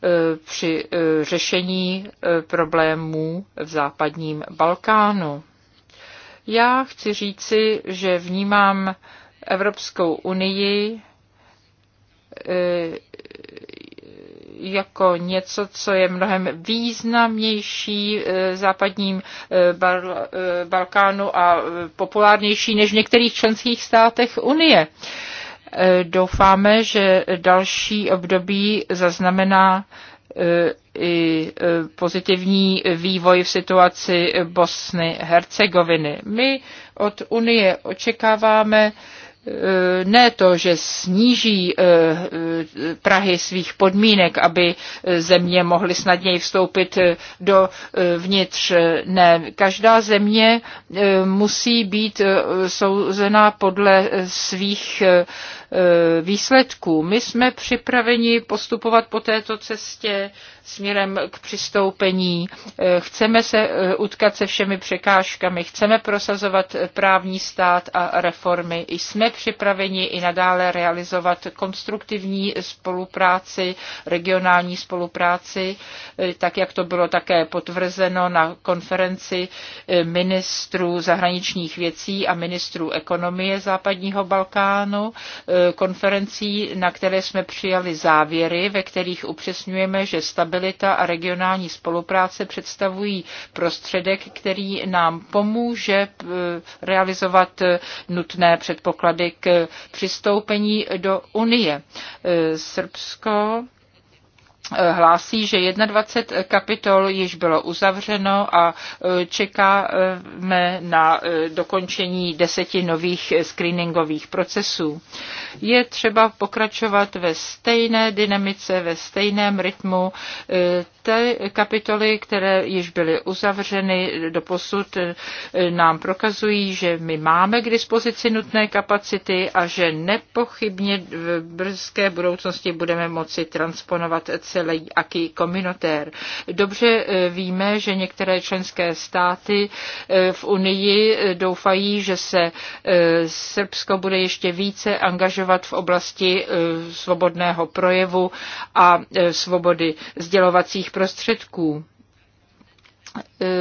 E, při e, řešení e, problémů v západním Balkánu. Já chci říci, že vnímám Evropskou unii jako něco, co je mnohem významnější západním Balkánu a populárnější než v některých členských státech Unie. Eh, doufáme, že další období zaznamená eh, i eh, pozitivní vývoj v situaci Bosny Hercegoviny. My od Unie očekáváme Eh, ne to, že sníží eh, Prahy svých podmínek, aby eh, země mohly snadněji vstoupit do vnitř. Ne, každá země musí být souzená podle svých výsledků. My jsme připraveni postupovat po této cestě směrem k přistoupení. Chceme se utkat se všemi překážkami, chceme prosazovat právní stát a reformy. Jsme připraveni i nadále realizovat konstruktivní spolupráci, regionální spolupráci, eh, tak jak to bylo také potvrzeno na konferenci eh, ministrů zahraničních věcí a ministrů ekonomie západního Balkánu, eh, konferencí, na které jsme přijali závěry, ve kterých upřesňujeme, že stabilita a regionální spolupráce představují prostředek, který nám pomůže realizovat nutné předpoklady tedy k přistoupení do Unie. E, Srbsko Eh, hlásí, že 21 kapitol již bylo uzavřeno a eh, čekáme na eh, dokončení deseti nových screeningových procesů. Je třeba pokračovat ve stejné dynamice, ve stejném rytmu. Ty kapitoly, které již byly uzavřeny do posud, nám prokazují, že my máme k dispozici nutné kapacity a že nepochybně v brzké budoucnosti budeme moci transponovat celý aký komunitér. Dobře eh, víme, že některé členské státy eh, v Unii eh, doufají, že se Srbsko bude ještě více angažovat v oblasti svobodného projevu a svobody sdělovacích prostředků.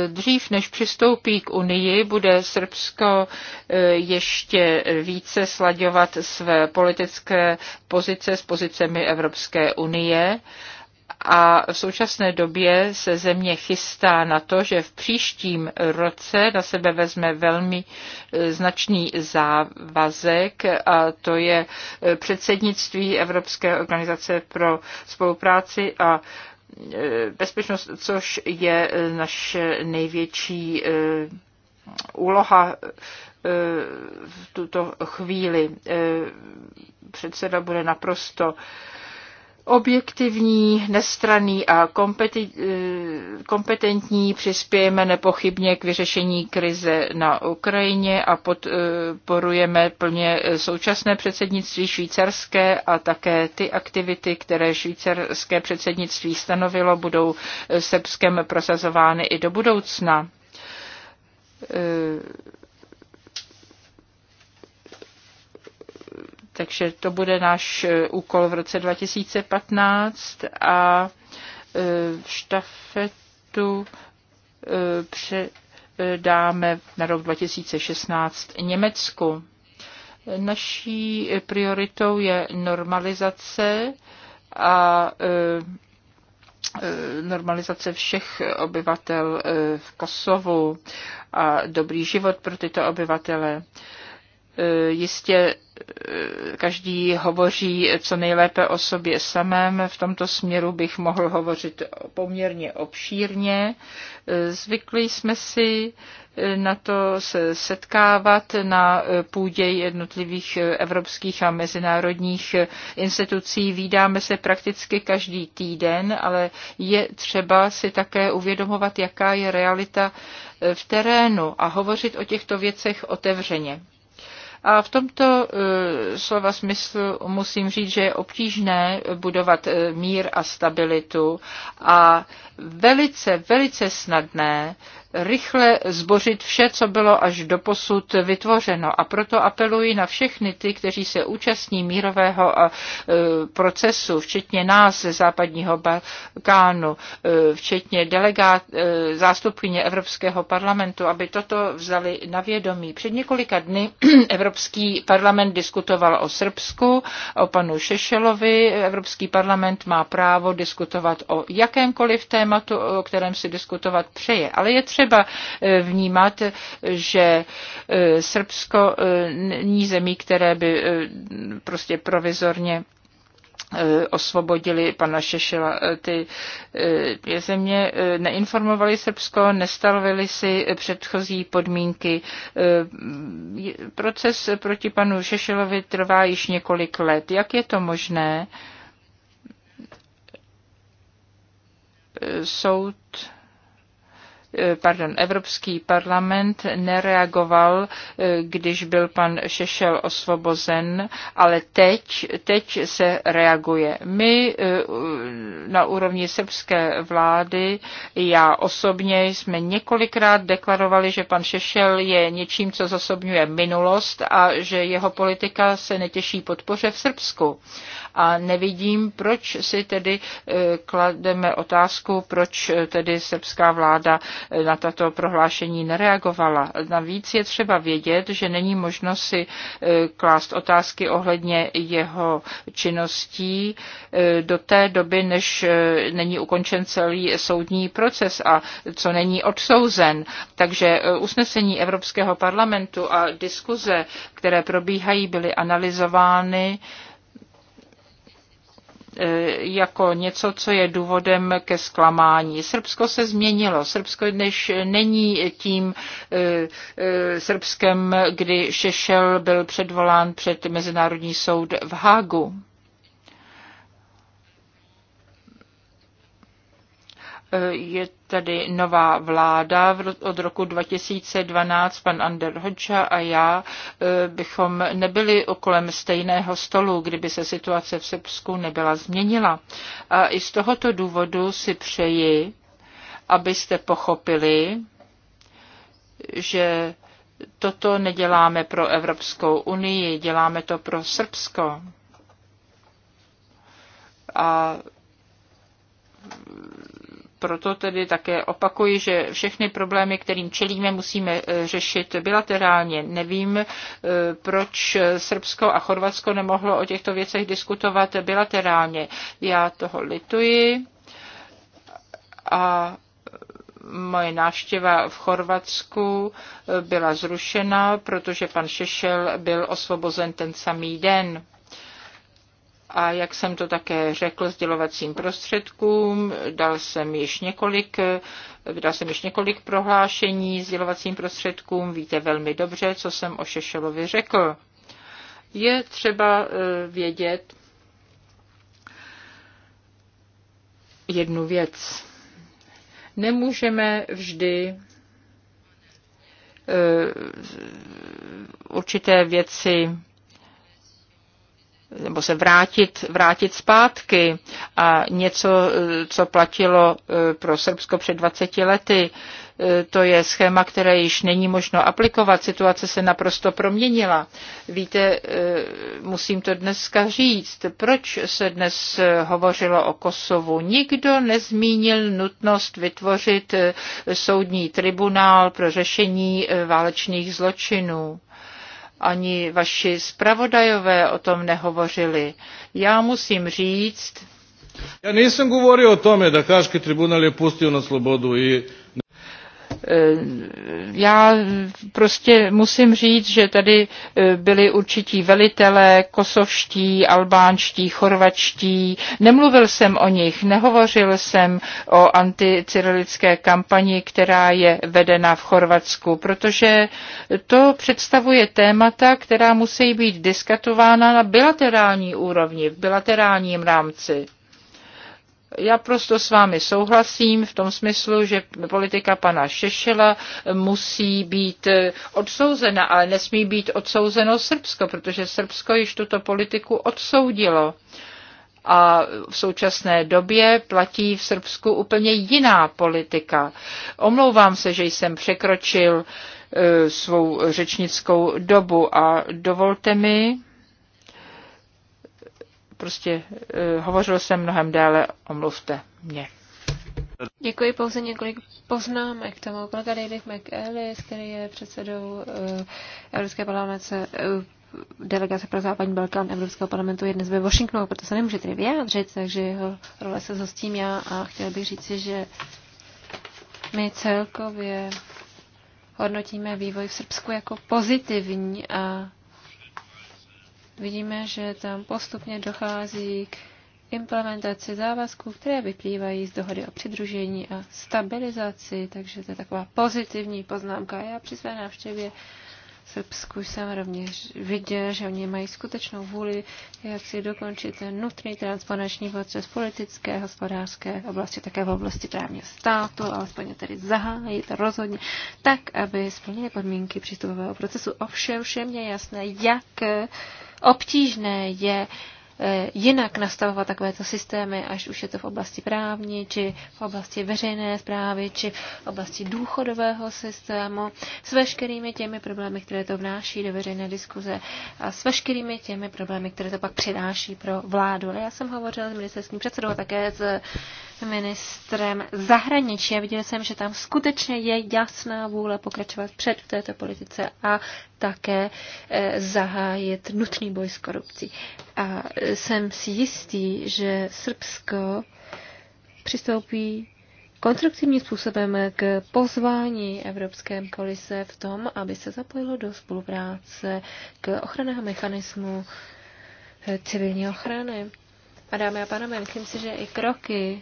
Dřív než přistoupí k Unii, bude Srbsko ještě více slaďovat své politické pozice s pozicemi Evropské unie a v současné době se země chystá na to, že v příštím roce na sebe vezme velmi e, značný závazek a to je e, předsednictví Evropské organizace pro spolupráci a e, bezpečnost, což je naše největší úloha v tuto chvíli. Předseda bude naprosto objektivní, nestraný a eh, kompetentní přispějeme nepochybně k vyřešení krize na Ukrajině a podporujeme plně současné předsednictví švýcarské a také ty aktivity, které švýcarské předsednictví stanovilo, budou Srbskem prosazovány i do budoucna eh, Takže to bude náš eh, úkol v roce 2015 a eh, štafetu eh, předáme na rok 2016 Německu. Naší prioritou je normalizace a normalizace všech obyvatel v Kosovu a dobrý život pro tyto obyvatele. E, jistě e, každý hovoří co nejlépe o sobě samém. V tomto směru bych mohl hovořit poměrně obšírně. E, zvykli jsme si na to se setkávat na půdě jednotlivých evropských a mezinárodních institucí. Vídáme se prakticky každý týden, ale je třeba si také uvědomovat, jaká je realita v terénu a hovořit o těchto věcech otevřeně. A v tomto eh, slova smyslu musím říct, že je obtížné budovat eh, mír a stabilitu a velice, velice snadné rychle zbořit vše, co bylo až doposud vytvořeno. A proto apeluji na všechny ty, kteří se účastní mírového eh, procesu, včetně nás ze západního Balkánu, eh, včetně delegát, eh, zástupkyně Evropského parlamentu, aby toto vzali na vědomí. Před několika dny <clears throat> Evropský parlament diskutoval o Srbsku, o panu Šešelovi. Evropský parlament má právo diskutovat o jakémkoliv tématu, o kterém si diskutovat přeje. Ale je třeba třeba eh, vnímat, že eh, Srbsko eh, není zemí, které by prostě provizorně osvobodili pana Šešela. Ty země neinformovali Srbsko, nestavili si předchozí podmínky. Proces proti panu Šešelovi trvá již několik let. Jak je to možné? Soud Eh, pardon, Evropský parlament nereagoval, eh, když byl pan Šešel osvobozen, ale teď, teď se reaguje. My eh, na úrovni srbské vlády, já osobně jsme několikrát deklarovali, že pan Šešel je něčím, co zasobňuje minulost a že jeho politika se netěší podpoře v Srbsku a nevidím, proč si tedy e, klademe otázku, proč e, tedy srbská vláda e, na tato prohlášení nereagovala. Navíc je třeba vědět, že není možno si klást otázky ohledně jeho činností do té doby, než není ukončen celý soudní proces a co není odsouzen. Takže usnesení Evropského parlamentu a diskuze, které probíhají, byly analyzovány E, jako něco, co je důvodem ke zklamání. Srbsko se změnilo. Srbsko dnes není tím e, e, Srbskem, kdy Šešel byl předvolán před Mezinárodní soud v Hágu. je tady nová vláda od roku 2012, pan Ander Hodža a já e, bychom nebyli okolem stejného stolu, kdyby se situace v Srbsku nebyla změnila. A i z tohoto důvodu si přeji, abyste pochopili, že toto neděláme pro Evropskou unii, děláme to pro Srbsko. A proto tedy také opakuji, že všechny problémy, kterým čelíme, musíme e, řešit bilaterálně. Nevím, e, proč Srbsko a Chorvatsko nemohlo o těchto věcech diskutovat bilaterálně. Já toho lituji a e, moje návštěva v Chorvatsku byla zrušena, protože pan Šešel byl osvobozen ten samý den a jak jsem to také řekl sdělovacím prostředkům, dal jsem již několik Vydal jsem již několik prohlášení sdělovacím prostředkům, víte velmi dobře, co jsem o Šešelovi řekl. Je třeba eh, vědět jednu věc. Nemůžeme vždy eh, určité věci nebo se vrátit, vrátit zpátky a něco, co platilo e, pro Srbsko před 20 lety, e, to je schéma, které již není možno aplikovat. Situace se naprosto proměnila. Víte, e, musím to dneska říct, proč se dnes hovořilo o Kosovu. Nikdo nezmínil nutnost vytvořit soudní tribunál pro řešení válečných zločinů ani vaši zpravodajové o tom nehovořili. Já musím říct, já nejsem govoril o tom, že Haški tribunál je pustil na svobodu i Eh, já prostě musím říct, že tady eh, byli určití velitelé kosovští, albánští, chorvačtí. Nemluvil jsem o nich, nehovořil jsem o anticyrilické kampani, která je vedena v Chorvatsku, protože to představuje témata, která musí být diskutována na bilaterální úrovni, v bilaterálním rámci. Já prosto s vámi souhlasím v tom smyslu, že politika pana Šešela musí být eh, odsouzena, ale nesmí být odsouzeno Srbsko, protože Srbsko již tuto politiku odsoudilo a v současné době platí v Srbsku úplně jiná politika. Omlouvám se, že jsem překročil eh, svou řečnickou dobu a dovolte mi, Prostě eh, hovořil jsem mnohem déle, omluvte mě. Děkuji pouze několik poznámek tomu. Kolega David McEllis, který je předsedou uh, Evropské parlamentu, uh, eh, delegace pro západní Balkán Evropského parlamentu, je dnes ve Washingtonu, proto se nemůže tedy vyjádřit, takže jeho role se zhostím já a chtěl bych říci, že my celkově hodnotíme vývoj v Srbsku jako pozitivní a vidíme, že tam postupně dochází k implementaci závazků, které vyplývají z dohody o přidružení a stabilizaci, takže to je taková pozitivní poznámka. Já při své návštěvě Srbsku jsem rovněž viděl, že oni mají skutečnou vůli, jak si dokončit ten nutný transponační proces politické, hospodářské oblasti, také v oblasti právního státu, alespoň tedy zahájit rozhodně, tak, aby splnili podmínky přístupového procesu. Ovšem všem je jasné, jak obtížné je Eh, jinak nastavovat takovéto systémy, až už je to v oblasti právní, či v oblasti veřejné zprávy, či v oblasti důchodového systému, s veškerými těmi problémy, které to vnáší do veřejné diskuze a s veškerými těmi problémy, které to pak přináší pro vládu. Ale já jsem hovořila s ministerským předsedou a také s ministrem zahraničí a viděl jsem, že tam skutečně je jasná vůle pokračovat před v této politice a také eh, zahájit nutný boj s korupcí. A jsem si jistý, že Srbsko přistoupí konstruktivním způsobem k pozvání Evropské kolise v tom, aby se zapojilo do spolupráce k ochranného mechanismu eh, civilní ochrany. A dámy a pánové, myslím si, že i kroky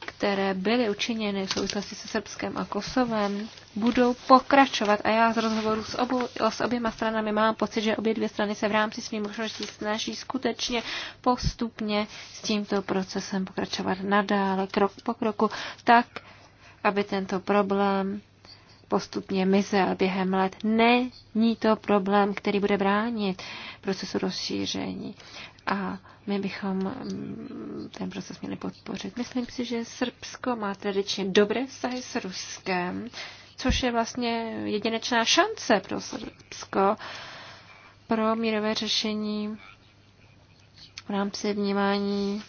které byly učiněny v souvislosti se Srbskem a Kosovem, budou pokračovat. A já z rozhovoru s, obou, s oběma stranami mám pocit, že obě dvě strany se v rámci svých možností snaží skutečně postupně s tímto procesem pokračovat nadále, krok po kroku, tak, aby tento problém postupně mizel během let. Není to problém, který bude bránit procesu rozšíření a my bychom mm, ten proces měli podpořit. Myslím si, že Srbsko má tradičně dobré vztahy s Ruskem, což je vlastně jedinečná šance pro Srbsko pro mírové řešení v rámci vnímání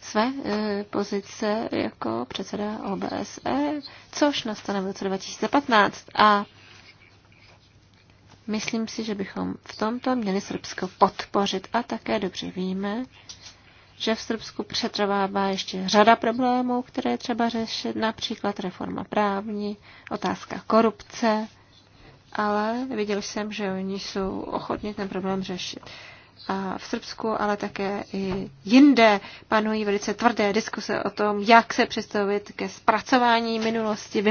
své e, pozice jako předseda OBSE, což nastane v roce 2015. A Myslím si, že bychom v tomto měli Srbsko podpořit a také dobře víme, že v Srbsku přetrvává ještě řada problémů, které je třeba řešit, například reforma právní, otázka korupce, ale viděl jsem, že oni jsou ochotni ten problém řešit a v Srbsku, ale také i jinde panují velice tvrdé diskuse o tom, jak se přistoupit ke zpracování minulosti,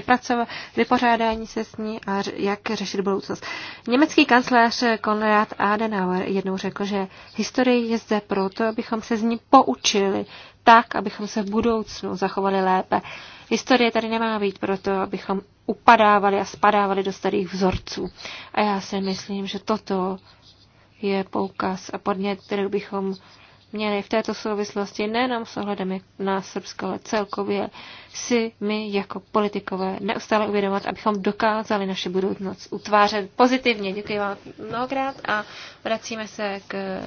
vypořádání se s ní a jak řešit budoucnost. Německý kancléř Konrad Adenauer jednou řekl, že historie je zde proto, abychom se z ní poučili tak, abychom se v budoucnu zachovali lépe. Historie tady nemá být proto, abychom upadávali a spadávali do starých vzorců. A já si myslím, že toto je poukaz a podnět, který bychom měli v této souvislosti nejenom s ohledem na Srbsko, ale celkově si my jako politikové neustále uvědomovat, abychom dokázali naši budoucnost utvářet pozitivně. Děkuji vám mnohokrát a vracíme se k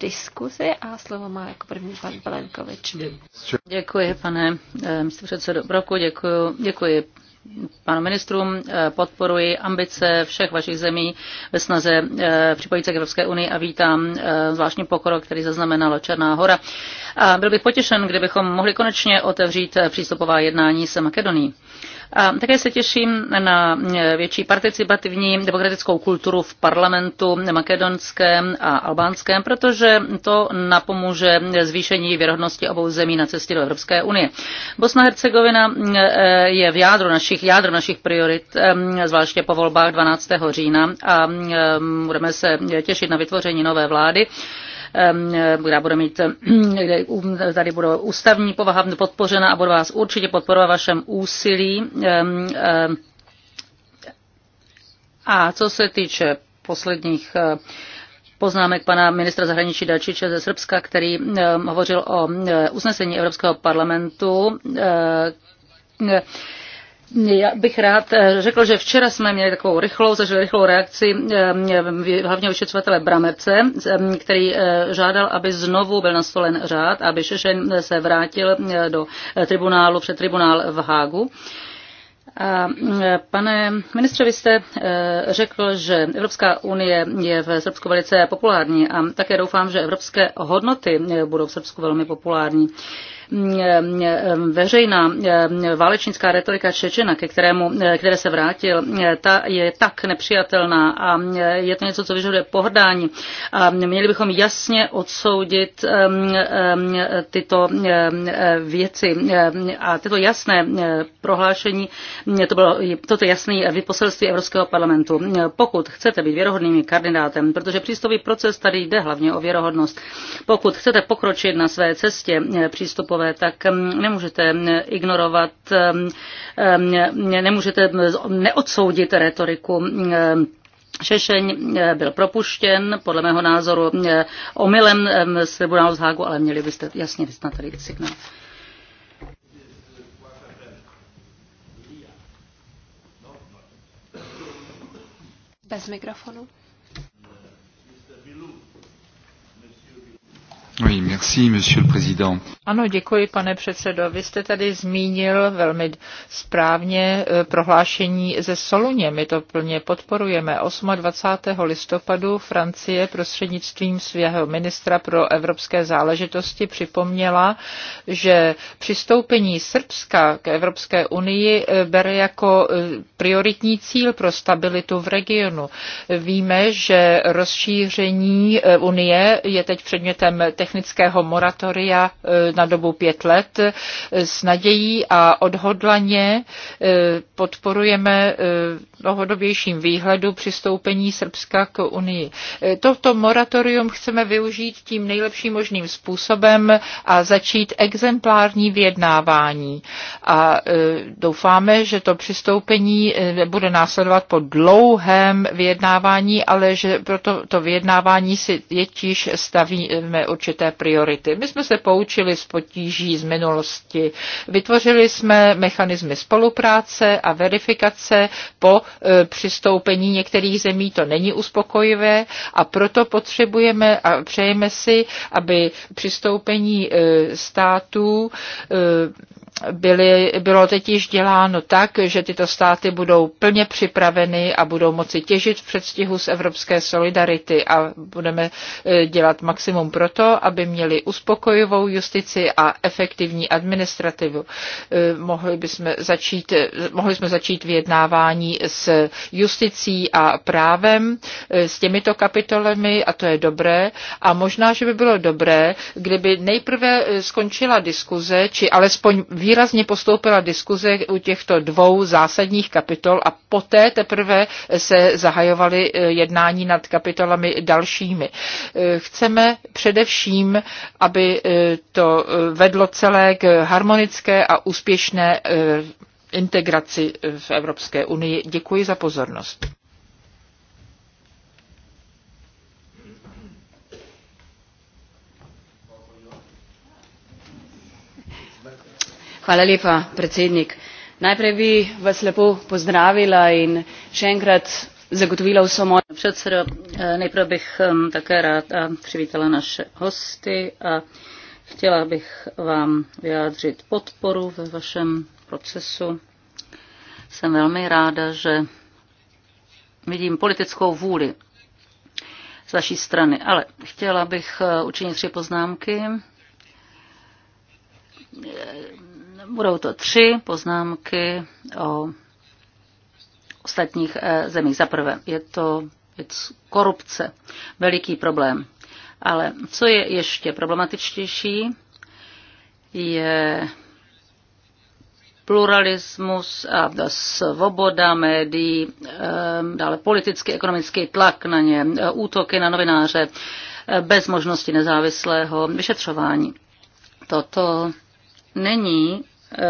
diskuzi a slovo má jako první pan Balenkovič. Děkuji, pane eh, místopředsedo Broku, děkuji, děkuji panu ministrům, eh, podporuji ambice všech vašich zemí ve snaze eh, připojit se k Evropské unii a vítám eh, zvláštní pokrok, který zaznamenala Černá hora. A byl bych potěšen, kdybychom mohli konečně otevřít přístupová jednání se Makedonii. A také se těším na větší participativní demokratickou kulturu v parlamentu makedonském a albánském, protože to napomůže zvýšení věrohodnosti obou zemí na cestě do Evropské unie. Bosna Hercegovina eh, je v jádru našich, jádru našich priorit, eh, zvláště po volbách 12. října a eh, budeme se těšit na vytvoření nové vlády která ehm, bude mít, <clears throat> tady bude ústavní povaha podpořena a bude vás určitě podporovat vašem úsilí. Ehm, ehm, a co se týče posledních eh, poznámek pana ministra zahraničí Dačiče ze Srbska, který hovořil o eh, usnesení Evropského parlamentu, eh, já bych rád eh, řekl, že včera jsme měli takovou rychlou, zažili rychlou reakci eh, hlavně vyšetřovatele Bramerce, který eh, žádal, aby znovu byl nastolen řád, aby Šešen se vrátil do tribunálu, před tribunál v Hágu. A mm, pane ministře, vy jste řekl, že Evropská unie je v Srbsku velice populární a také doufám, že evropské hodnoty budou v Srbsku velmi populární veřejná eh, válečnická retorika Čečena, ke kterému, eh, které se vrátil, eh, ta je tak nepřijatelná a je to něco, co vyžaduje pohrdání. A měli bychom jasně odsoudit tyto věci a tyto jasné prohlášení, to bylo toto jasné vyposelství Evropského parlamentu. Pokud chcete být věrohodným kandidátem, protože přístupový proces tady jde hlavně o věrohodnost, pokud chcete pokročit na své cestě přístupu takové, tak mm, nemůžete mm, ignorovat, mm, nemůžete neodsoudit retoriku Šešeň byl propuštěn, podle mého názoru, omylem z tribunálu z Hágu, ale měli byste jasně vysnat tady signál. Bez mikrofonu. Ano, děkuji, pane předsedo. Vy jste tady zmínil velmi správně eh, prohlášení ze Soluně. My to plně podporujeme. 28. listopadu Francie prostřednictvím svého ministra pro evropské záležitosti připomněla, že přistoupení Srbska k Evropské unii eh, bere jako eh, prioritní cíl pro stabilitu v regionu. Víme, že rozšíření unie je teď předmětem technického technického moratoria eh, na dobu pět let eh, s nadějí a odhodlaně eh, podporujeme dlouhodobějším výhledu přistoupení Srbska k Unii. Toto moratorium chceme využít tím nejlepším možným způsobem a začít exemplární vyjednávání. A doufáme, že to přistoupení bude následovat po dlouhém vyjednávání, ale že proto to vyjednávání si je tiž stavíme určitě určité priority. My jsme se poučili z potíží z minulosti. Vytvořili jsme mechanismy spolupráce a verifikace po e, přistoupení některých zemí. To není uspokojivé a proto potřebujeme a přejeme si, aby přistoupení e, států e, byly, bylo teď již děláno tak, že tyto státy budou plně připraveny a budou moci těžit v předstihu z evropské solidarity a budeme eh, dělat maximum proto, aby měli uspokojivou justici a efektivní administrativu. Eh, mohli, bychom začít, eh, mohli jsme začít vyjednávání s justicí a právem, s těmito kapitolemi a to je dobré. A možná, že by bylo dobré, kdyby nejprve skončila diskuze, či alespoň v výrazně postoupila diskuze u těchto dvou zásadních kapitol a poté teprve se zahajovaly eh, jednání nad kapitolami dalšími. Eh, chceme především, aby eh, to vedlo celé k harmonické a úspěšné integraci v Evropské unii. Děkuji za pozornost. Najprej bi vas lepo pozdravila in še enkrat zagotovila vso mojo. podporo. Eh, nejprve bych také ráda přivítala naše hosty a chtěla bych vám vyjádřit podporu ve vašem procesu. Jsem velmi ráda, že vidím politickou vůli z vaší strany, ale chtěla bych eh, učinit tři poznámky. Eh, budou to tři poznámky o ostatních eh, zemích. Za prvé, je to věc korupce, veliký problém. Ale co je ještě problematičtější, je pluralismus a svoboda médií, eh, dále politický, ekonomický tlak na ně, útoky na novináře, bez možnosti nezávislého vyšetřování. Toto není eh,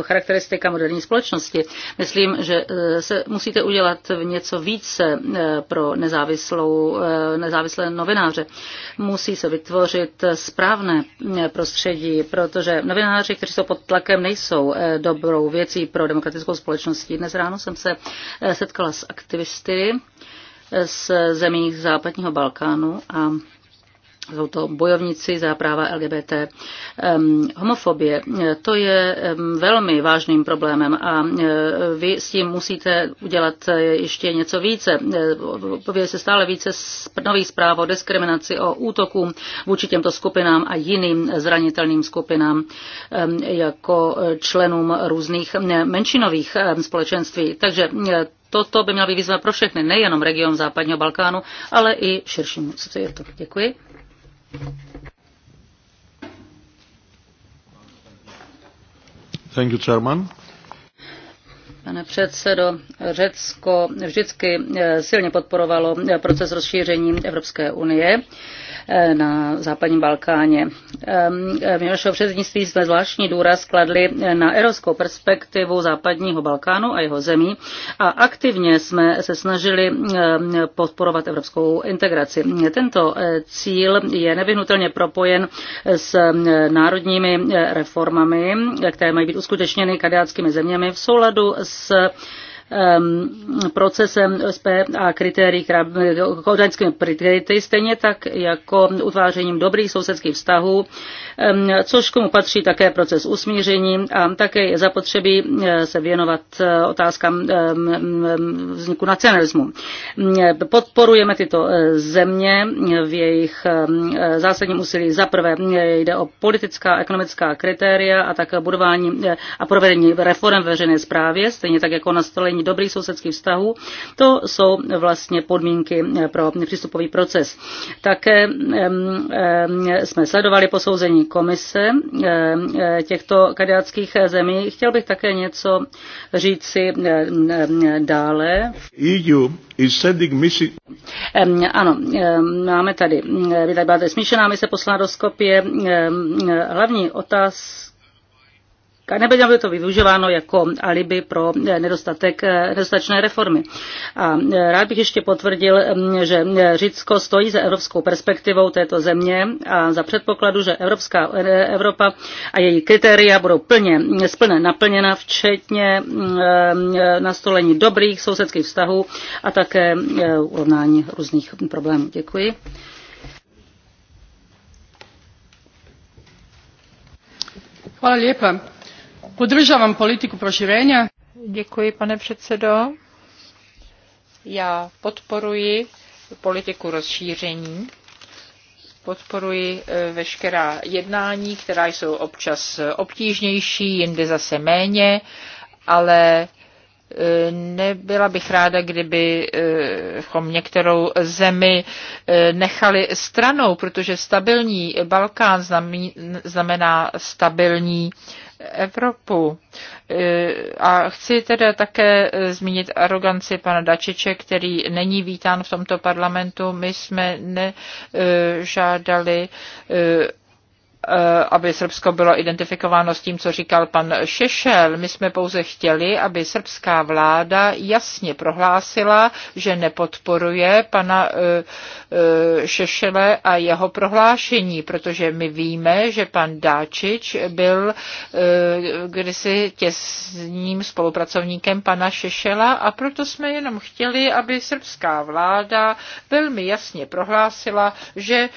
charakteristika moderní společnosti. Myslím, že eh, se musíte udělat něco více eh, pro nezávislou, nezávislé novináře. Musí se vytvořit správné prostředí, protože novináři, kteří jsou pod tlakem, nejsou dobrou věcí pro demokratickou společnost. Dnes ráno jsem se setkala s aktivisty z zemí západního Balkánu a jsou to bojovníci za práva LGBT. Homofobie, to je velmi vážným problémem a e, vy s tím musíte udělat e, ještě něco více. Pově se stále více nových zpráv o diskriminaci, o útoku vůči těmto skupinám a jiným zranitelným skupinám jako e, členům různých menšinových společenství. Takže toto by měla být výzva pro všechny, nejenom region západního Balkánu, ale i širšímu světu. Děkuji. Pane předsedo, Řecko vždycky eh, silně podporovalo eh, proces rozšíření Evropské unie. Eh, na západním Balkáně. Eh, v našeho předsednictví jsme zvláštní důraz kladli eh, na erovskou perspektivu západního Balkánu a jeho zemí a aktivně jsme se snažili podporovat evropskou integraci. Tento cíl je nevyhnutelně propojen s národními reformami, které mají být uskutečněny kandidátskými zeměmi v souladu s Ehm, procesem SP a kritérií, kodaňskými kritérii, stejně tak jako utvářením dobrých sousedských vztahů, ehm, což k tomu patří také proces usmíření a také je zapotřebí eh, se věnovat eh, otázkám ehm, vzniku nacionalismu. Podporujeme tyto eh, země v jejich zásadním úsilí. Za prvé jde o politická a ekonomická kritéria a také budování a provedení reform veřejné správě, stejně tak jako nastolení vytváření dobrých sousedských vztahů, to jsou vlastně podmínky eh, pro přístupový proces. Také jsme sledovali posouzení komise eh, eh, těchto kandidátských zemí. Chtěl bych také něco říci dále. EU is sending missing... Ano, máme tady, tady smíšená mise poslala do Skopje. Hlavní otázka nebylo by to využíváno jako alibi pro eh, nedostatek, eh, nedostatečné reformy. A eh, rád bych ještě potvrdil, mm, že Řicko stojí za evropskou perspektivou této země a za předpokladu, že Evropská Evropa a její kritéria budou plně mm, splně naplněna, včetně mm, nastolení dobrých sousedských vztahů a také urovnání různých problémů. Děkuji. Hvala lijepa Podržávám politiku prošiření. Děkuji, pane předsedo. Já podporuji politiku rozšíření podporuji eh, veškerá jednání, která jsou občas obtížnější, jinde zase méně, ale eh, nebyla bych ráda, kdybychom eh, některou zemi nechali stranou, protože stabilní Balkán znamená stabilní Evropu. E, a chci teda také e, zmínit aroganci pana Dačiče, který není vítán v tomto parlamentu. My jsme nežádali e, Eh, aby Srbsko bylo identifikováno s tím, co říkal pan Šešel. My jsme pouze chtěli, aby srbská vláda jasně prohlásila, že nepodporuje pana eh, eh, Šešele a jeho prohlášení, protože my víme, že pan Dáčič byl kdysi těsním spolupracovníkem pana Šešela a proto jsme jenom chtěli, aby srbská vláda velmi jasně prohlásila, že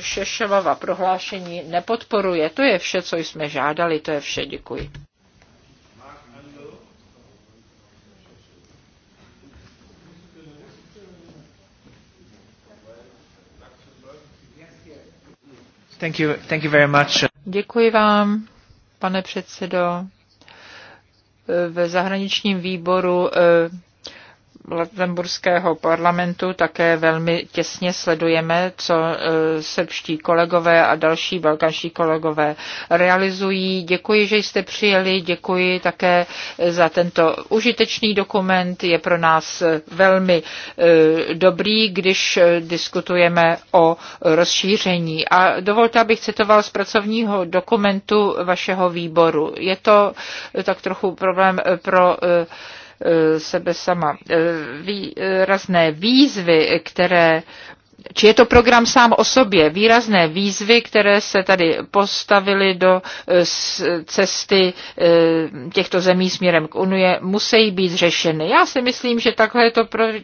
Šešelova prohlášení nepodporuje. To je vše, co jsme žádali, to je vše. Děkuji. Thank you, thank you very much. Děkuji vám, pane předsedo. V zahraničním výboru eh, Latemburského parlamentu také velmi těsně sledujeme, co e, srbští kolegové a další balkanští kolegové realizují. Děkuji, že jste přijeli, děkuji také za tento užitečný dokument. Je pro nás e, velmi e, dobrý, když diskutujeme o rozšíření. A dovolte, abych citoval z pracovního dokumentu vašeho výboru. Je to tak trochu problém pro sebe sama. Eh, Výrazné eh, výzvy, které či je to program sám o sobě, výrazné výzvy, které se tady postavily do eh, cesty eh, těchto zemí směrem k Unie, musí být řešeny. Já si myslím, že takhle je to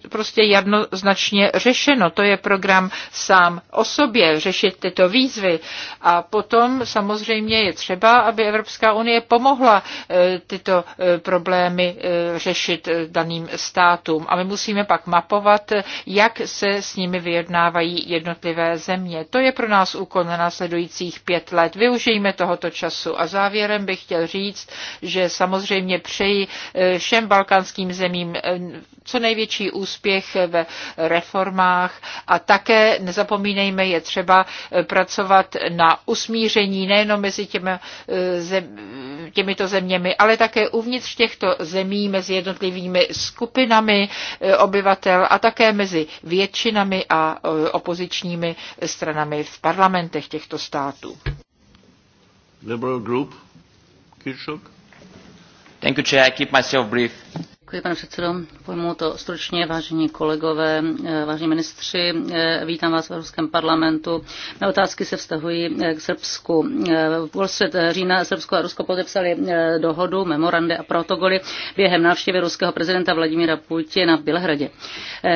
prostě jednoznačně řešeno. To je program sám o sobě, řešit tyto výzvy. A potom samozřejmě je třeba, aby Evropská unie pomohla eh, tyto problémy řešit daným státům. A my musíme pak mapovat, jak se s nimi vyjedná vykonávají jednotlivé země. To je pro nás úkol na následujících pět let. Využijme tohoto času. A závěrem bych chtěl říct, že samozřejmě přeji eh, všem balkánským zemím eh, co největší úspěch ve reformách a také nezapomínejme, je třeba eh, pracovat na usmíření nejenom mezi těmi, těmito zeměmi, ale také uvnitř těchto zemí mezi jednotlivými skupinami obyvatel a také mezi většinami a opozičními stranami v parlamentech těchto států. Liberal Group, Thank you, Chair. I keep myself brief. Děkuji, pane předsedo. Pojmu to stručně, vážení kolegové, eh, vážení ministři. Eh, vítám vás v Evropském parlamentu. Mé otázky se vztahují eh, k Srbsku. Uprostřed října Srbsko a Rusko podepsali dohodu, memorande a protokoly během návštěvy ruského prezidenta Vladimíra Putina v Bělehradě.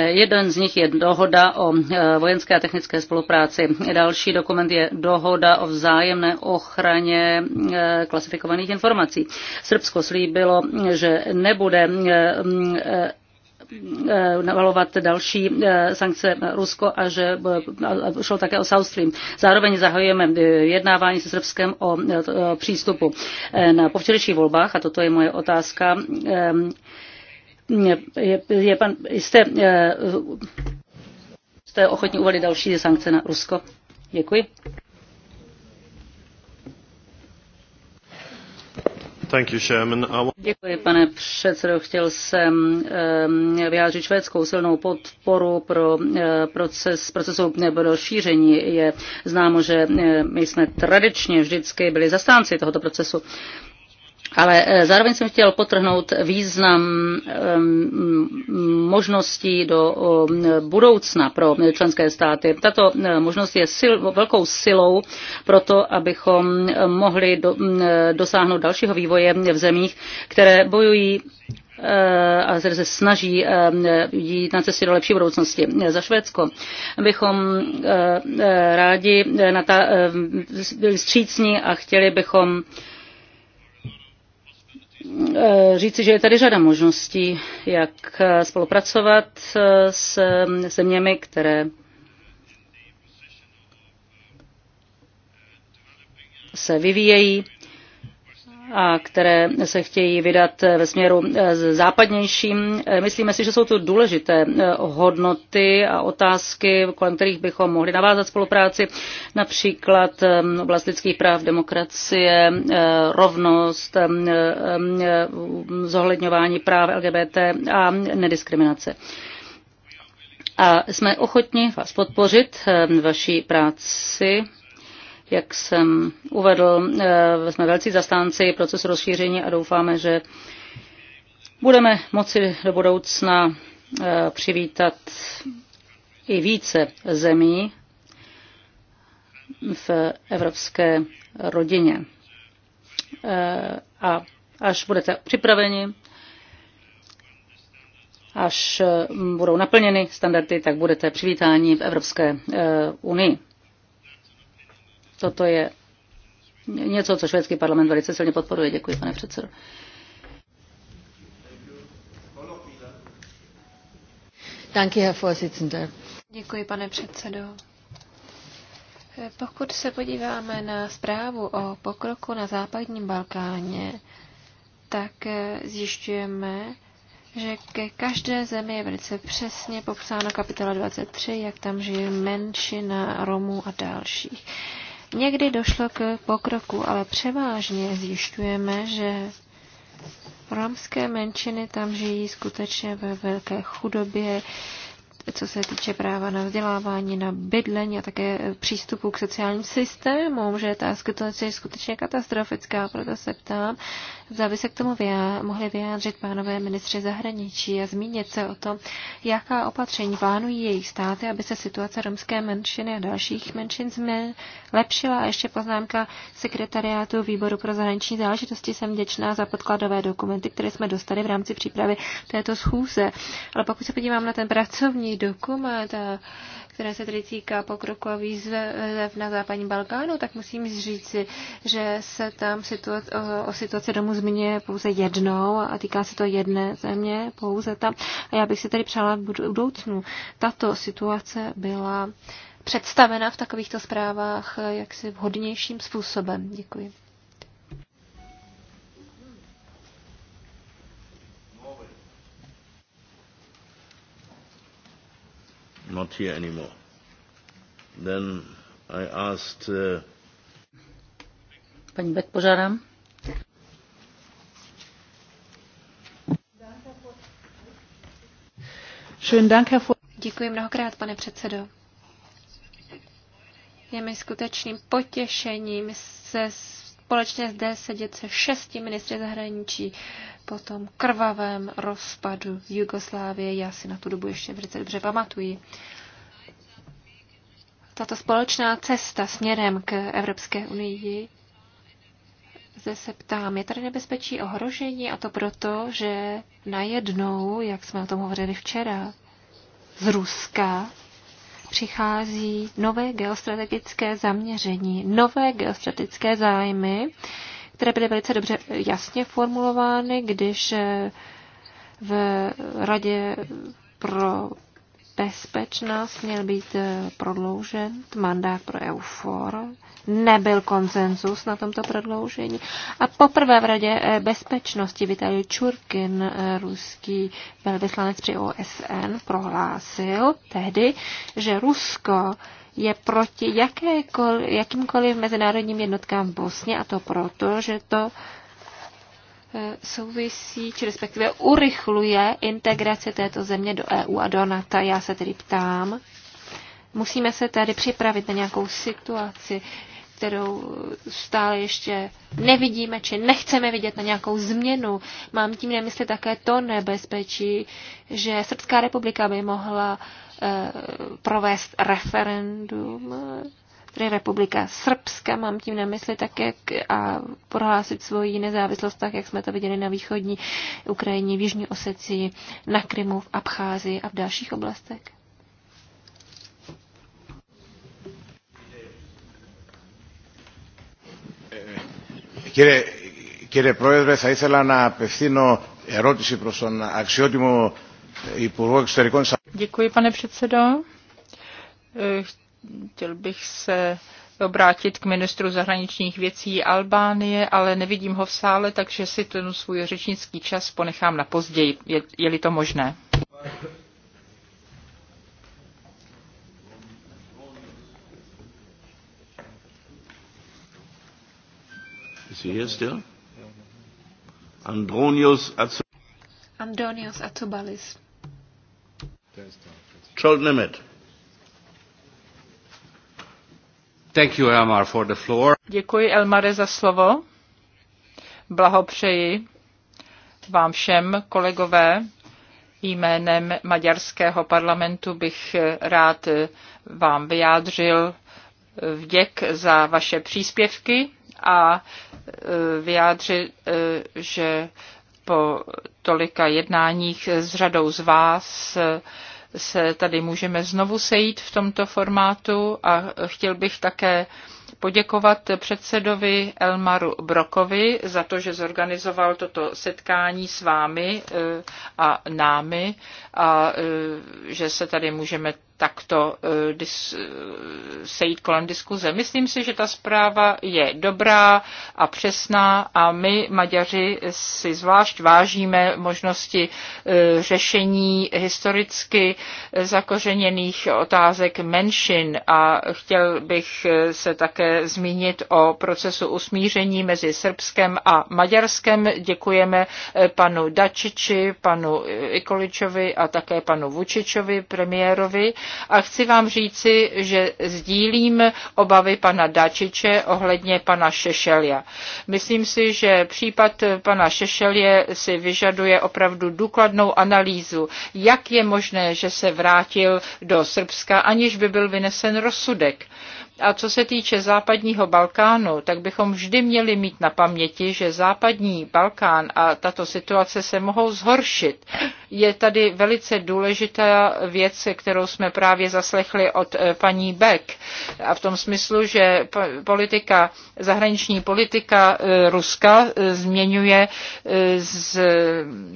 Jeden z nich je dohoda o vojenské a technické spolupráci. Další dokument je dohoda o vzájemné ochraně klasifikovaných informací. Srbsko slíbilo, že nebude Eh, navalovat další eh, sankce Rusko a že eh, šlo také o South Stream. Zároveň zahajujeme jednávání se Srbskem o přístupu. Na povčerejších volbách, a toto je moje otázka, je, je pan, jste, jste ochotni uvalit další sankce na Rusko? Děkuji. Děkuji, pane předsedo. Chtěl jsem ehm, vyjádřit švédskou silnou podporu pro eh, proces, procesu nebo eh, rozšíření. Je známo, že eh, my jsme tradičně vždycky byli zastánci tohoto procesu. Ale eh, zároveň jsem chtěl potrhnout význam možností do budoucna pro členské státy. Tato eh, možnost je sil, velkou silou pro to, abychom eh, mohli do, dosáhnout dalšího vývoje v zemích, které bojují a se snaží jít na cestě do lepší budoucnosti. Za Švédsko bychom rádi na ta, vstřícní a chtěli bychom Eh, říci, že je tady řada možností, jak eh, spolupracovat eh, s zeměmi, které se vyvíjejí a které se chtějí vydat eh, ve směru eh, západnějším. Eh, myslíme si, že jsou tu důležité hodnoty a otázky, kolem kterých bychom mohli navázat spolupráci, například oblast lidských práv, demokracie, rovnost, zohledňování práv LGBT a nediskriminace a jsme ochotni vás podpořit vaší práci jak jsem uvedl, eh, jsme velcí zastánci procesu rozšíření a doufáme, že budeme moci do budoucna eh, přivítat i více zemí v evropské rodině. Eh, a až budete připraveni, až budou naplněny standardy, tak budete přivítáni v Evropské unii. Toto je něco, co švédský parlament velice silně podporuje. Děkuji, pane předsedo. Děkuji Herr Vorsitzender. Děkuji, pane předsedo. Pokud se podíváme na zprávu o pokroku na západním Balkáně, tak zjišťujeme, že ke každé zemi je velice přesně popsáno kapitola 23, jak tam žije menšina Romů a dalších. Někdy došlo k pokroku, ale převážně zjišťujeme, že romské menšiny tam žijí skutečně ve velké chudobě, co se týče práva na vzdělávání, na bydlení a také přístupu k sociálním systémům, že ta situace je skutečně katastrofická. Proto se ptám, zda by se k tomu vyjá, mohli vyjádřit pánové ministři zahraničí a zmínit se o tom, jaká opatření plánují jejich státy, aby se situace romské menšiny a dalších menšin zlepšila. A ještě poznámka sekretariátu výboru pro zahraniční záležitosti. Jsem vděčná za podkladové dokumenty, které jsme dostali v rámci přípravy této schůze. Ale pokud se podívám na ten pracovní dokument a které se tedy týká pokroku a výzev eh, na západním Balkánu, tak musím říci, že se tam situace, o, o situaci domů zmiňuje pouze jednou a týká se to jedné země, pouze tam. A já bych si tedy přála v budoucnu. Tato situace byla představena v takovýchto zprávách eh, jaksi vhodnějším způsobem. Děkuji. not here anymore. Then I asked. Uh, Paní Beck, požádám. Děkuji mnohokrát, pane předsedo. Je mi skutečným potěšením se společně zde sedět se šesti ministry zahraničí po tom krvavém rozpadu Jugoslávie. Já si na tu dobu ještě velice dobře pamatuji. Tato společná cesta směrem k Evropské unii zde se ptám, je tady nebezpečí ohrožení a to proto, že najednou, jak jsme o tom hovořili včera, z Ruska přichází nové geostrategické zaměření, nové geostrategické zájmy, které byly velice dobře eh, jasně formulovány, když eh, v Radě pro bezpečnost měl být eh, prodloužen, mandát pro EUFOR, nebyl konsenzus na tomto prodloužení a poprvé v Radě eh, bezpečnosti Vitalij Čurkin, eh, ruský velvyslanec při OSN, prohlásil tehdy, že Rusko je proti jakýmkoliv mezinárodním jednotkám v Bosně a to proto, že to souvisí, či respektive urychluje integraci této země do EU a do NATO. Já se tedy ptám, musíme se tady připravit na nějakou situaci, kterou stále ještě nevidíme, či nechceme vidět na nějakou změnu. Mám tím na mysli také to nebezpečí, že Srbská republika by mohla eh, provést referendum tedy Republika Srbska, mám tím na mysli tak, jak a prohlásit svoji nezávislost tak, jak jsme to viděli na východní Ukrajině, v Jižní Osecii, na Krymu, v Abcházii a v dalších oblastech? Kde, κύριε Πρόεδρε, θα ήθελα να απευθύνω ερώτηση προς τον αξιότιμο Ευχαριστώ, pane předsedo chtěl bych se obrátit k ministru zahraničních věcí Albánie, ale nevidím ho v sále, takže si ten svůj řečnický čas ponechám na později, je, je-li to možné. Is he here still? Andronius Atsobalis. Andronius Atsobalis. Charles Nemeth. Děkuji, Elmare, za slovo. Blahopřeji vám všem, kolegové. Jménem maďarského parlamentu bych rád vám vyjádřil vděk za vaše příspěvky a vyjádřil, že po tolika jednáních s řadou z vás se tady můžeme znovu sejít v tomto formátu a chtěl bych také poděkovat předsedovi Elmaru Brokovi za to, že zorganizoval toto setkání s vámi e, a námi a e, že se tady můžeme takto eh, dis, eh, sejít kolem diskuze. Myslím si, že ta zpráva je dobrá a přesná a my, Maďaři, si zvlášť vážíme možnosti eh, řešení historicky zakořeněných otázek menšin a chtěl bych se také zmínit o procesu usmíření mezi Srbskem a Maďarskem. Děkujeme panu Dačiči, panu Ikoličovi a také panu Vučičovi, premiérovi a chci vám říci, že sdílím obavy pana Dačiče ohledně pana Šešelia. Myslím si, že případ pana Šešelie si vyžaduje opravdu důkladnou analýzu, jak je možné, že se vrátil do Srbska, aniž by byl vynesen rozsudek. A co se týče západního Balkánu, tak bychom vždy měli mít na paměti, že západní Balkán a tato situace se mohou zhoršit. Je tady velice důležitá věc, kterou jsme právě zaslechli od eh, paní Beck. A v tom smyslu, že politika, zahraniční politika eh, Ruska eh, změňuje,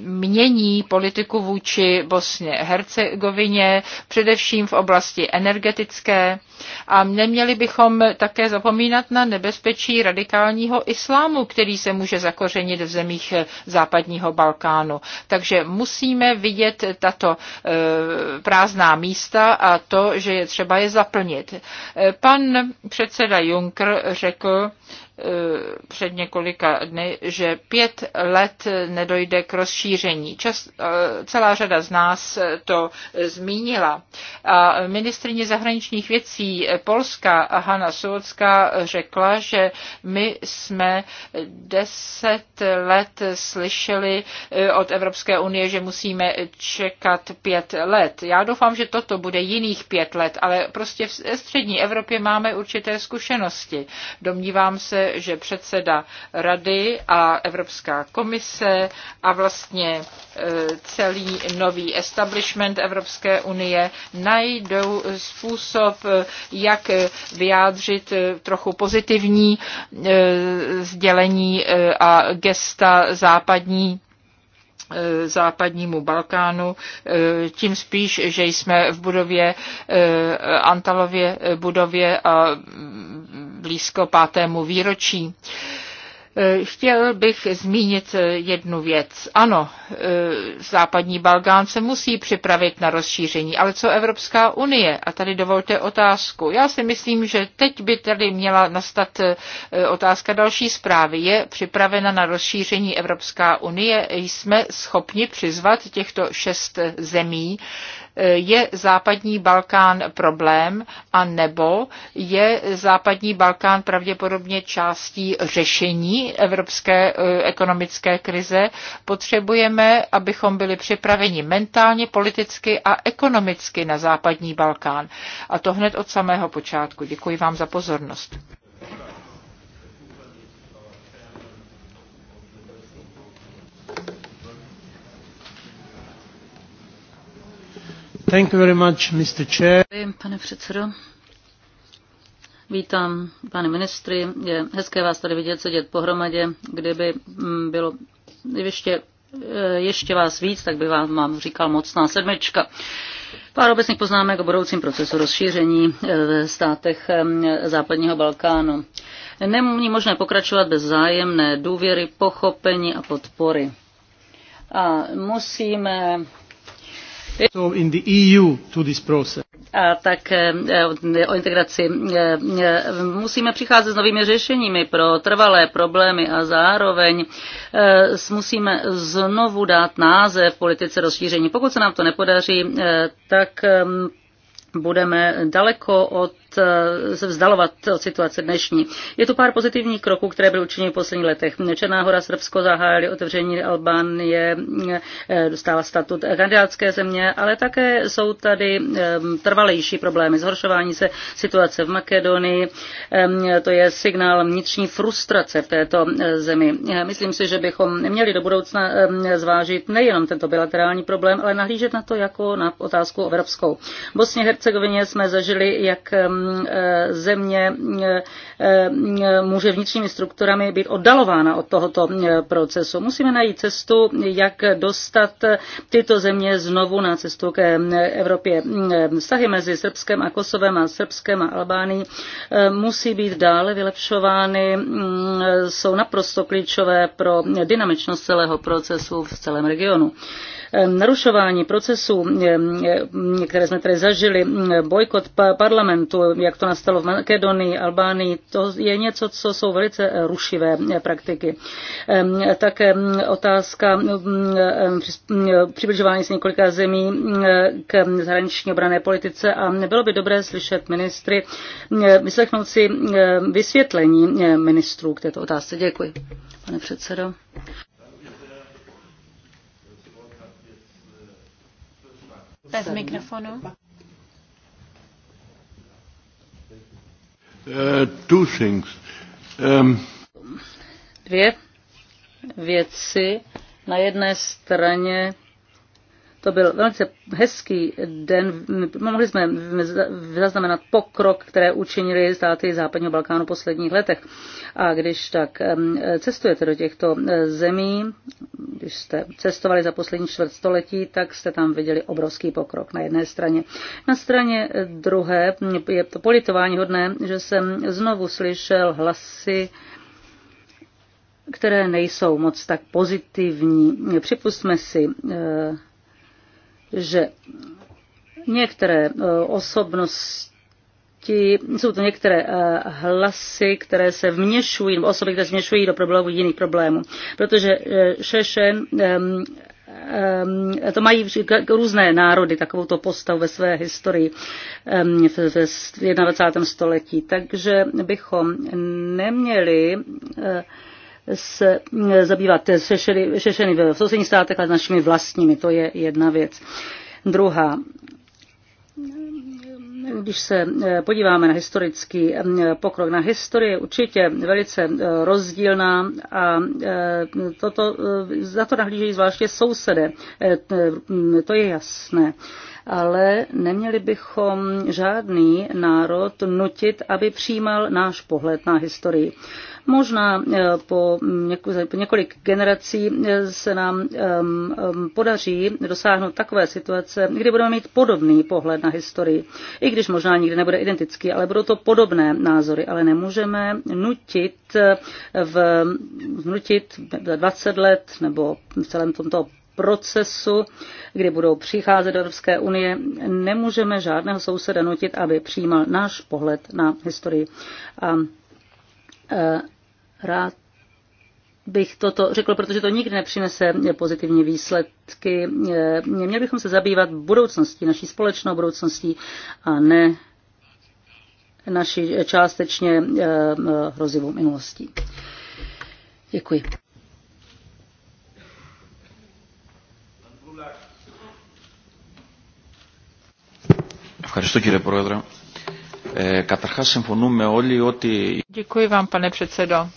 změní politiku vůči Bosně Hercegovině, především v oblasti energetické. A neměli Neměli bychom také zapomínat na nebezpečí radikálního islámu, který se může zakořenit v zemích eh, západního Balkánu. Takže musíme vidět tato eh, prázdná místa a to, že je třeba je zaplnit. Eh, pan předseda Juncker řekl, Eh, před několika dny, že pět let nedojde k rozšíření. Čas, eh, celá řada z nás to zmínila. A ministrině zahraničních věcí Polska Hanna Sovocká řekla, že my jsme deset let slyšeli eh, od Evropské unie, že musíme čekat pět let. Já doufám, že toto bude jiných pět let, ale prostě v střední Evropě máme určité zkušenosti. Domnívám se, že předseda rady a Evropská komise a vlastně e, celý nový establishment Evropské unie najdou způsob, jak vyjádřit e, trochu pozitivní e, sdělení a gesta západní Eh, západnímu Balkánu, eh, tím spíš, že jsme v budově eh, Antalově budově a blízko pátému výročí. Chtěl bych zmínit jednu věc. Ano, e, západní Balkán se musí připravit na rozšíření, ale co Evropská unie? A tady dovolte otázku. Já si myslím, že teď by tady měla nastat e, otázka další zprávy. Je připravena na rozšíření Evropská unie? Jsme schopni přizvat těchto šest zemí je západní Balkán problém a nebo je západní Balkán pravděpodobně částí řešení evropské e, ekonomické krize. Potřebujeme, abychom byli připraveni mentálně, politicky a ekonomicky na západní Balkán. A to hned od samého počátku. Děkuji vám za pozornost. Thank you very much, Mr. Chair. Pane předsedo. Vítám pane ministry. Je hezké vás tady vidět sedět pohromadě. Kdyby mm, bylo ještě, eh, ještě vás víc, tak by vám, vám říkal mocná sedmička. Pár obecných poznámek o budoucím procesu rozšíření eh, v státech západního Balkánu. Není možné pokračovat bez zájemné důvěry, pochopení a podpory. A musíme E a tak eh, eh, o integraci eh, musíme přicházet s novými řešeními pro trvalé problémy a zároveň musíme znovu dát název politice rozšíření. Pokud se nám to nepodaří, tak budeme daleko od Eh, se vzdalovat od situace dnešní. Je tu pár pozitivních kroků, které byly učiněny v posledních letech. Černá hora Srbsko zahájili otevření Albánie, eh, dostala statut kandidátské země, ale také jsou tady eh, trvalejší problémy. Zhoršování se situace v Makedonii, to je signál vnitřní frustrace v této zemi. Myslím si, že bychom neměli do budoucna zvážit nejenom tento bilaterální problém, ale nahlížet na to jako na otázku evropskou. V Bosně Hercegovině jsme zažili, jak Eh, země eh, eh, může vnitřními strukturami být oddalována od tohoto procesu. Musíme najít cestu, jak dostat tyto země znovu na cestu k Evropě. Vztahy mezi Srbskem a Kosovem a Srbskem a Albánií musí být dále vylepšovány, mm, jsou naprosto klíčové pro dynamičnost celého procesu v celém regionu. Narušování procesů, které jsme tady zažili, bojkot parlamentu, jak to nastalo v Makedonii, Albánii, to je něco, co jsou velice rušivé praktiky. Také otázka přibližování se několika zemí k zahraniční obrané politice a nebylo by dobré slyšet ministry, vyslechnout si vysvětlení ministrů k této otázce. Děkuji, pane předsedo. Bez mikrofonu. Uh, two things. Um... Dvě věci. Na jedné straně to byl velice hezký den. Mohli jsme zaznamenat pokrok, které učinili státy západního Balkánu v posledních letech. A když tak cestujete do těchto eh, zemí, když jste cestovali za poslední století, tak jste tam viděli obrovský pokrok na jedné straně. Na straně eh, druhé je to politování hodné, že jsem znovu slyšel hlasy které nejsou moc tak pozitivní. Připustme si, eh, že některé eh, osobnosti jsou to některé eh, hlasy, které se vměšují, nebo osoby, které se vměšují do problémů jiných problémů. Protože eh, Šešen to mají různé národy to postavu ve své historii v 21. století. Takže bychom neměli se eh, zabývat šešeny, v sousedních státech, ale našimi vlastními. To je jedna věc. Druhá, když se eh, podíváme na historický eh, pokrok, na historii je určitě velice rozdílná a toto, za to nahlížejí zvláště sousedé. To je jasné ale neměli bychom žádný národ nutit, aby přijímal náš pohled na historii. Možná eh, po několik generací eh, se nám ehm, ehm, podaří dosáhnout takové situace, kdy budeme mít podobný pohled na historii. I když možná nikdy nebude identický, ale budou to podobné názory. Ale nemůžeme nutit, eh, v, nutit za 20 let nebo v celém tomto procesu, kdy budou přicházet do Evropské unie, nemůžeme žádného souseda nutit, aby přijímal náš pohled na historii. A e, rád bych toto řekl, protože to nikdy nepřinese pozitivní výsledky. E, měli bychom se zabývat budoucností, naší společnou budoucností a ne naší částečně e, hrozivou minulostí. Děkuji. Ευχαριστώ κύριε Πρόεδρε. Ε, καταρχάς συμφωνούμε όλοι ότι... Děkuji vám, pane předsedo.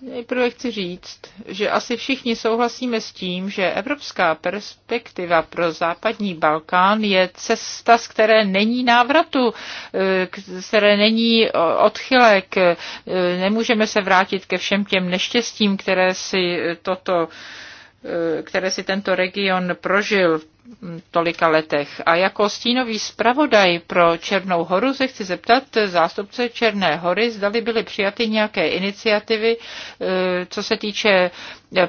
Nejprve chci říct, že asi všichni souhlasíme s tím, že evropská perspektiva pro západní Balkán je cesta, z které není návratu, eh, z které není eh, odchylek. Eh, nemůžeme se vrátit ke všem těm neštěstím, které si toto které si tento region prožil v tolika letech. A jako stínový zpravodaj pro Černou horu se chci zeptat zástupce Černé hory, zdali byly přijaty nějaké iniciativy, eh, co se týče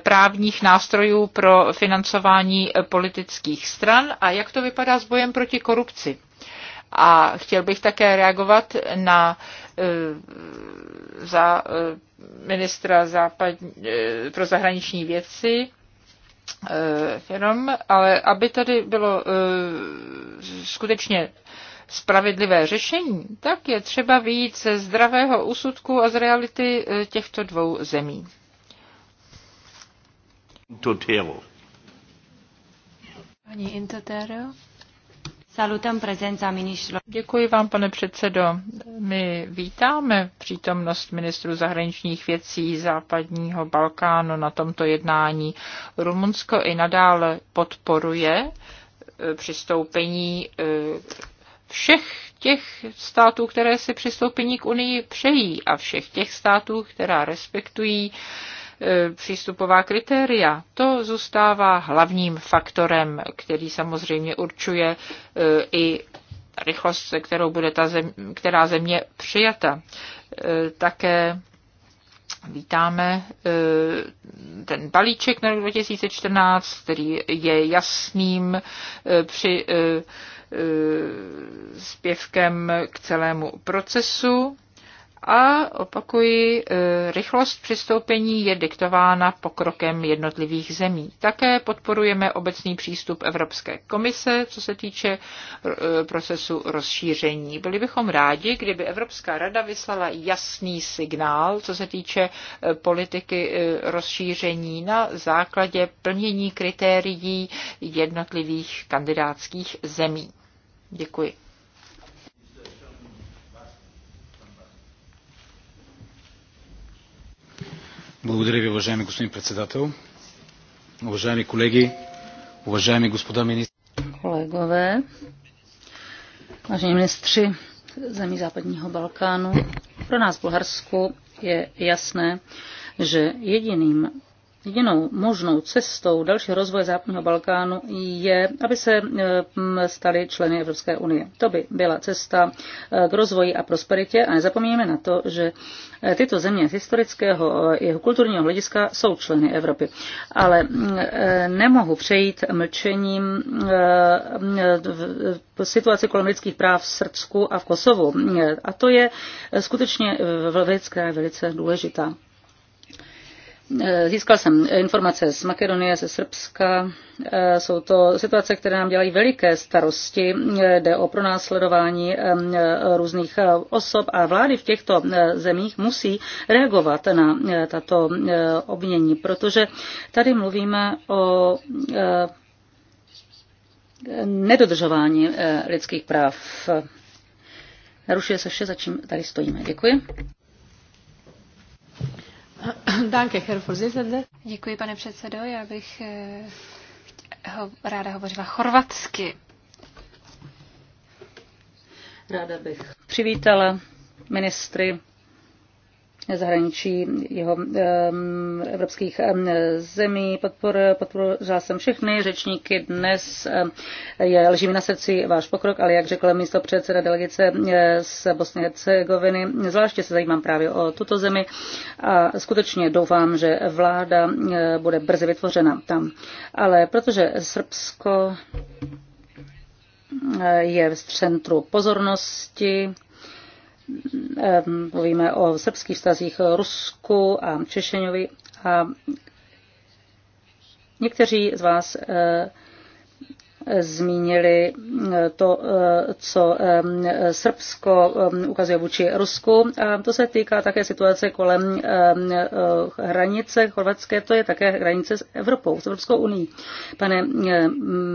právních nástrojů pro financování politických stran a jak to vypadá s bojem proti korupci. A chtěl bych také reagovat na eh, za eh, ministra západ, pro zahraniční věci Eh, jenom, ale aby tady bylo eh, skutečně spravedlivé řešení, tak je třeba výjít ze zdravého úsudku a z reality eh, těchto dvou zemí. Pani Intotero. Salutem prezenca Děkuji vám, pane předsedo. My vítáme přítomnost ministru zahraničních věcí západního Balkánu na tomto jednání. Rumunsko i nadále podporuje e, přistoupení e, všech těch států, které si přistoupení k Unii přejí a všech těch států, která respektují E, přístupová kritéria. To zůstává hlavním faktorem, který samozřejmě určuje e, i rychlost, se kterou bude ta zem, která země přijata. E, také vítáme ten balíček na rok 2014, který je jasným při zpěvkem k celému procesu a opakuji, e, rychlost přistoupení je diktována pokrokem jednotlivých zemí. Také podporujeme obecný přístup Evropské komise, co se týče e, procesu rozšíření. Byli bychom rádi, kdyby Evropská rada vyslala jasný signál, co se týče e, politiky rozšíření na základě plnění kritérií jednotlivých kandidátských zemí. Děkuji. Благодаря ви, уважаеми господин председател. Уважаеми колеги, уважаеми господа министři. Kolegové, vážení ministři zemí západního Balkánu, pro nás v Bulharsku je jasné, že jediným Jedinou možnou cestou dalšího rozvoje západního Balkánu je, aby se eh, stali členy Evropské unie. To by byla cesta eh, k rozvoji a prosperitě a nezapomínáme na to, že eh, tyto země z historického i kulturního hlediska jsou členy Evropy. Ale mm, nemohu přejít mlčením v situaci kolem lidských práv v Srdsku a v Kosovu. A to je skutečně věc, která je velice důležitá. Eh, získal jsem informace z Makedonie, ze Srbska. Eh, jsou to situace, které nám dělají veliké starosti. Eh, jde o pronásledování různých osob a vlády v těchto zemích musí reagovat na tato obvinění, protože tady mluvíme o nedodržování lidských práv. Narušuje se vše, za čím tady stojíme. Děkuji. <coughs> Děkuji, pane předsedo. Já bych eh, ho, ráda hovořila chorvatsky. Ráda bych přivítala ministry zahraničí jeho evropských zemí. Podpor, podporovala jsem všechny řečníky. Dnes je leží mi na srdci váš pokrok, ale jak řekl místo předseda delegace eh, z Bosny Hercegoviny, zvláště se zajímám právě o tuto zemi a skutečně doufám, že vláda eh, bude brzy vytvořena tam. Ale protože Srbsko eh, je v centru pozornosti, mluvíme o srbských vztazích Rusku a Češeňovi a někteří z vás eh, zmínili eh, to, eh, co eh, Srbsko ukazuje vůči Rusku. A to se týká také situace kolem hranice chorvatské, to je také hranice s Evropou, s Evropskou uní. Pane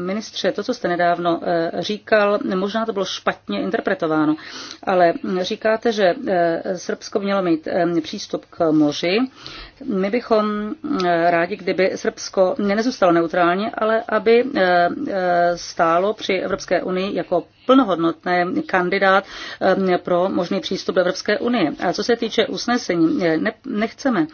ministře, to, co jste nedávno říkal, možná to bylo špatně interpretováno, ale říkáte, že Srbsko mělo mít přístup k moři my bychom eh, rádi, kdyby Srbsko nezůstalo neutrálně, ale aby eh, eh, stálo při Evropské unii jako plnohodnotné kandidát pro možný přístup do Evropské unie. A co se týče usnesení, nechceme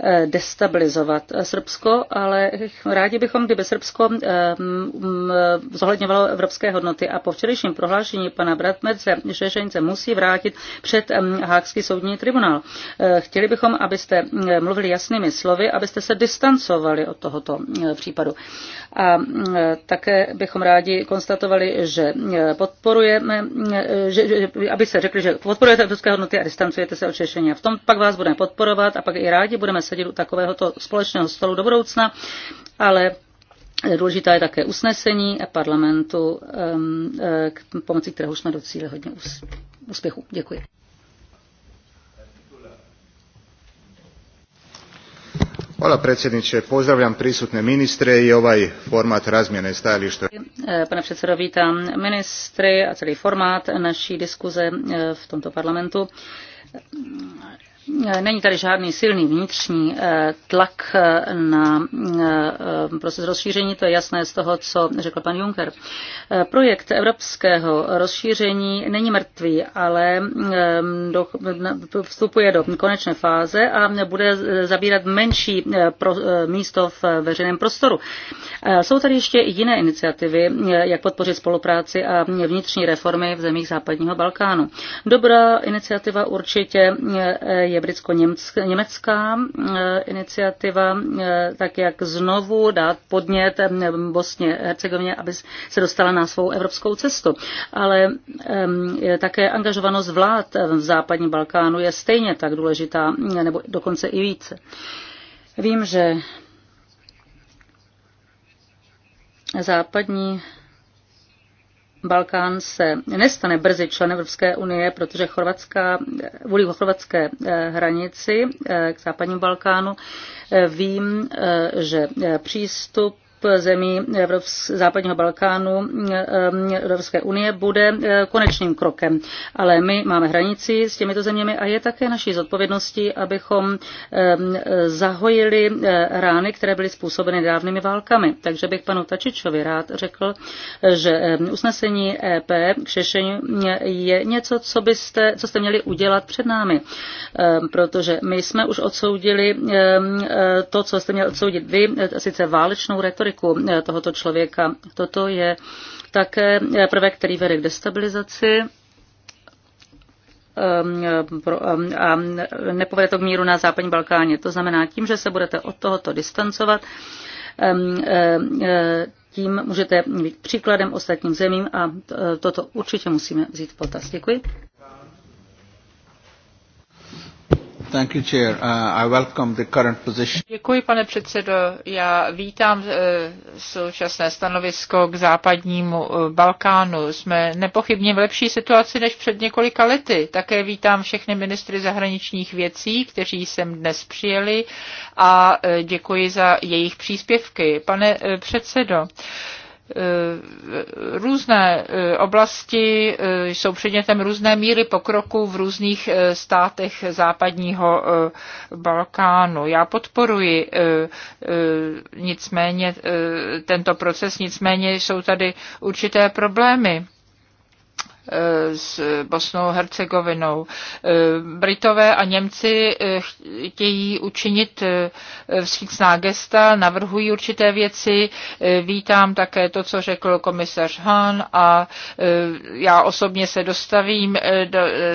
Eh, destabilizovat Srbsko, ale rádi bychom, kdyby Srbsko eh, mm, eh, zohledňovalo evropské hodnoty a po včerejším prohlášení pana Bratmerce Šešeňce musí vrátit před Hákský soudní tribunál. Chtěli bychom, abyste mluvili jasnými slovy, abyste se distancovali od tohoto případu. A mm, také bychom rádi konstatovali, že podporujeme, že, že, aby se řekli, že podporujete evropské hodnoty a distancujete se od Češení. A v tom pak vás budeme podporovat a pak i rádi budeme sedět u takovéhoto společného stolu do budoucna, ale důležitá je také usnesení parlamentu, eh, pomocí kterého jsme docílili hodně úspěchu. Děkuji. Hvala predsjedniče, pozdravljam prisutne ministre i ovaj format razmjene stajališta. Eh, pane predsjedo, vítám ministry a celý formát naší diskuze eh, v tomto parlamentu. Není tady žádný silný vnitřní eh, tlak eh, na eh, proces rozšíření, to je jasné z toho, co řekl pan Juncker. Projekt evropského rozšíření není mrtvý, ale vstupuje do konečné fáze a bude zabírat menší místo v veřejném prostoru. Jsou tady ještě jiné iniciativy, jak podpořit spolupráci a vnitřní reformy v zemích západního Balkánu. Dobrá iniciativa určitě je britsko-německá eh, iniciativa, eh, tak jak znovu dát podnět eh, Bosně Hercegovině, aby se dostala na svou evropskou cestu. Ale ehm, také angažovanost vlád v západním Balkánu je stejně tak důležitá, nebo dokonce i více. Vím, že západní Balkán se nestane brzy člen Evropské unie, protože Chorvatská, vůli chorvatské eh, hranici eh, k západním Balkánu eh, vím, že přístup zemí západního Balkánu eh, eh, Evropské unie bude eh, konečným krokem. Ale my máme hranici s těmito zeměmi a je také naší zodpovědností, abychom zahojili rány, které byly způsobeny dávnými válkami. Takže bych panu Tačičovi rád řekl, že usnesení EP k řešení je něco, co, byste, co jste měli udělat před námi, protože my jsme už odsoudili to, co jste měli odsoudit vy, sice válečnou retoriku, historiku eh, tohoto člověka. Toto je také eh, prvek, který vede k destabilizaci ehm, eh, ehm, a nepovede to k míru na západní Balkáně. To znamená, tím, že se budete od tohoto distancovat, ehm, tím můžete být příkladem ostatním zemím a toto určitě musíme vzít v potaz. Děkuji. Uh, děkuji, pane předsedo. Já vítám uh, současné stanovisko k západnímu uh, Balkánu. Jsme nepochybně v lepší situaci než před několika lety. Také vítám všechny ministry zahraničních věcí, kteří sem dnes přijeli a děkuji za jejich příspěvky. Pane předsedo, Eh, různé eh, oblasti eh, jsou předmětem různé míry pokroku v různých státech západního Balkánu. Já podporuji nicméně tento proces, nicméně jsou tady určité problémy. Eh, s Bosnou Hercegovinou. Eh, Britové a Němci eh, chtějí učinit vstřícná gesta, navrhují určité věci. Vítám také to, co řekl komisař Hahn a já osobně se dostavím,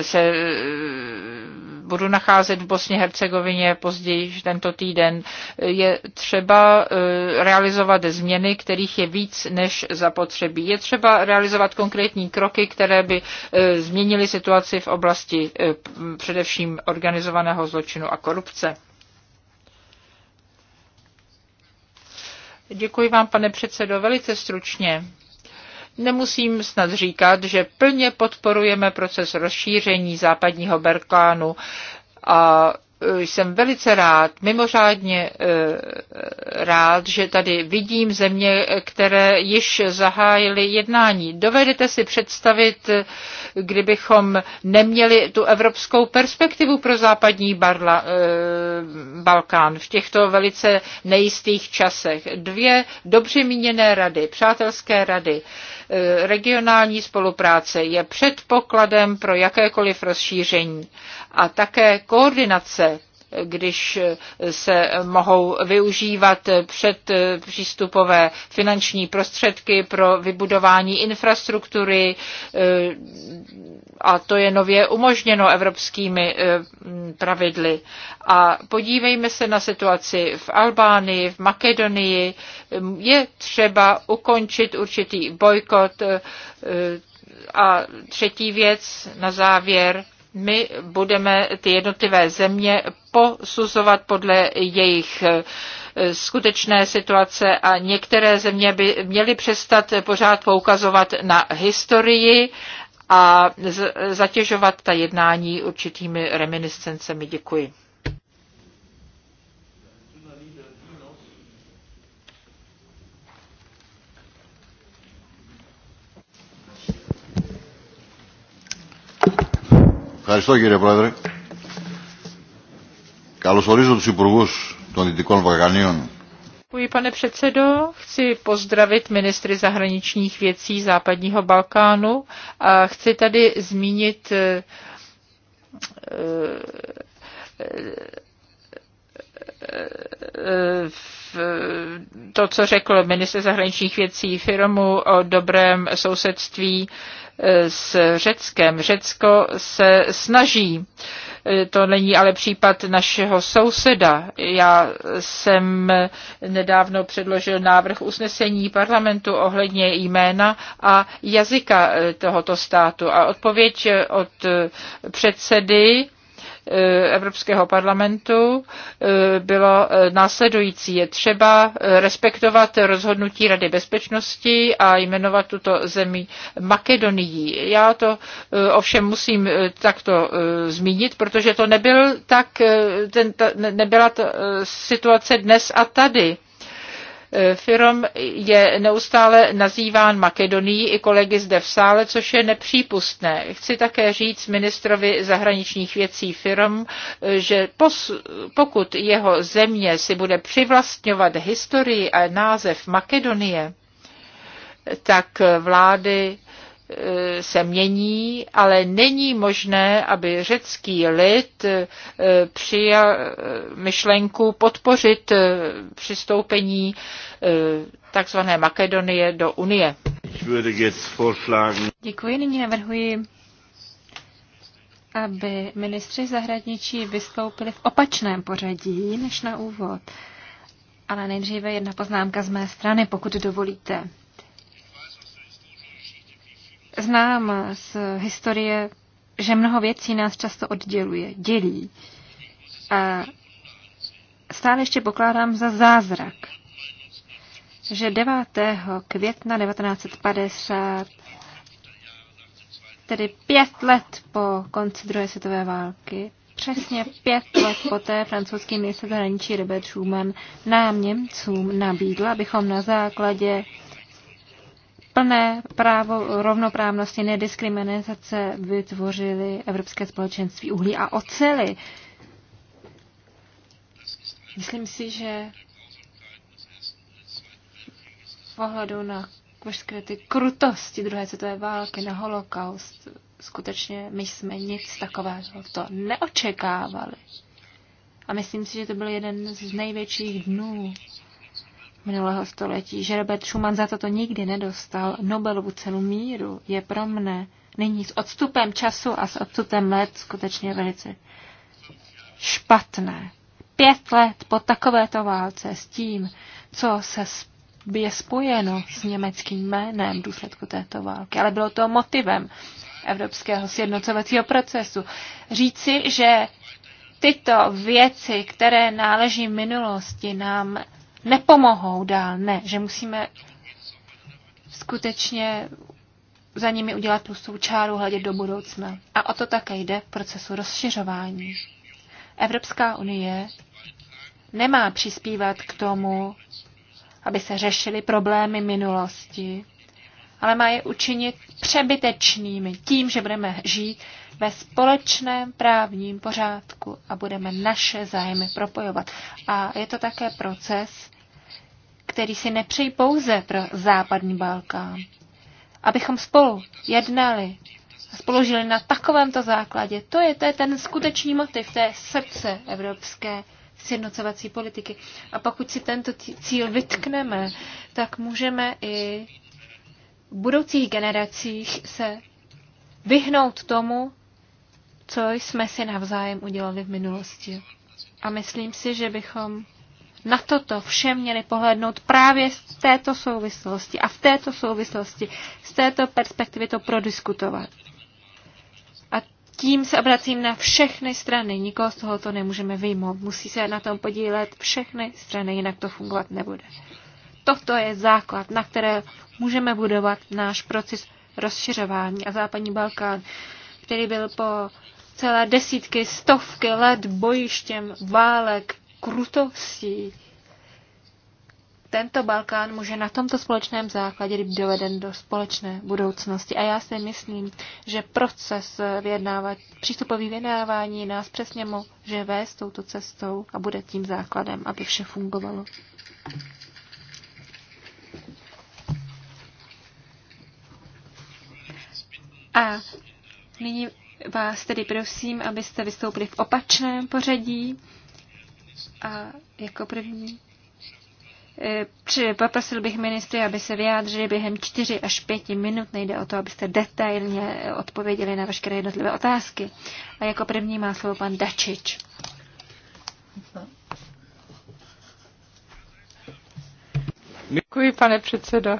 se budu nacházet v Bosně Hercegovině později tento týden. Je třeba realizovat změny, kterých je víc než zapotřebí. Je třeba realizovat konkrétní kroky, které by eh, změnily situaci v oblasti eh, především organizovaného zločinu a korupce. Děkuji vám, pane předsedo, velice stručně. Nemusím snad říkat, že plně podporujeme proces rozšíření západního Berklánu a Eh, jsem velice rád, mimořádně eh, rád, že tady vidím země, které již zahájily jednání. Dovedete si představit, eh, kdybychom neměli tu evropskou perspektivu pro západní barla, Balkán v těchto velice nejistých časech. Dvě dobře míněné rady, přátelské rady Eh, regionální spolupráce je předpokladem pro jakékoliv rozšíření a také koordinace když se mohou využívat přístupové finanční prostředky pro vybudování infrastruktury eh, a to je nově umožněno evropskými eh, pravidly. A podívejme se na situaci v Albánii, v Makedonii. Je třeba ukončit určitý bojkot eh, a třetí věc na závěr my budeme ty jednotlivé země posuzovat podle jejich eh, skutečné situace a některé země by měly přestat pořád poukazovat na historii a zatěžovat ta jednání určitými reminiscencemi. Děkuji. Ευχαριστώ κύριε Πρόεδρε. Καλωσορίζω τους Υπουργούς των Δυτικών Βαγανίων. Děkuji, pane předsedo. Chci pozdravit ministry zahraničních věcí západního Balkánu a chci tady zmínit uh, uh, uh, uh, uh, uh, to, co řekl minister zahraničních věcí firmu o dobrém sousedství e, s Řeckem. Řecko se snaží. E, to není ale případ našeho souseda. Já jsem nedávno předložil návrh usnesení parlamentu ohledně jména a jazyka e, tohoto státu. A odpověď od předsedy Eh, Evropského parlamentu eh, bylo eh, následující. Je třeba respektovat rozhodnutí Rady bezpečnosti a jmenovat tuto zemi Makedonii. Já to ovšem musím takto zmínit, protože to nebyl tak, ten, ta, nebyla ta situace dnes a tady. Eh, firm je neustále nazýván Makedonií i kolegy zde v sále, což je nepřípustné. Chci také říct ministrovi zahraničních věcí firm, eh, že pos, pokud jeho země si bude přivlastňovat historii a název Makedonie, tak vlády Eh, se mění, ale není možné, aby řecký lid eh, přijal eh, myšlenku podpořit přistoupení takzvané Makedonie do Unie. Děkuji, nyní navrhuji, aby ministři zahraničí vystoupili v opačném pořadí než na úvod. Ale nejdříve jedna poznámka z mé strany, pokud dovolíte znám z historie, že mnoho věcí nás často odděluje, dělí. A stále ještě pokládám za zázrak, že 9. května 1950, tedy pět let po konci druhé světové války, přesně pět let poté francouzský ministr zahraničí Robert Schuman nám Němcům nabídl, abychom na základě plné právo rovnoprávnosti, nediskriminace vytvořili Evropské společenství uhlí a ocely. Myslím si, že v na veškeré ty krutosti druhé světové války, na holokaust, skutečně my jsme nic takového to neočekávali. A myslím si, že to byl jeden z největších dnů minulého století, že Robert Schumann za toto nikdy nedostal Nobelovu cenu míru, je pro mne nyní s odstupem času a s odstupem let skutečně velice špatné. Pět let po takovéto válce s tím, co se je spojeno s německým jménem v důsledku této války, ale bylo to motivem evropského sjednocovacího procesu. Říci, že tyto věci, které náleží minulosti, nám nepomohou dál, ne, že musíme skutečně za nimi udělat tlustou čáru, hledět do budoucna. A o to také jde v procesu rozšiřování. Evropská unie nemá přispívat k tomu, aby se řešily problémy minulosti, ale má je učinit přebytečnými tím, že budeme žít ve společném právním pořádku a budeme naše zájmy propojovat. A je to také proces, který si nepřejí pouze pro západní Balkán. Abychom spolu jednali a spolu žili na takovémto základě, to je, to je ten skutečný motiv, té srdce evropské sjednocovací politiky. A pokud si tento cíl vytkneme, tak můžeme i v budoucích generacích se vyhnout tomu, co jsme si navzájem udělali v minulosti. A myslím si, že bychom na toto vše měli pohlednout právě z této souvislosti a v této souvislosti, z této perspektivy to prodiskutovat. A tím se obracím na všechny strany. Nikoho z toho to nemůžeme vyjmout. Musí se na tom podílet všechny strany, jinak to fungovat nebude. Toto je základ, na které můžeme budovat náš proces rozšiřování a západní Balkán, který byl po celé desítky, stovky let bojištěm válek, krutostí. Tento Balkán může na tomto společném základě být doveden do společné budoucnosti. A já si myslím, že proces vyjednávat, přístupový vyjednávání nás přesně může vést touto cestou a bude tím základem, aby vše fungovalo. A nyní vás tedy prosím, abyste vystoupili v opačném pořadí. A jako první e, poprosil bych ministry, aby se vyjádřili během 4 až 5 minut. Nejde o to, abyste detailně odpověděli na veškeré jednotlivé otázky. A jako první má slovo pan Dačič. Děkuji, pane předsedo.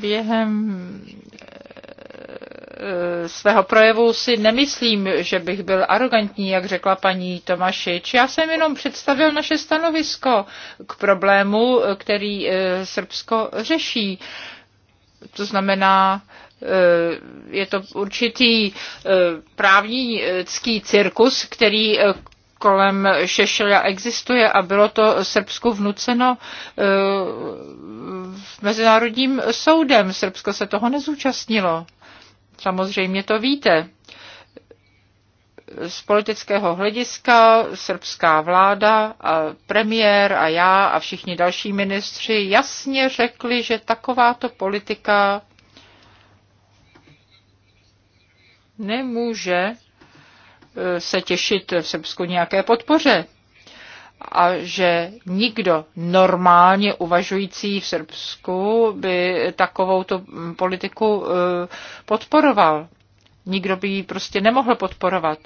Během Eh, svého projevu si nemyslím, že bych byl arrogantní, jak řekla paní Tomašič. Já jsem jenom představil naše stanovisko k problému, eh, který eh, Srbsko řeší. To znamená, je to určitý právnický cirkus, který kolem Šešela existuje a bylo to Srbsku vnuceno Mezinárodním soudem. Srbsko se toho nezúčastnilo. Samozřejmě to víte. Z politického hlediska srbská vláda a premiér a já a všichni další ministři jasně řekli, že takováto politika nemůže eh, se těšit v Srbsku nějaké podpoře a že nikdo normálně uvažující v Srbsku by takovou politiku eh, podporoval. Nikdo by ji prostě nemohl podporovat.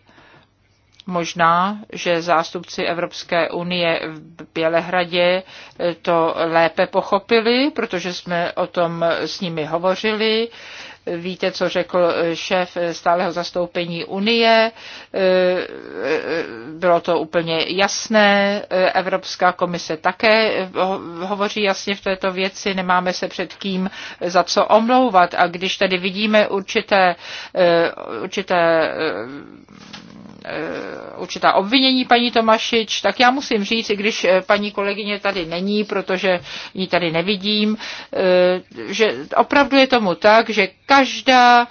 Možná, že zástupci Evropské unie v Bělehradě eh, to lépe pochopili, protože jsme o tom s nimi hovořili. Víte, co řekl šéf stáleho zastoupení Unie. Bylo to úplně jasné. Evropská komise také hovoří jasně v této věci. Nemáme se před kým za co omlouvat. A když tady vidíme určité, určité Eh, určitá obvinění paní Tomašič, tak já musím říct, i když eh, paní kolegyně tady není, protože ji tady nevidím, eh, že opravdu je tomu tak, že každá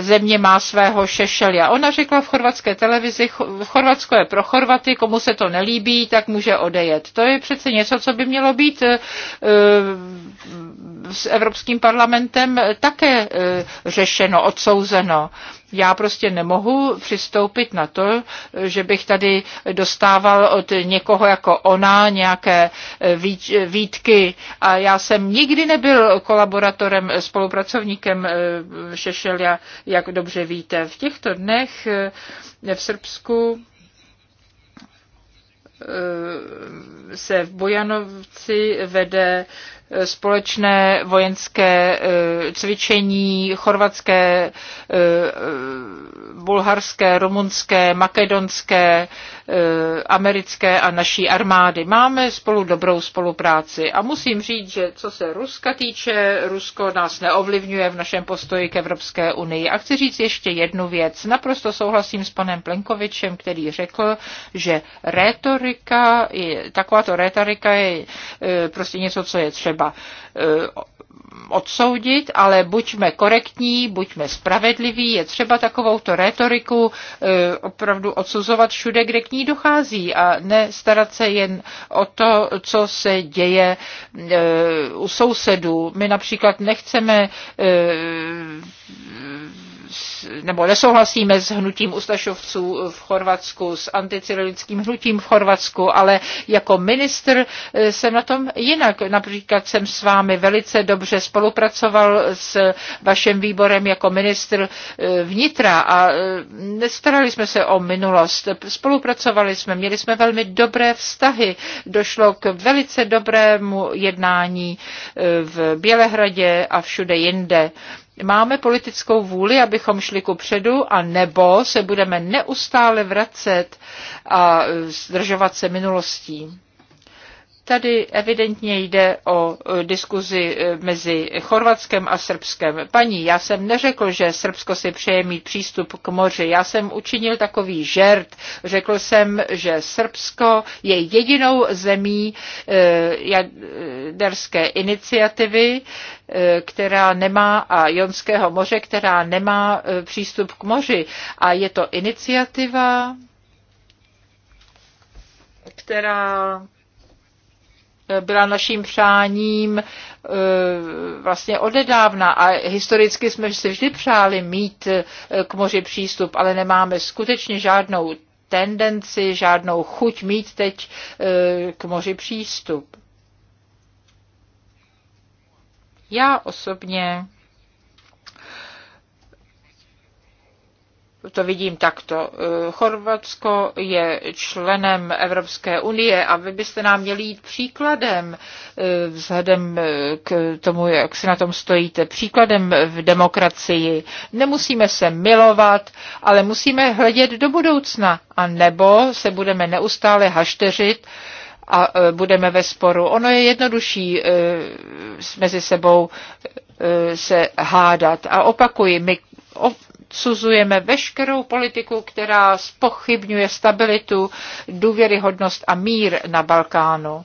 země má svého šešelia. Ona řekla v chorvatské televizi, Chorvatsko je pro Chorvaty, komu se to nelíbí, tak může odejet. To je přece něco, co by mělo být s Evropským parlamentem také řešeno, odsouzeno. Já prostě nemohu přistoupit na to, že bych tady dostával od někoho jako ona nějaké eh, eh, výtky. A já jsem nikdy nebyl kolaboratorem, eh, spolupracovníkem Šešelja, jak dobře víte. V těchto dnech v Srbsku se v Bojanovci vede společné vojenské eh, cvičení chorvatské, eh, bulharské, rumunské, makedonské, eh, americké a naší armády. Máme spolu dobrou spolupráci a musím říct, že co se Ruska týče, Rusko nás neovlivňuje v našem postoji k Evropské unii. A chci říct ještě jednu věc. Naprosto souhlasím s panem Plenkovičem, který řekl, že rétorika, takováto rétorika je prostě něco, co je třeba třeba e, odsoudit, ale buďme korektní, buďme spravedliví. Je třeba takovouto retoriku e, opravdu odsuzovat všude, kde k ní dochází a ne starat se jen o to, co se děje e, u sousedů. My například nechceme nebo nesouhlasíme s hnutím ustašovců v Chorvatsku, s anticyrilickým hnutím v Chorvatsku, ale jako ministr eh, jsem na tom jinak. Například jsem s vámi velice dobře spolupracoval s vaším výborem jako ministr eh, vnitra a eh, nestarali jsme se o minulost. Spolupracovali jsme, měli jsme velmi dobré vztahy. Došlo k velice dobrému jednání v Bělehradě a všude jinde. Máme politickou vůli, abychom šli ku předu, a nebo se budeme neustále vracet a zdržovat se minulostí. Tady evidentně jde o e, diskuzi e, mezi Chorvatskem a Srbskem. Paní, já jsem neřekl, že Srbsko si přeje mít přístup k moři. Já jsem učinil takový žert. Řekl jsem, že Srbsko je jedinou zemí e, jaderské iniciativy, která nemá, a Jonského moře, která nemá přístup k moři. A je to iniciativa, která Eh, byla naším přáním eh, vlastně odedávna a historicky jsme si vždy přáli mít eh, k moři přístup, ale nemáme skutečně žádnou tendenci, žádnou chuť mít teď k moři přístup. Já osobně to vidím takto. Eh, Chorvatsko je členem Evropské unie a vy byste nám měli jít příkladem eh, vzhledem eh, k tomu, jak si na tom stojíte, příkladem v demokracii. Nemusíme se milovat, ale musíme hledět do budoucna a nebo se budeme neustále hašteřit a budeme ve sporu. Ono je jednodušší mezi sebou se hádat. A opakuji, my odsuzujeme veškerou politiku, která spochybňuje stabilitu, důvěryhodnost a mír na Balkánu,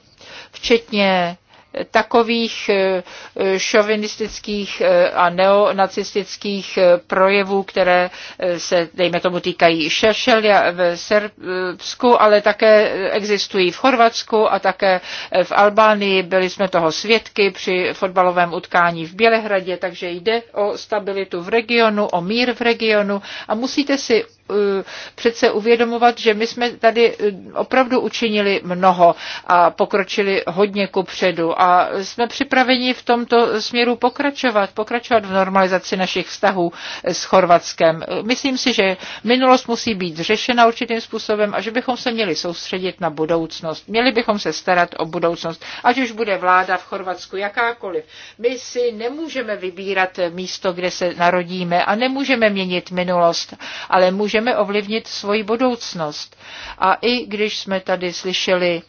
včetně takových eh, eh, šovinistických eh, a neonacistických projevů, které se, dejme tomu, týkají Šešelia v Srbsku, ale také existují v Chorvatsku a také v Albánii. Byli jsme toho svědky při fotbalovém utkání v Bělehradě, takže jde o stabilitu v regionu, o mír v regionu a musíte si přece uvědomovat, že my jsme tady eh, opravdu učinili mnoho a pokročili hodně ku předu a jsme připraveni v tomto směru pokračovat, pokračovat v normalizaci našich vztahů eh, s Chorvatskem. Myslím si, že minulost musí být řešena určitým způsobem a že bychom se měli soustředit na budoucnost. Měli bychom se starat o budoucnost, ať už bude vláda v Chorvatsku jakákoliv. My si nemůžeme vybírat místo, kde se narodíme a nemůžeme měnit minulost, ale můžeme můžeme ovlivnit svoji budoucnost. A i když jsme tady slyšeli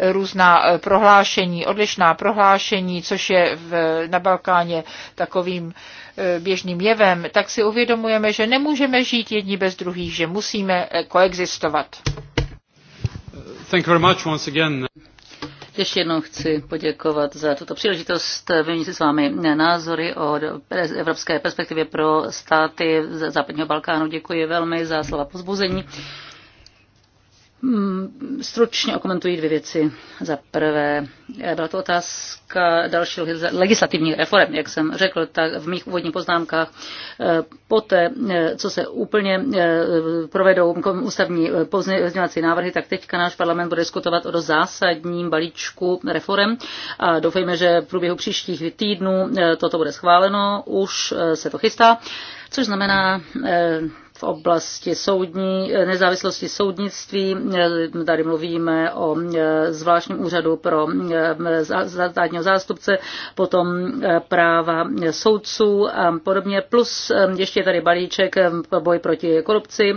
různá eh, prohlášení, odlišná prohlášení, což je v, na Balkáně takovým eh, běžným jevem, tak si uvědomujeme, že nemůžeme žít jedni bez druhých, že musíme eh, koexistovat. Thank you very much once again. Ještě jednou chci poděkovat za tuto příležitost vyměnit si s vámi názory o evropské perspektivě pro státy západního Balkánu. Děkuji velmi za slova pozbuzení Hmm, stručně okomentuji dvě věci. Za prvé, eh, byla to otázka další legislativních reform, jak jsem řekl tak v mých úvodních poznámkách. Eh, poté, eh, co se úplně provedou ústavní pozměňovací návrhy, tak teďka náš parlament bude diskutovat o zásadním balíčku reform a doufejme, že v průběhu příštích týdnů toto bude schváleno, už se to chystá což znamená v oblasti soudní, eh, nezávislosti soudnictví. Eh, tady mluvíme o eh, zvláštním úřadu pro státního zástupce, potom práva soudců a podobně. Plus ještě tady balíček boj proti korupci,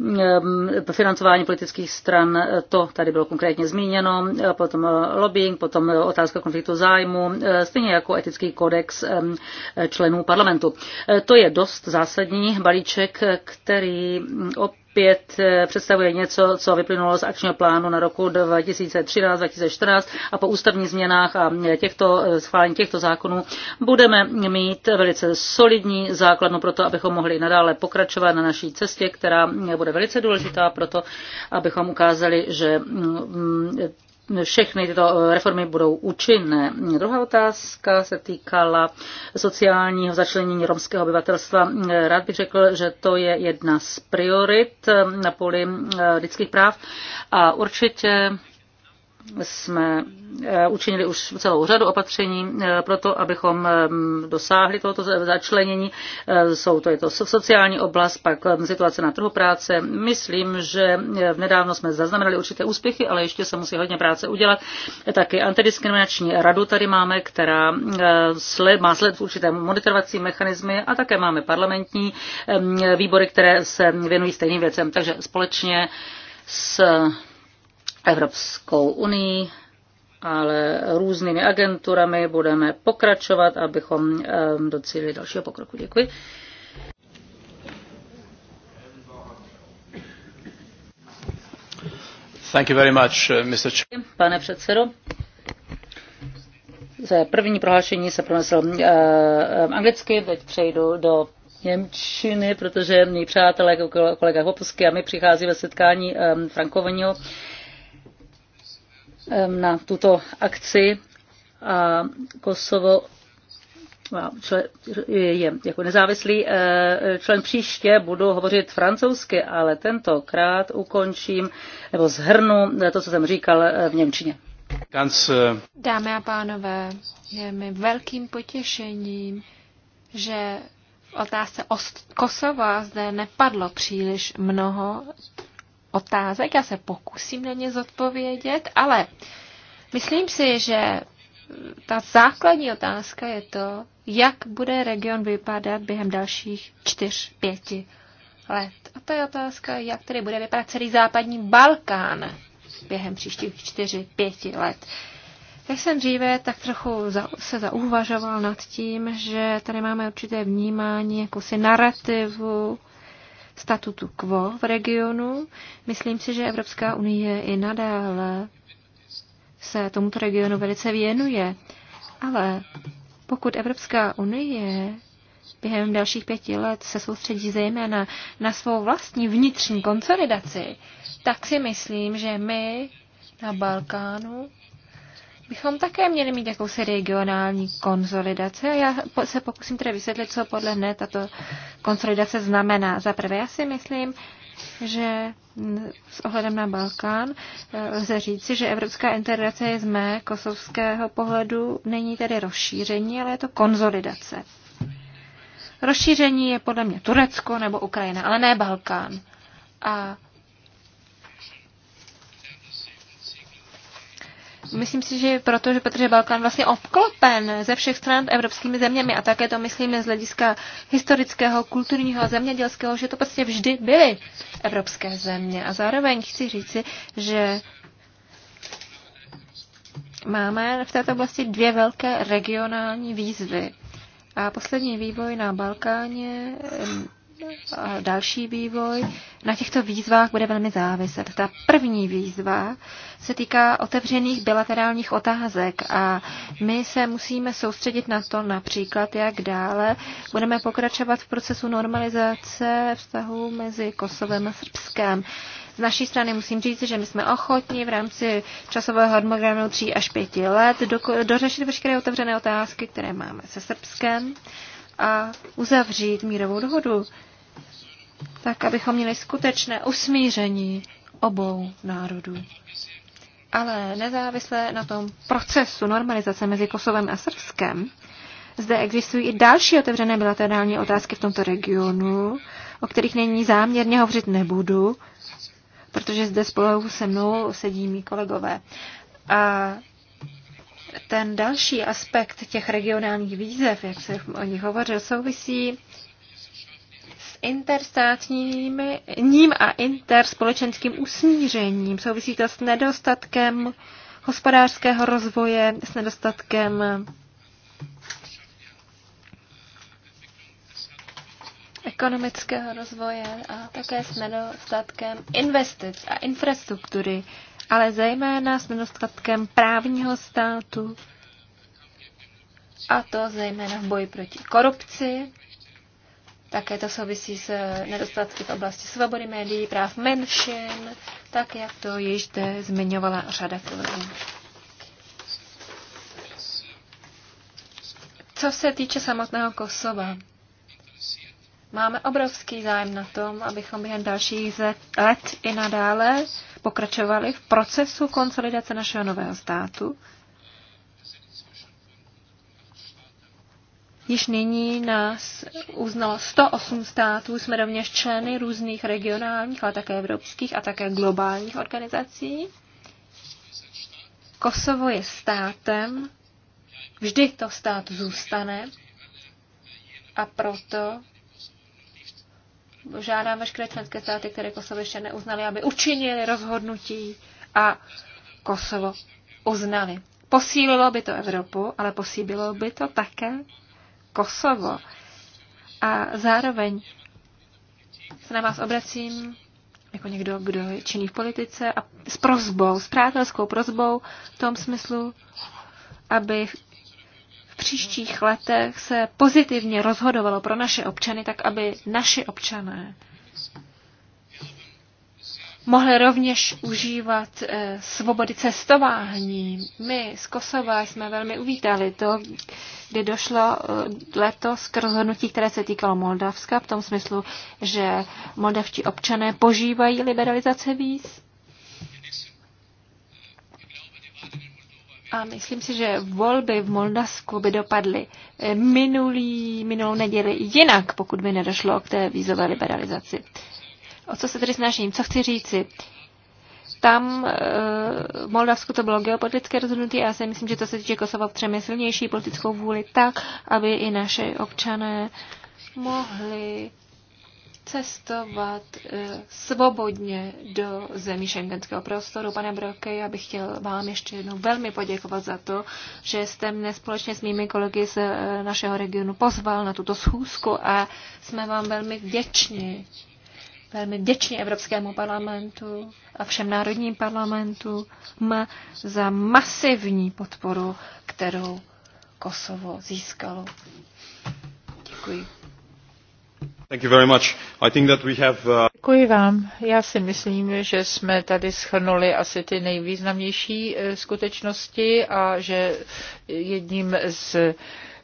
Ehm, financování politických stran, eh, to tady bylo konkrétně zmíněno, eh, potom eh, lobbying, potom otázka konfliktu zájmu, stejně jako etický kodex ehm, členů parlamentu. To je dost zásadní balíček, který mm, opět opět eh, představuje něco, co vyplynulo z akčního plánu na roku 2013-2014 a po ústavních změnách a eh, těchto, eh, schválení těchto zákonů budeme mít velice solidní základnu pro to, abychom mohli nadále pokračovat na naší cestě, která bude velice důležitá pro to, abychom ukázali, že mm, všechny tyto eh, reformy budou účinné. Druhá otázka se týkala sociálního začlenění romského obyvatelstva. Eh, rád bych řekl, že to je jedna z priorit eh, na poli lidských práv a určitě jsme eh, učinili už celou řadu opatření eh, pro to, abychom eh, dosáhli tohoto začlenění. Jsou to, je to sociální oblast, pak situace na trhu práce. Myslím, že v nedávno jsme zaznamenali určité úspěchy, ale ještě se musí hodně práce udělat. Taky antidiskriminační radu tady máme, která sled, má sled určité monitorovací mechanizmy a také máme parlamentní výbory, které se věnují stejným věcem. Takže společně s Evropskou unii, ale různými agenturami budeme pokračovat, abychom docílili dalšího pokroku. Děkuji. Thank you very much, uh, Mr. Pane předsedo, za první prohlášení se pronesl uh, anglicky, teď přejdu do Němčiny, protože mý přátelé, kolega Hopusky a my přicházíme ve setkání um, Uh, na tuto akci a Kosovo je jako nezávislý eh, člen příště, budu hovořit francouzsky, ale tentokrát ukončím nebo zhrnu eh, to, co jsem říkal eh, v Němčině. Dámy a pánové, je mi velkým potěšením, že v otázce Ost- Kosova zde nepadlo příliš mnoho otázek, já se pokusím na ně zodpovědět, ale myslím si, že ta základní otázka je to, jak bude region vypadat během dalších čtyř, pěti let. A to je otázka, jak tedy bude vypadat celý západní Balkán během příštích čtyři, pěti let. Jak jsem dříve tak trochu za, se zauvažoval nad tím, že tady máme určité vnímání jakousi narrativu, statutu quo v regionu. Myslím si, že Evropská unie i nadále se tomuto regionu velice věnuje. Ale pokud Evropská unie během dalších pěti let se soustředí zejména na svou vlastní vnitřní konsolidaci, tak si myslím, že my na Balkánu bychom také měli mít jakousi regionální konsolidace. já se pokusím tedy vysvětlit, co podle mne tato konsolidace znamená. Za prvé, já si myslím, že s ohledem na Balkán eh, lze říci, že evropská integrace je z mé kosovského pohledu není tedy rozšíření, ale je to konzolidace. Rozšíření je podle mě Turecko nebo Ukrajina, ale ne Balkán. A Myslím si, že proto, že protože Balkán vlastně obklopen ze všech stran evropskými zeměmi a také to myslíme z hlediska historického, kulturního a zemědělského, že to prostě vždy byly evropské země. A zároveň chci říci, že máme v této oblasti dvě velké regionální výzvy. A poslední vývoj na Balkáně další vývoj na těchto výzvách bude velmi záviset. Ta první výzva se týká otevřených bilaterálních otázek a my se musíme soustředit na to například, jak dále budeme pokračovat v procesu normalizace vztahu mezi Kosovem a Srbskem. Z naší strany musím říct, že my jsme ochotni v rámci časového harmonogramu 3 až 5 let dořešit veškeré otevřené otázky, které máme se Srbskem a uzavřít mírovou dohodu tak abychom měli skutečné usmíření obou národů. Ale nezávisle na tom procesu normalizace mezi Kosovem a Srbskem, zde existují i další otevřené bilaterální otázky v tomto regionu, o kterých není záměrně hovořit nebudu, protože zde spolu se mnou sedí mý kolegové. A ten další aspekt těch regionálních výzev, jak se o nich hovořil, souvisí interstátním ním a interspolečenským usmířením. Souvisí to s nedostatkem hospodářského rozvoje, s nedostatkem ekonomického rozvoje a také s nedostatkem investic a infrastruktury, ale zejména s nedostatkem právního státu, a to zejména v boji proti korupci také to souvisí s eh, nedostatky v oblasti svobody médií, práv menšin, tak jak to již zde zmiňovala řada kolegů. Co se týče samotného Kosova, máme obrovský zájem na tom, abychom během dalších let i nadále pokračovali v procesu konsolidace našeho nového státu Již nyní nás uznalo 108 států, jsme rovněž členy různých regionálních, ale také evropských a také globálních organizací. Kosovo je státem, vždy to stát zůstane a proto žádám veškeré členské státy, které Kosovo ještě neuznali, aby učinili rozhodnutí a Kosovo uznali. Posílilo by to Evropu, ale posílilo by to také Kosovo. A zároveň se na vás obracím jako někdo, kdo je činný v politice a s prozbou, s přátelskou prozbou v tom smyslu, aby v příštích letech se pozitivně rozhodovalo pro naše občany, tak aby naši občané mohli rovněž užívat eh, svobody cestování. My z Kosova jsme velmi uvítali to, kdy došlo eh, letos k rozhodnutí, které se týkalo Moldavska, v tom smyslu, že moldavští občané požívají liberalizace víz. A myslím si, že volby v Moldavsku by dopadly eh, minulý, minulou neděli jinak, pokud by nedošlo k té vízové liberalizaci. O co se tedy snažím? Co chci říci? Tam eh, v Moldavsku to bylo geopolitické rozhodnutí a já si myslím, že to se týče Kosova třemi silnější politickou vůli tak, aby i naše občané mohli cestovat eh, svobodně do zemí šengenského prostoru. Pane Broke, já bych chtěl vám ještě jednou velmi poděkovat za to, že jste mne společně s mými kolegy z eh, našeho regionu pozval na tuto schůzku a jsme vám velmi vděční velmi vděční Evropskému parlamentu a všem národním parlamentům za masivní podporu, kterou Kosovo získalo. Děkuji. Thank you very much. I think that we have, uh... Děkuji vám. Já si myslím, že jsme tady schrnuli asi ty nejvýznamnější eh, skutečnosti a že jedním z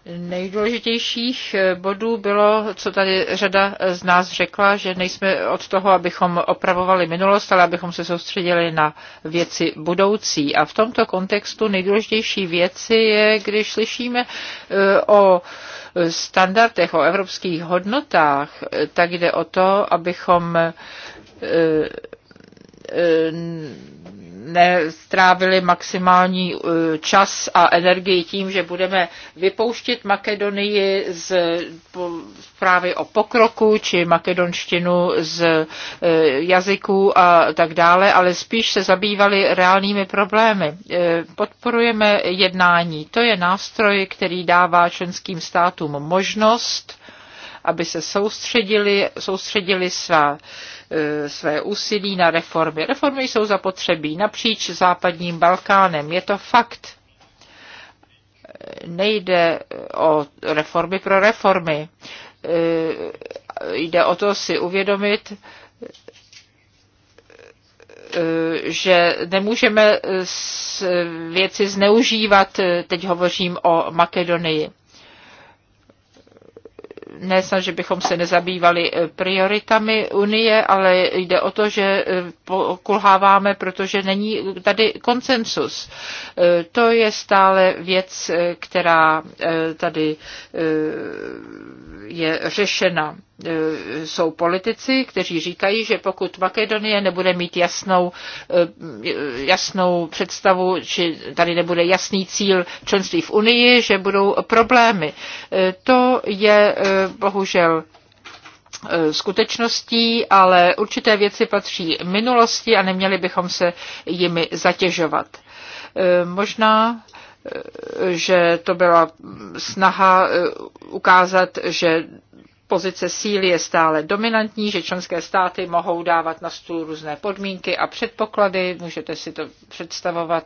nejdůležitějších eh, bodů bylo, co tady řada z nás řekla, že nejsme od toho, abychom opravovali minulost, ale abychom se soustředili na věci budoucí. A v tomto kontextu nejdůležitější věci je, když slyšíme eh, o standardech, o evropských hodnotách, eh, tak jde o to, abychom Eh, nestrávili maximální eh, čas a energii tím, že budeme vypouštět Makedonii z zprávy o pokroku či makedonštinu z eh, jazyků a tak dále, ale spíš se zabývali reálnými problémy. Podporujeme jednání. To je nástroj, který dává členským státům možnost, aby se soustředili, soustředili svá E, své úsilí na reformy. Reformy jsou zapotřebí napříč západním Balkánem. Je to fakt. Nejde o reformy pro reformy. E, jde o to si uvědomit, e, že nemůžeme věci zneužívat, teď hovořím o Makedonii ne snad, že bychom se nezabývali eh, prioritami Unie, ale jde o to, že eh, kulháváme, protože není tady koncensus. Eh, to je stále věc, která tady je řešena. E, jsou politici, kteří říkají, že pokud Makedonie nebude mít jasnou, e, jasnou představu, či tady nebude jasný cíl členství v Unii, že budou problémy. E, to je bohužel skutečností, ale určité věci patří minulosti a neměli bychom se jimi zatěžovat. Možná že to byla snaha ukázat, že pozice síly je stále dominantní, že členské státy mohou dávat na stůl různé podmínky a předpoklady, můžete si to představovat,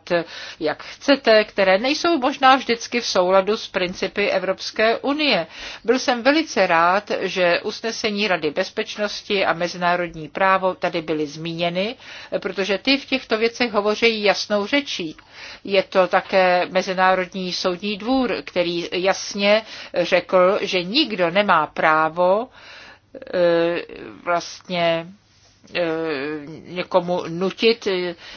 jak chcete, které nejsou možná vždycky v souladu s principy Evropské unie. Byl jsem velice rád, že usnesení Rady bezpečnosti a mezinárodní právo tady byly zmíněny, protože ty v těchto věcech hovoří jasnou řečí. Je to také Mezinárodní soudní dvůr, který jasně řekl, že nikdo nemá právo právo e, vlastně e, někomu nutit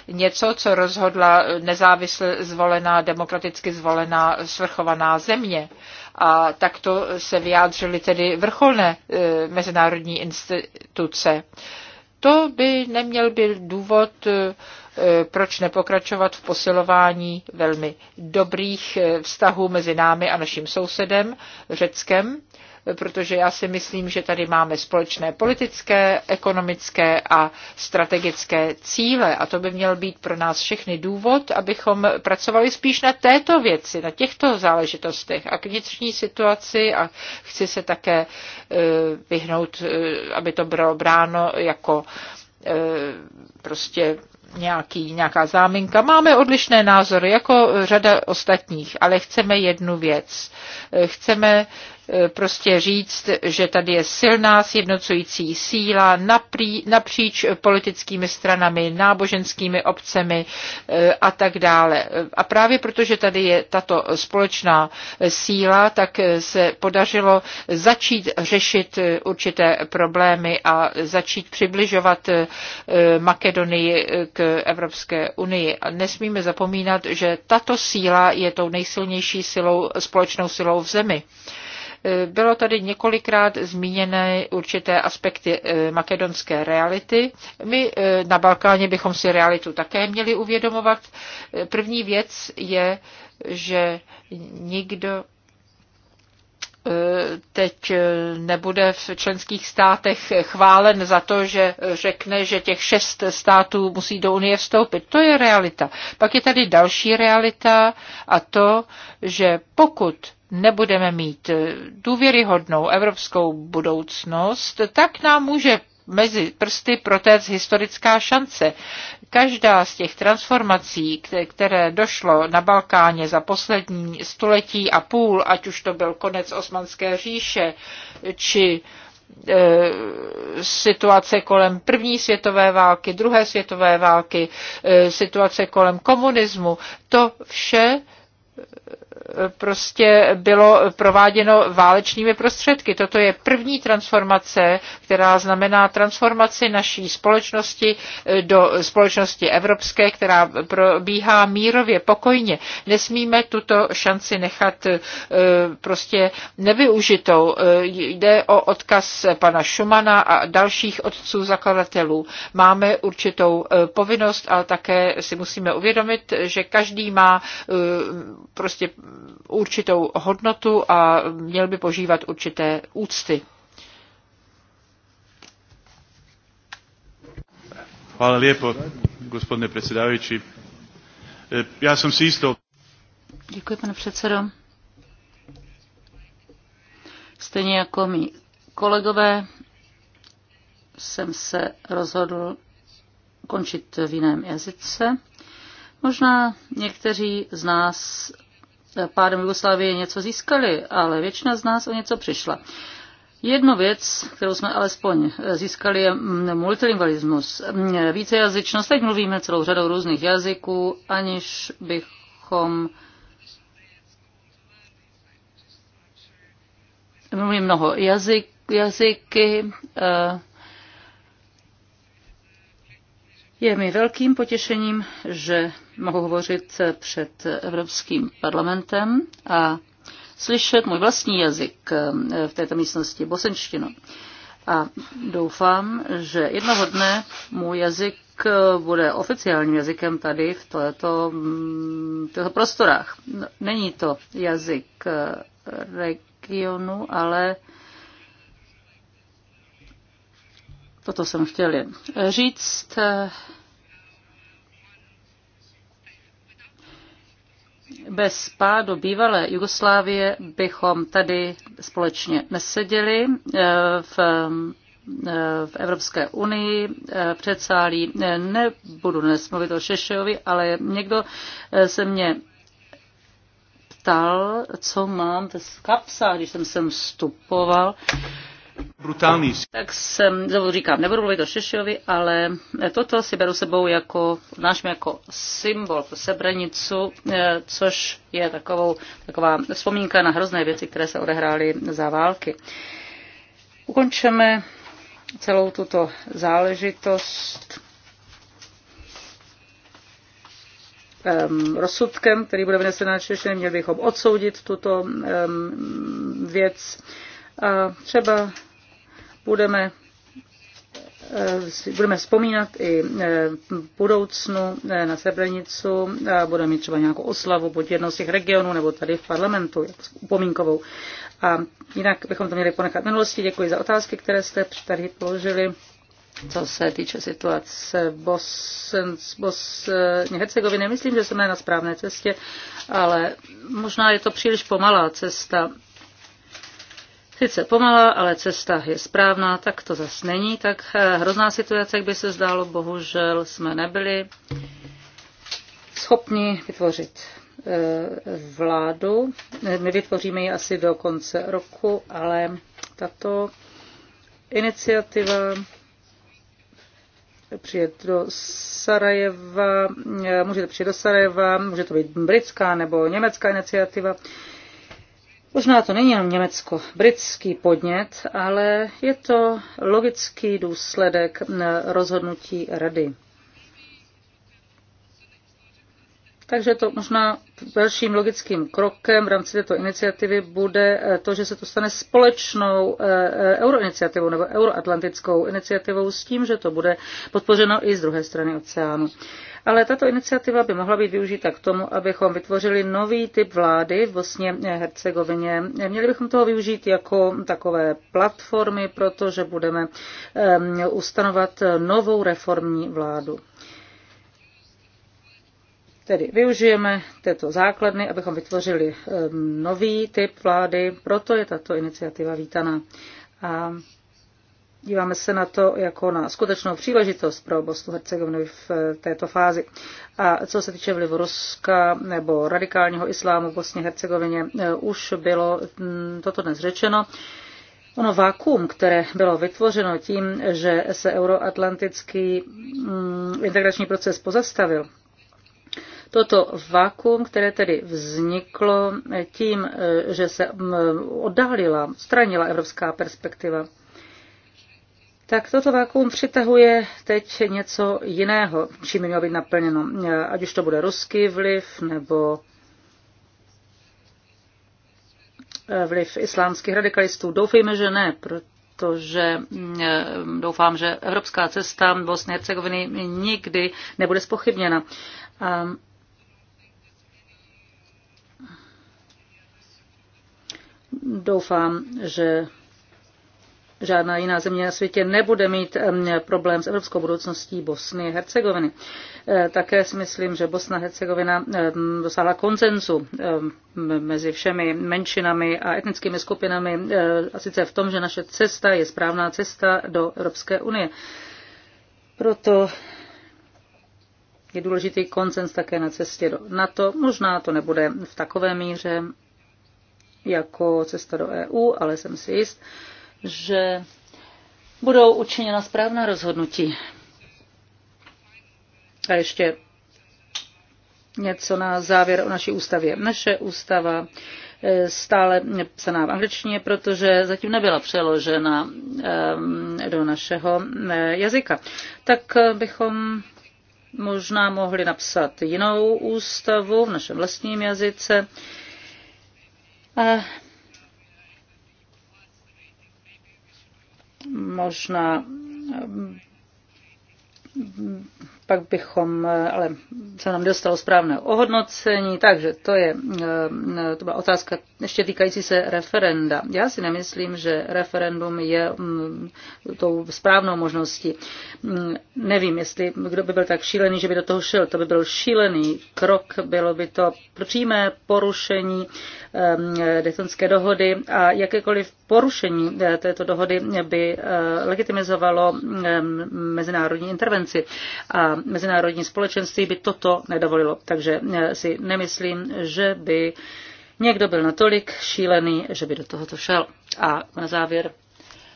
něco, co rozhodla nezávisle zvolená, demokraticky zvolená, svrchovaná země. A takto se vyjádřily tedy vrcholné e, mezinárodní instituce. To by neměl být důvod, proč nepokračovat v posilování velmi dobrých vztahů mezi námi a naším sousedem, Řeckem protože já si myslím, že tady máme společné politické, ekonomické a strategické cíle a to by měl být pro nás všechny důvod, abychom pracovali spíš na této věci, na těchto záležitostech a k vnitřní situaci a chci se také e, vyhnout, e, aby to bylo bráno jako e, prostě nějaký, nějaká záminka. Máme odlišné názory, jako řada ostatních, ale chceme jednu věc. Chceme prostě říct, že tady je silná sjednocující síla naprí, napříč politickými stranami, náboženskými obcemi eh, a tak dále. A právě protože tady je tato společná síla, tak se podařilo začít řešit eh, určité problémy a začít přibližovat eh, Makedonii k Evropské unii. A nesmíme zapomínat, že tato síla je tou nejsilnější silou, společnou silou v zemi. Bylo tady několikrát zmíněné určité aspekty eh, makedonské reality. My eh, na Balkáně bychom si realitu také měli uvědomovat. Eh, první věc je, že nikdo teď nebude v členských státech chválen za to, že řekne, že těch šest států musí do Unie vstoupit. To je realita. Pak je tady další realita a to, že pokud nebudeme mít důvěryhodnou evropskou budoucnost, tak nám může mezi prsty protéct historická šance. Každá z těch transformací, které došlo na Balkáně za poslední století a půl, ať už to byl konec Osmanské říše, či e, situace kolem první světové války, druhé světové války, e, situace kolem komunismu, to vše prostě bylo prováděno válečnými prostředky. Toto je první transformace, která znamená transformaci naší společnosti eh, do společnosti evropské, která probíhá mírově, pokojně. Nesmíme tuto šanci nechat eh, prostě nevyužitou. Eh, jde o odkaz pana Šumana a dalších otců zakladatelů. Máme určitou povinnost, ale také si musíme uvědomit, že každý má prostě určitou hodnotu a měl by požívat určité úcty. Hvala lijepo, gospodine predsjedavajući. Já e, jsem si isto... Děkuji, pane předsedo. Stejně jako mý kolegové jsem se rozhodl končit v jiném jazyce. Možná někteří z nás pádem Jugoslávie něco získali, ale většina z nás o něco přišla. Jednu věc, kterou jsme alespoň získali, je mm, multilingualismus. Vícejazyčnost, teď mluvíme celou řadou různých jazyků, aniž bychom mluvili mnoho jazyk, jazyky, eh, Je mi velkým potěšením, že mohu hovořit před Evropským parlamentem a slyšet můj vlastní jazyk eh, v této místnosti, bosenštinu. A doufám, že jednoho dne můj jazyk eh, bude oficiálním jazykem tady v této, mm, těchto prostorách. Není to jazyk eh, regionu, ale Toto jsem chtěl jen říct. Bez pádu bývalé Jugoslávie bychom tady společně neseděli v v Evropské unii předsálí. Nebudu dnes mluvit o Šešejovi, ale někdo se mě ptal, co mám z kapsa, když jsem sem vstupoval brutální. Tak jsem, znovu říkám, nebudu mluvit o Šešiovi, ale toto si beru sebou jako, náš jako symbol pro Sebranicu, eh, což je takovou, taková vzpomínka na hrozné věci, které se odehrály za války. Ukončeme celou tuto záležitost ehm, rozsudkem, který bude vynesen na Češi, měli bychom odsoudit tuto um, věc. A třeba budeme eh, budeme vzpomínat i eh, v budoucnu eh, na Srebrenicu, budeme mít třeba nějakou oslavu buď jednou z těch regionů nebo tady v parlamentu, jak upomínkovou. A jinak bychom to měli ponechat minulosti. Děkuji za otázky, které jste tady položili. Co se týče situace Bosně Bos, Hercegoviny, myslím, že jsme na správné cestě, ale možná je to příliš pomalá cesta Sice pomalá, ale cesta je správná, tak to zase není. Tak hrozná situace, jak by se zdálo, bohužel jsme nebyli schopni vytvořit eh, vládu. My vytvoříme ji asi do konce roku, ale tato iniciativa přijet do Sarajeva, eh, můžete přijet do Sarajeva, může to být britská nebo německá iniciativa. Možná to není jenom německo-britský podnět, ale je to logický důsledek rozhodnutí rady. Takže to možná dalším logickým krokem v rámci této iniciativy bude e, to, že se to stane společnou e, e, euroiniciativou nebo euroatlantickou iniciativou s tím, že to bude podpořeno i z druhé strany oceánu ale tato iniciativa by mohla být využita k tomu, abychom vytvořili nový typ vlády v Bosně a Hercegovině. Měli bychom toho využít jako takové platformy, protože budeme ustanovat novou reformní vládu. Tedy využijeme této základny, abychom vytvořili nový typ vlády, proto je tato iniciativa vítaná. A Díváme se na to jako na skutečnou příležitost pro Bosnu Hercegovinu v eh, této fázi. A co se týče vlivu Ruska nebo radikálního islámu v Bosně Hercegovině, eh, už bylo mm, toto dnes řečeno. Ono vákuum, které bylo vytvořeno tím, že se euroatlantický mm, integrační proces pozastavil, Toto vakuum, které tedy vzniklo eh, tím, že se mm, oddálila, stranila evropská perspektiva, tak toto vákuum přitahuje teď něco jiného, čím mělo být naplněno. Ať už to bude ruský vliv nebo eh, vliv islámských radikalistů. Doufejme, že ne, protože mm, doufám, že evropská cesta Bosny a Hercegoviny nikdy nebude spochybněna. Ehm, doufám, že Žádná jiná země na světě nebude mít problém s evropskou budoucností Bosny a Hercegoviny. E, také si myslím, že Bosna a Hercegovina dosáhla koncenzu mezi všemi menšinami a etnickými skupinami, e, a sice v tom, že naše cesta je správná cesta do Evropské unie. Proto je důležitý koncens také na cestě do NATO. Možná to nebude v takové míře jako cesta do EU, ale jsem si jist, že budou učiněna správná rozhodnutí. A ještě něco na závěr o naší ústavě. Naše ústava eh, stále psaná v angličtině, protože zatím nebyla přeložena ehm, do našeho eh, jazyka. Tak eh, bychom možná mohli napsat jinou ústavu v našem vlastním jazyce. A možná pak bychom, ale se nám dostalo správné ohodnocení, takže to je, eh, to byla otázka ještě týkající se referenda. Já si nemyslím, že referendum je mm, tou správnou možností. Mm, nevím, jestli kdo by byl tak šílený, že by do toho šel. To by byl šílený krok, bylo by to přímé porušení eh, detonské dohody a jakékoliv porušení eh, této dohody by legitimizovalo mezinárodní intervenci. A mezinárodní společenství by toto nedovolilo. Takže eh, si nemyslím, že by někdo byl natolik šílený, že by do tohoto šel. A na závěr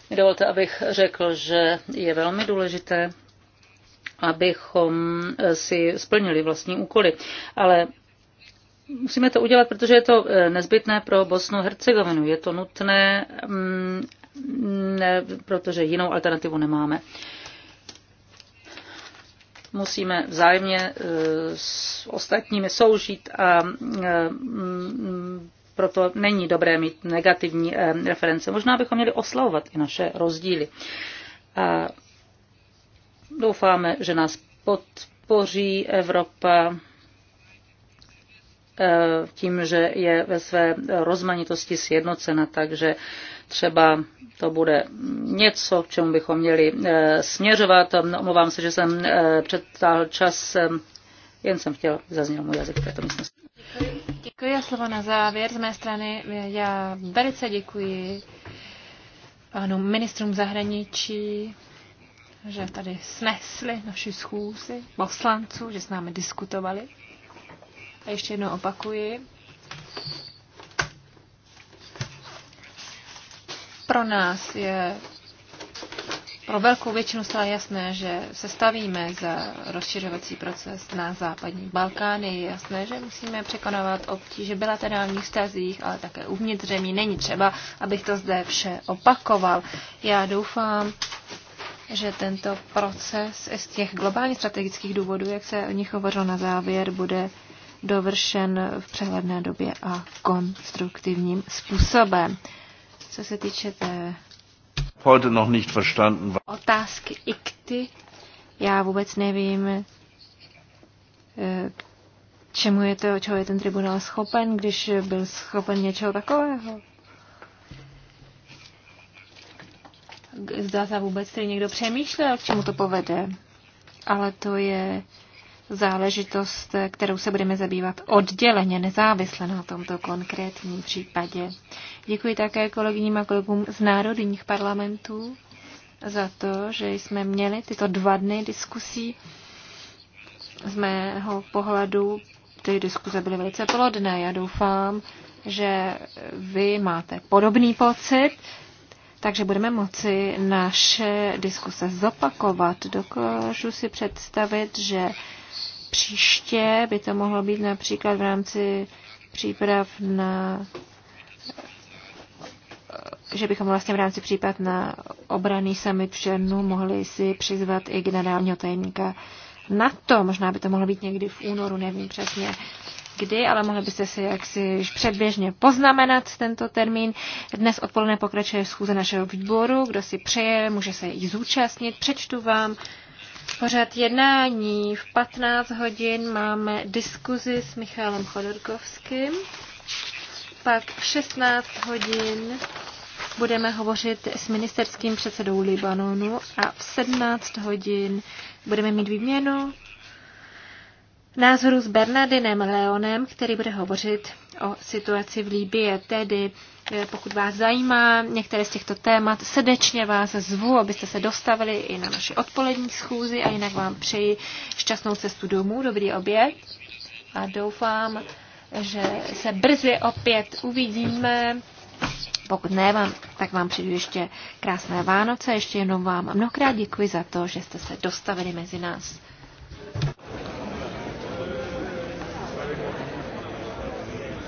mi dovolte, abych řekl, že je velmi důležité, abychom eh, si splnili vlastní úkoly. Ale musíme to udělat, protože je to eh, nezbytné pro Bosnu Hercegovinu. Je to nutné, mm, ne, protože jinou alternativu nemáme musíme vzájemně eh, s ostatními soužít a eh, mm, proto není dobré mít negativní eh, reference. Možná bychom měli oslavovat i naše rozdíly. A doufáme, že nás podpoří Evropa tím, že je ve své rozmanitosti sjednocena, takže Třeba to bude něco, k čemu bychom měli eh, směřovat. Omlouvám se, že jsem eh, předtáhl čas. Eh, jen jsem chtěl zazněl můj jazyk v této místnosti. Děkuji. a slovo na závěr z mé strany. Já velice děkuji panu ministrům zahraničí, že tady snesli naši schůzi poslanců, že s námi diskutovali. A ještě jednou opakuji, Pro nás je pro velkou většinu stále jasné, že se stavíme za rozšiřovací proces na západní Balkány. Je jasné, že musíme překonávat obtíže bilaterálních stazích, ale také uvnitř zemí. Není třeba, abych to zde vše opakoval. Já doufám, že tento proces z těch globálně strategických důvodů, jak se o nich hovořilo na závěr, bude dovršen v přehledné době a konstruktivním způsobem. Co se týče té heute noch nicht verstanden. Otázky ikty. Já vůbec nevím, eh, čemu je to, čeho je ten tribunál schopen, když byl schopen něčeho takového. Zdá se vůbec, že někdo přemýšlel, k čemu to povede. Ale to je záležitost, kterou se budeme zabývat odděleně, nezávisle na tomto konkrétním případě. Děkuji také kolegyním a kolegům z národních parlamentů za to, že jsme měli tyto dva dny diskusí. Z mého pohledu ty diskuze byly velice plodné. Já doufám, že vy máte podobný pocit, takže budeme moci naše diskuse zopakovat. Dokážu si představit, že Příště by to mohlo být například v rámci příprav na že bychom vlastně v rámci případ na obraný summit v černu mohli si přizvat i generálního tajemníka Na to Možná by to mohlo být někdy v únoru, nevím přesně kdy, ale mohli byste si jaksi předběžně poznamenat tento termín. Dnes odpoledne pokračuje schůze našeho výboru. Kdo si přeje, může se jí zúčastnit. Přečtu vám pořad jednání. V 15 hodin máme diskuzi s Michálem Chodorkovským. Pak v 16 hodin budeme hovořit s ministerským předsedou Libanonu a v 17 hodin budeme mít výměnu názoru s Bernardinem Leonem, který bude hovořit o situaci v Líbě. Tedy, eh, pokud vás zajímá některé z těchto témat, srdečně vás zvu, abyste se dostavili i na naši odpolední schůzi a jinak vám přeji šťastnou cestu domů, dobrý oběd a doufám, že se brzy opět uvidíme. Pokud ne, vám, tak vám přijdu ještě krásné Vánoce. Ještě jenom vám mnohokrát děkuji za to, že jste se dostavili mezi nás.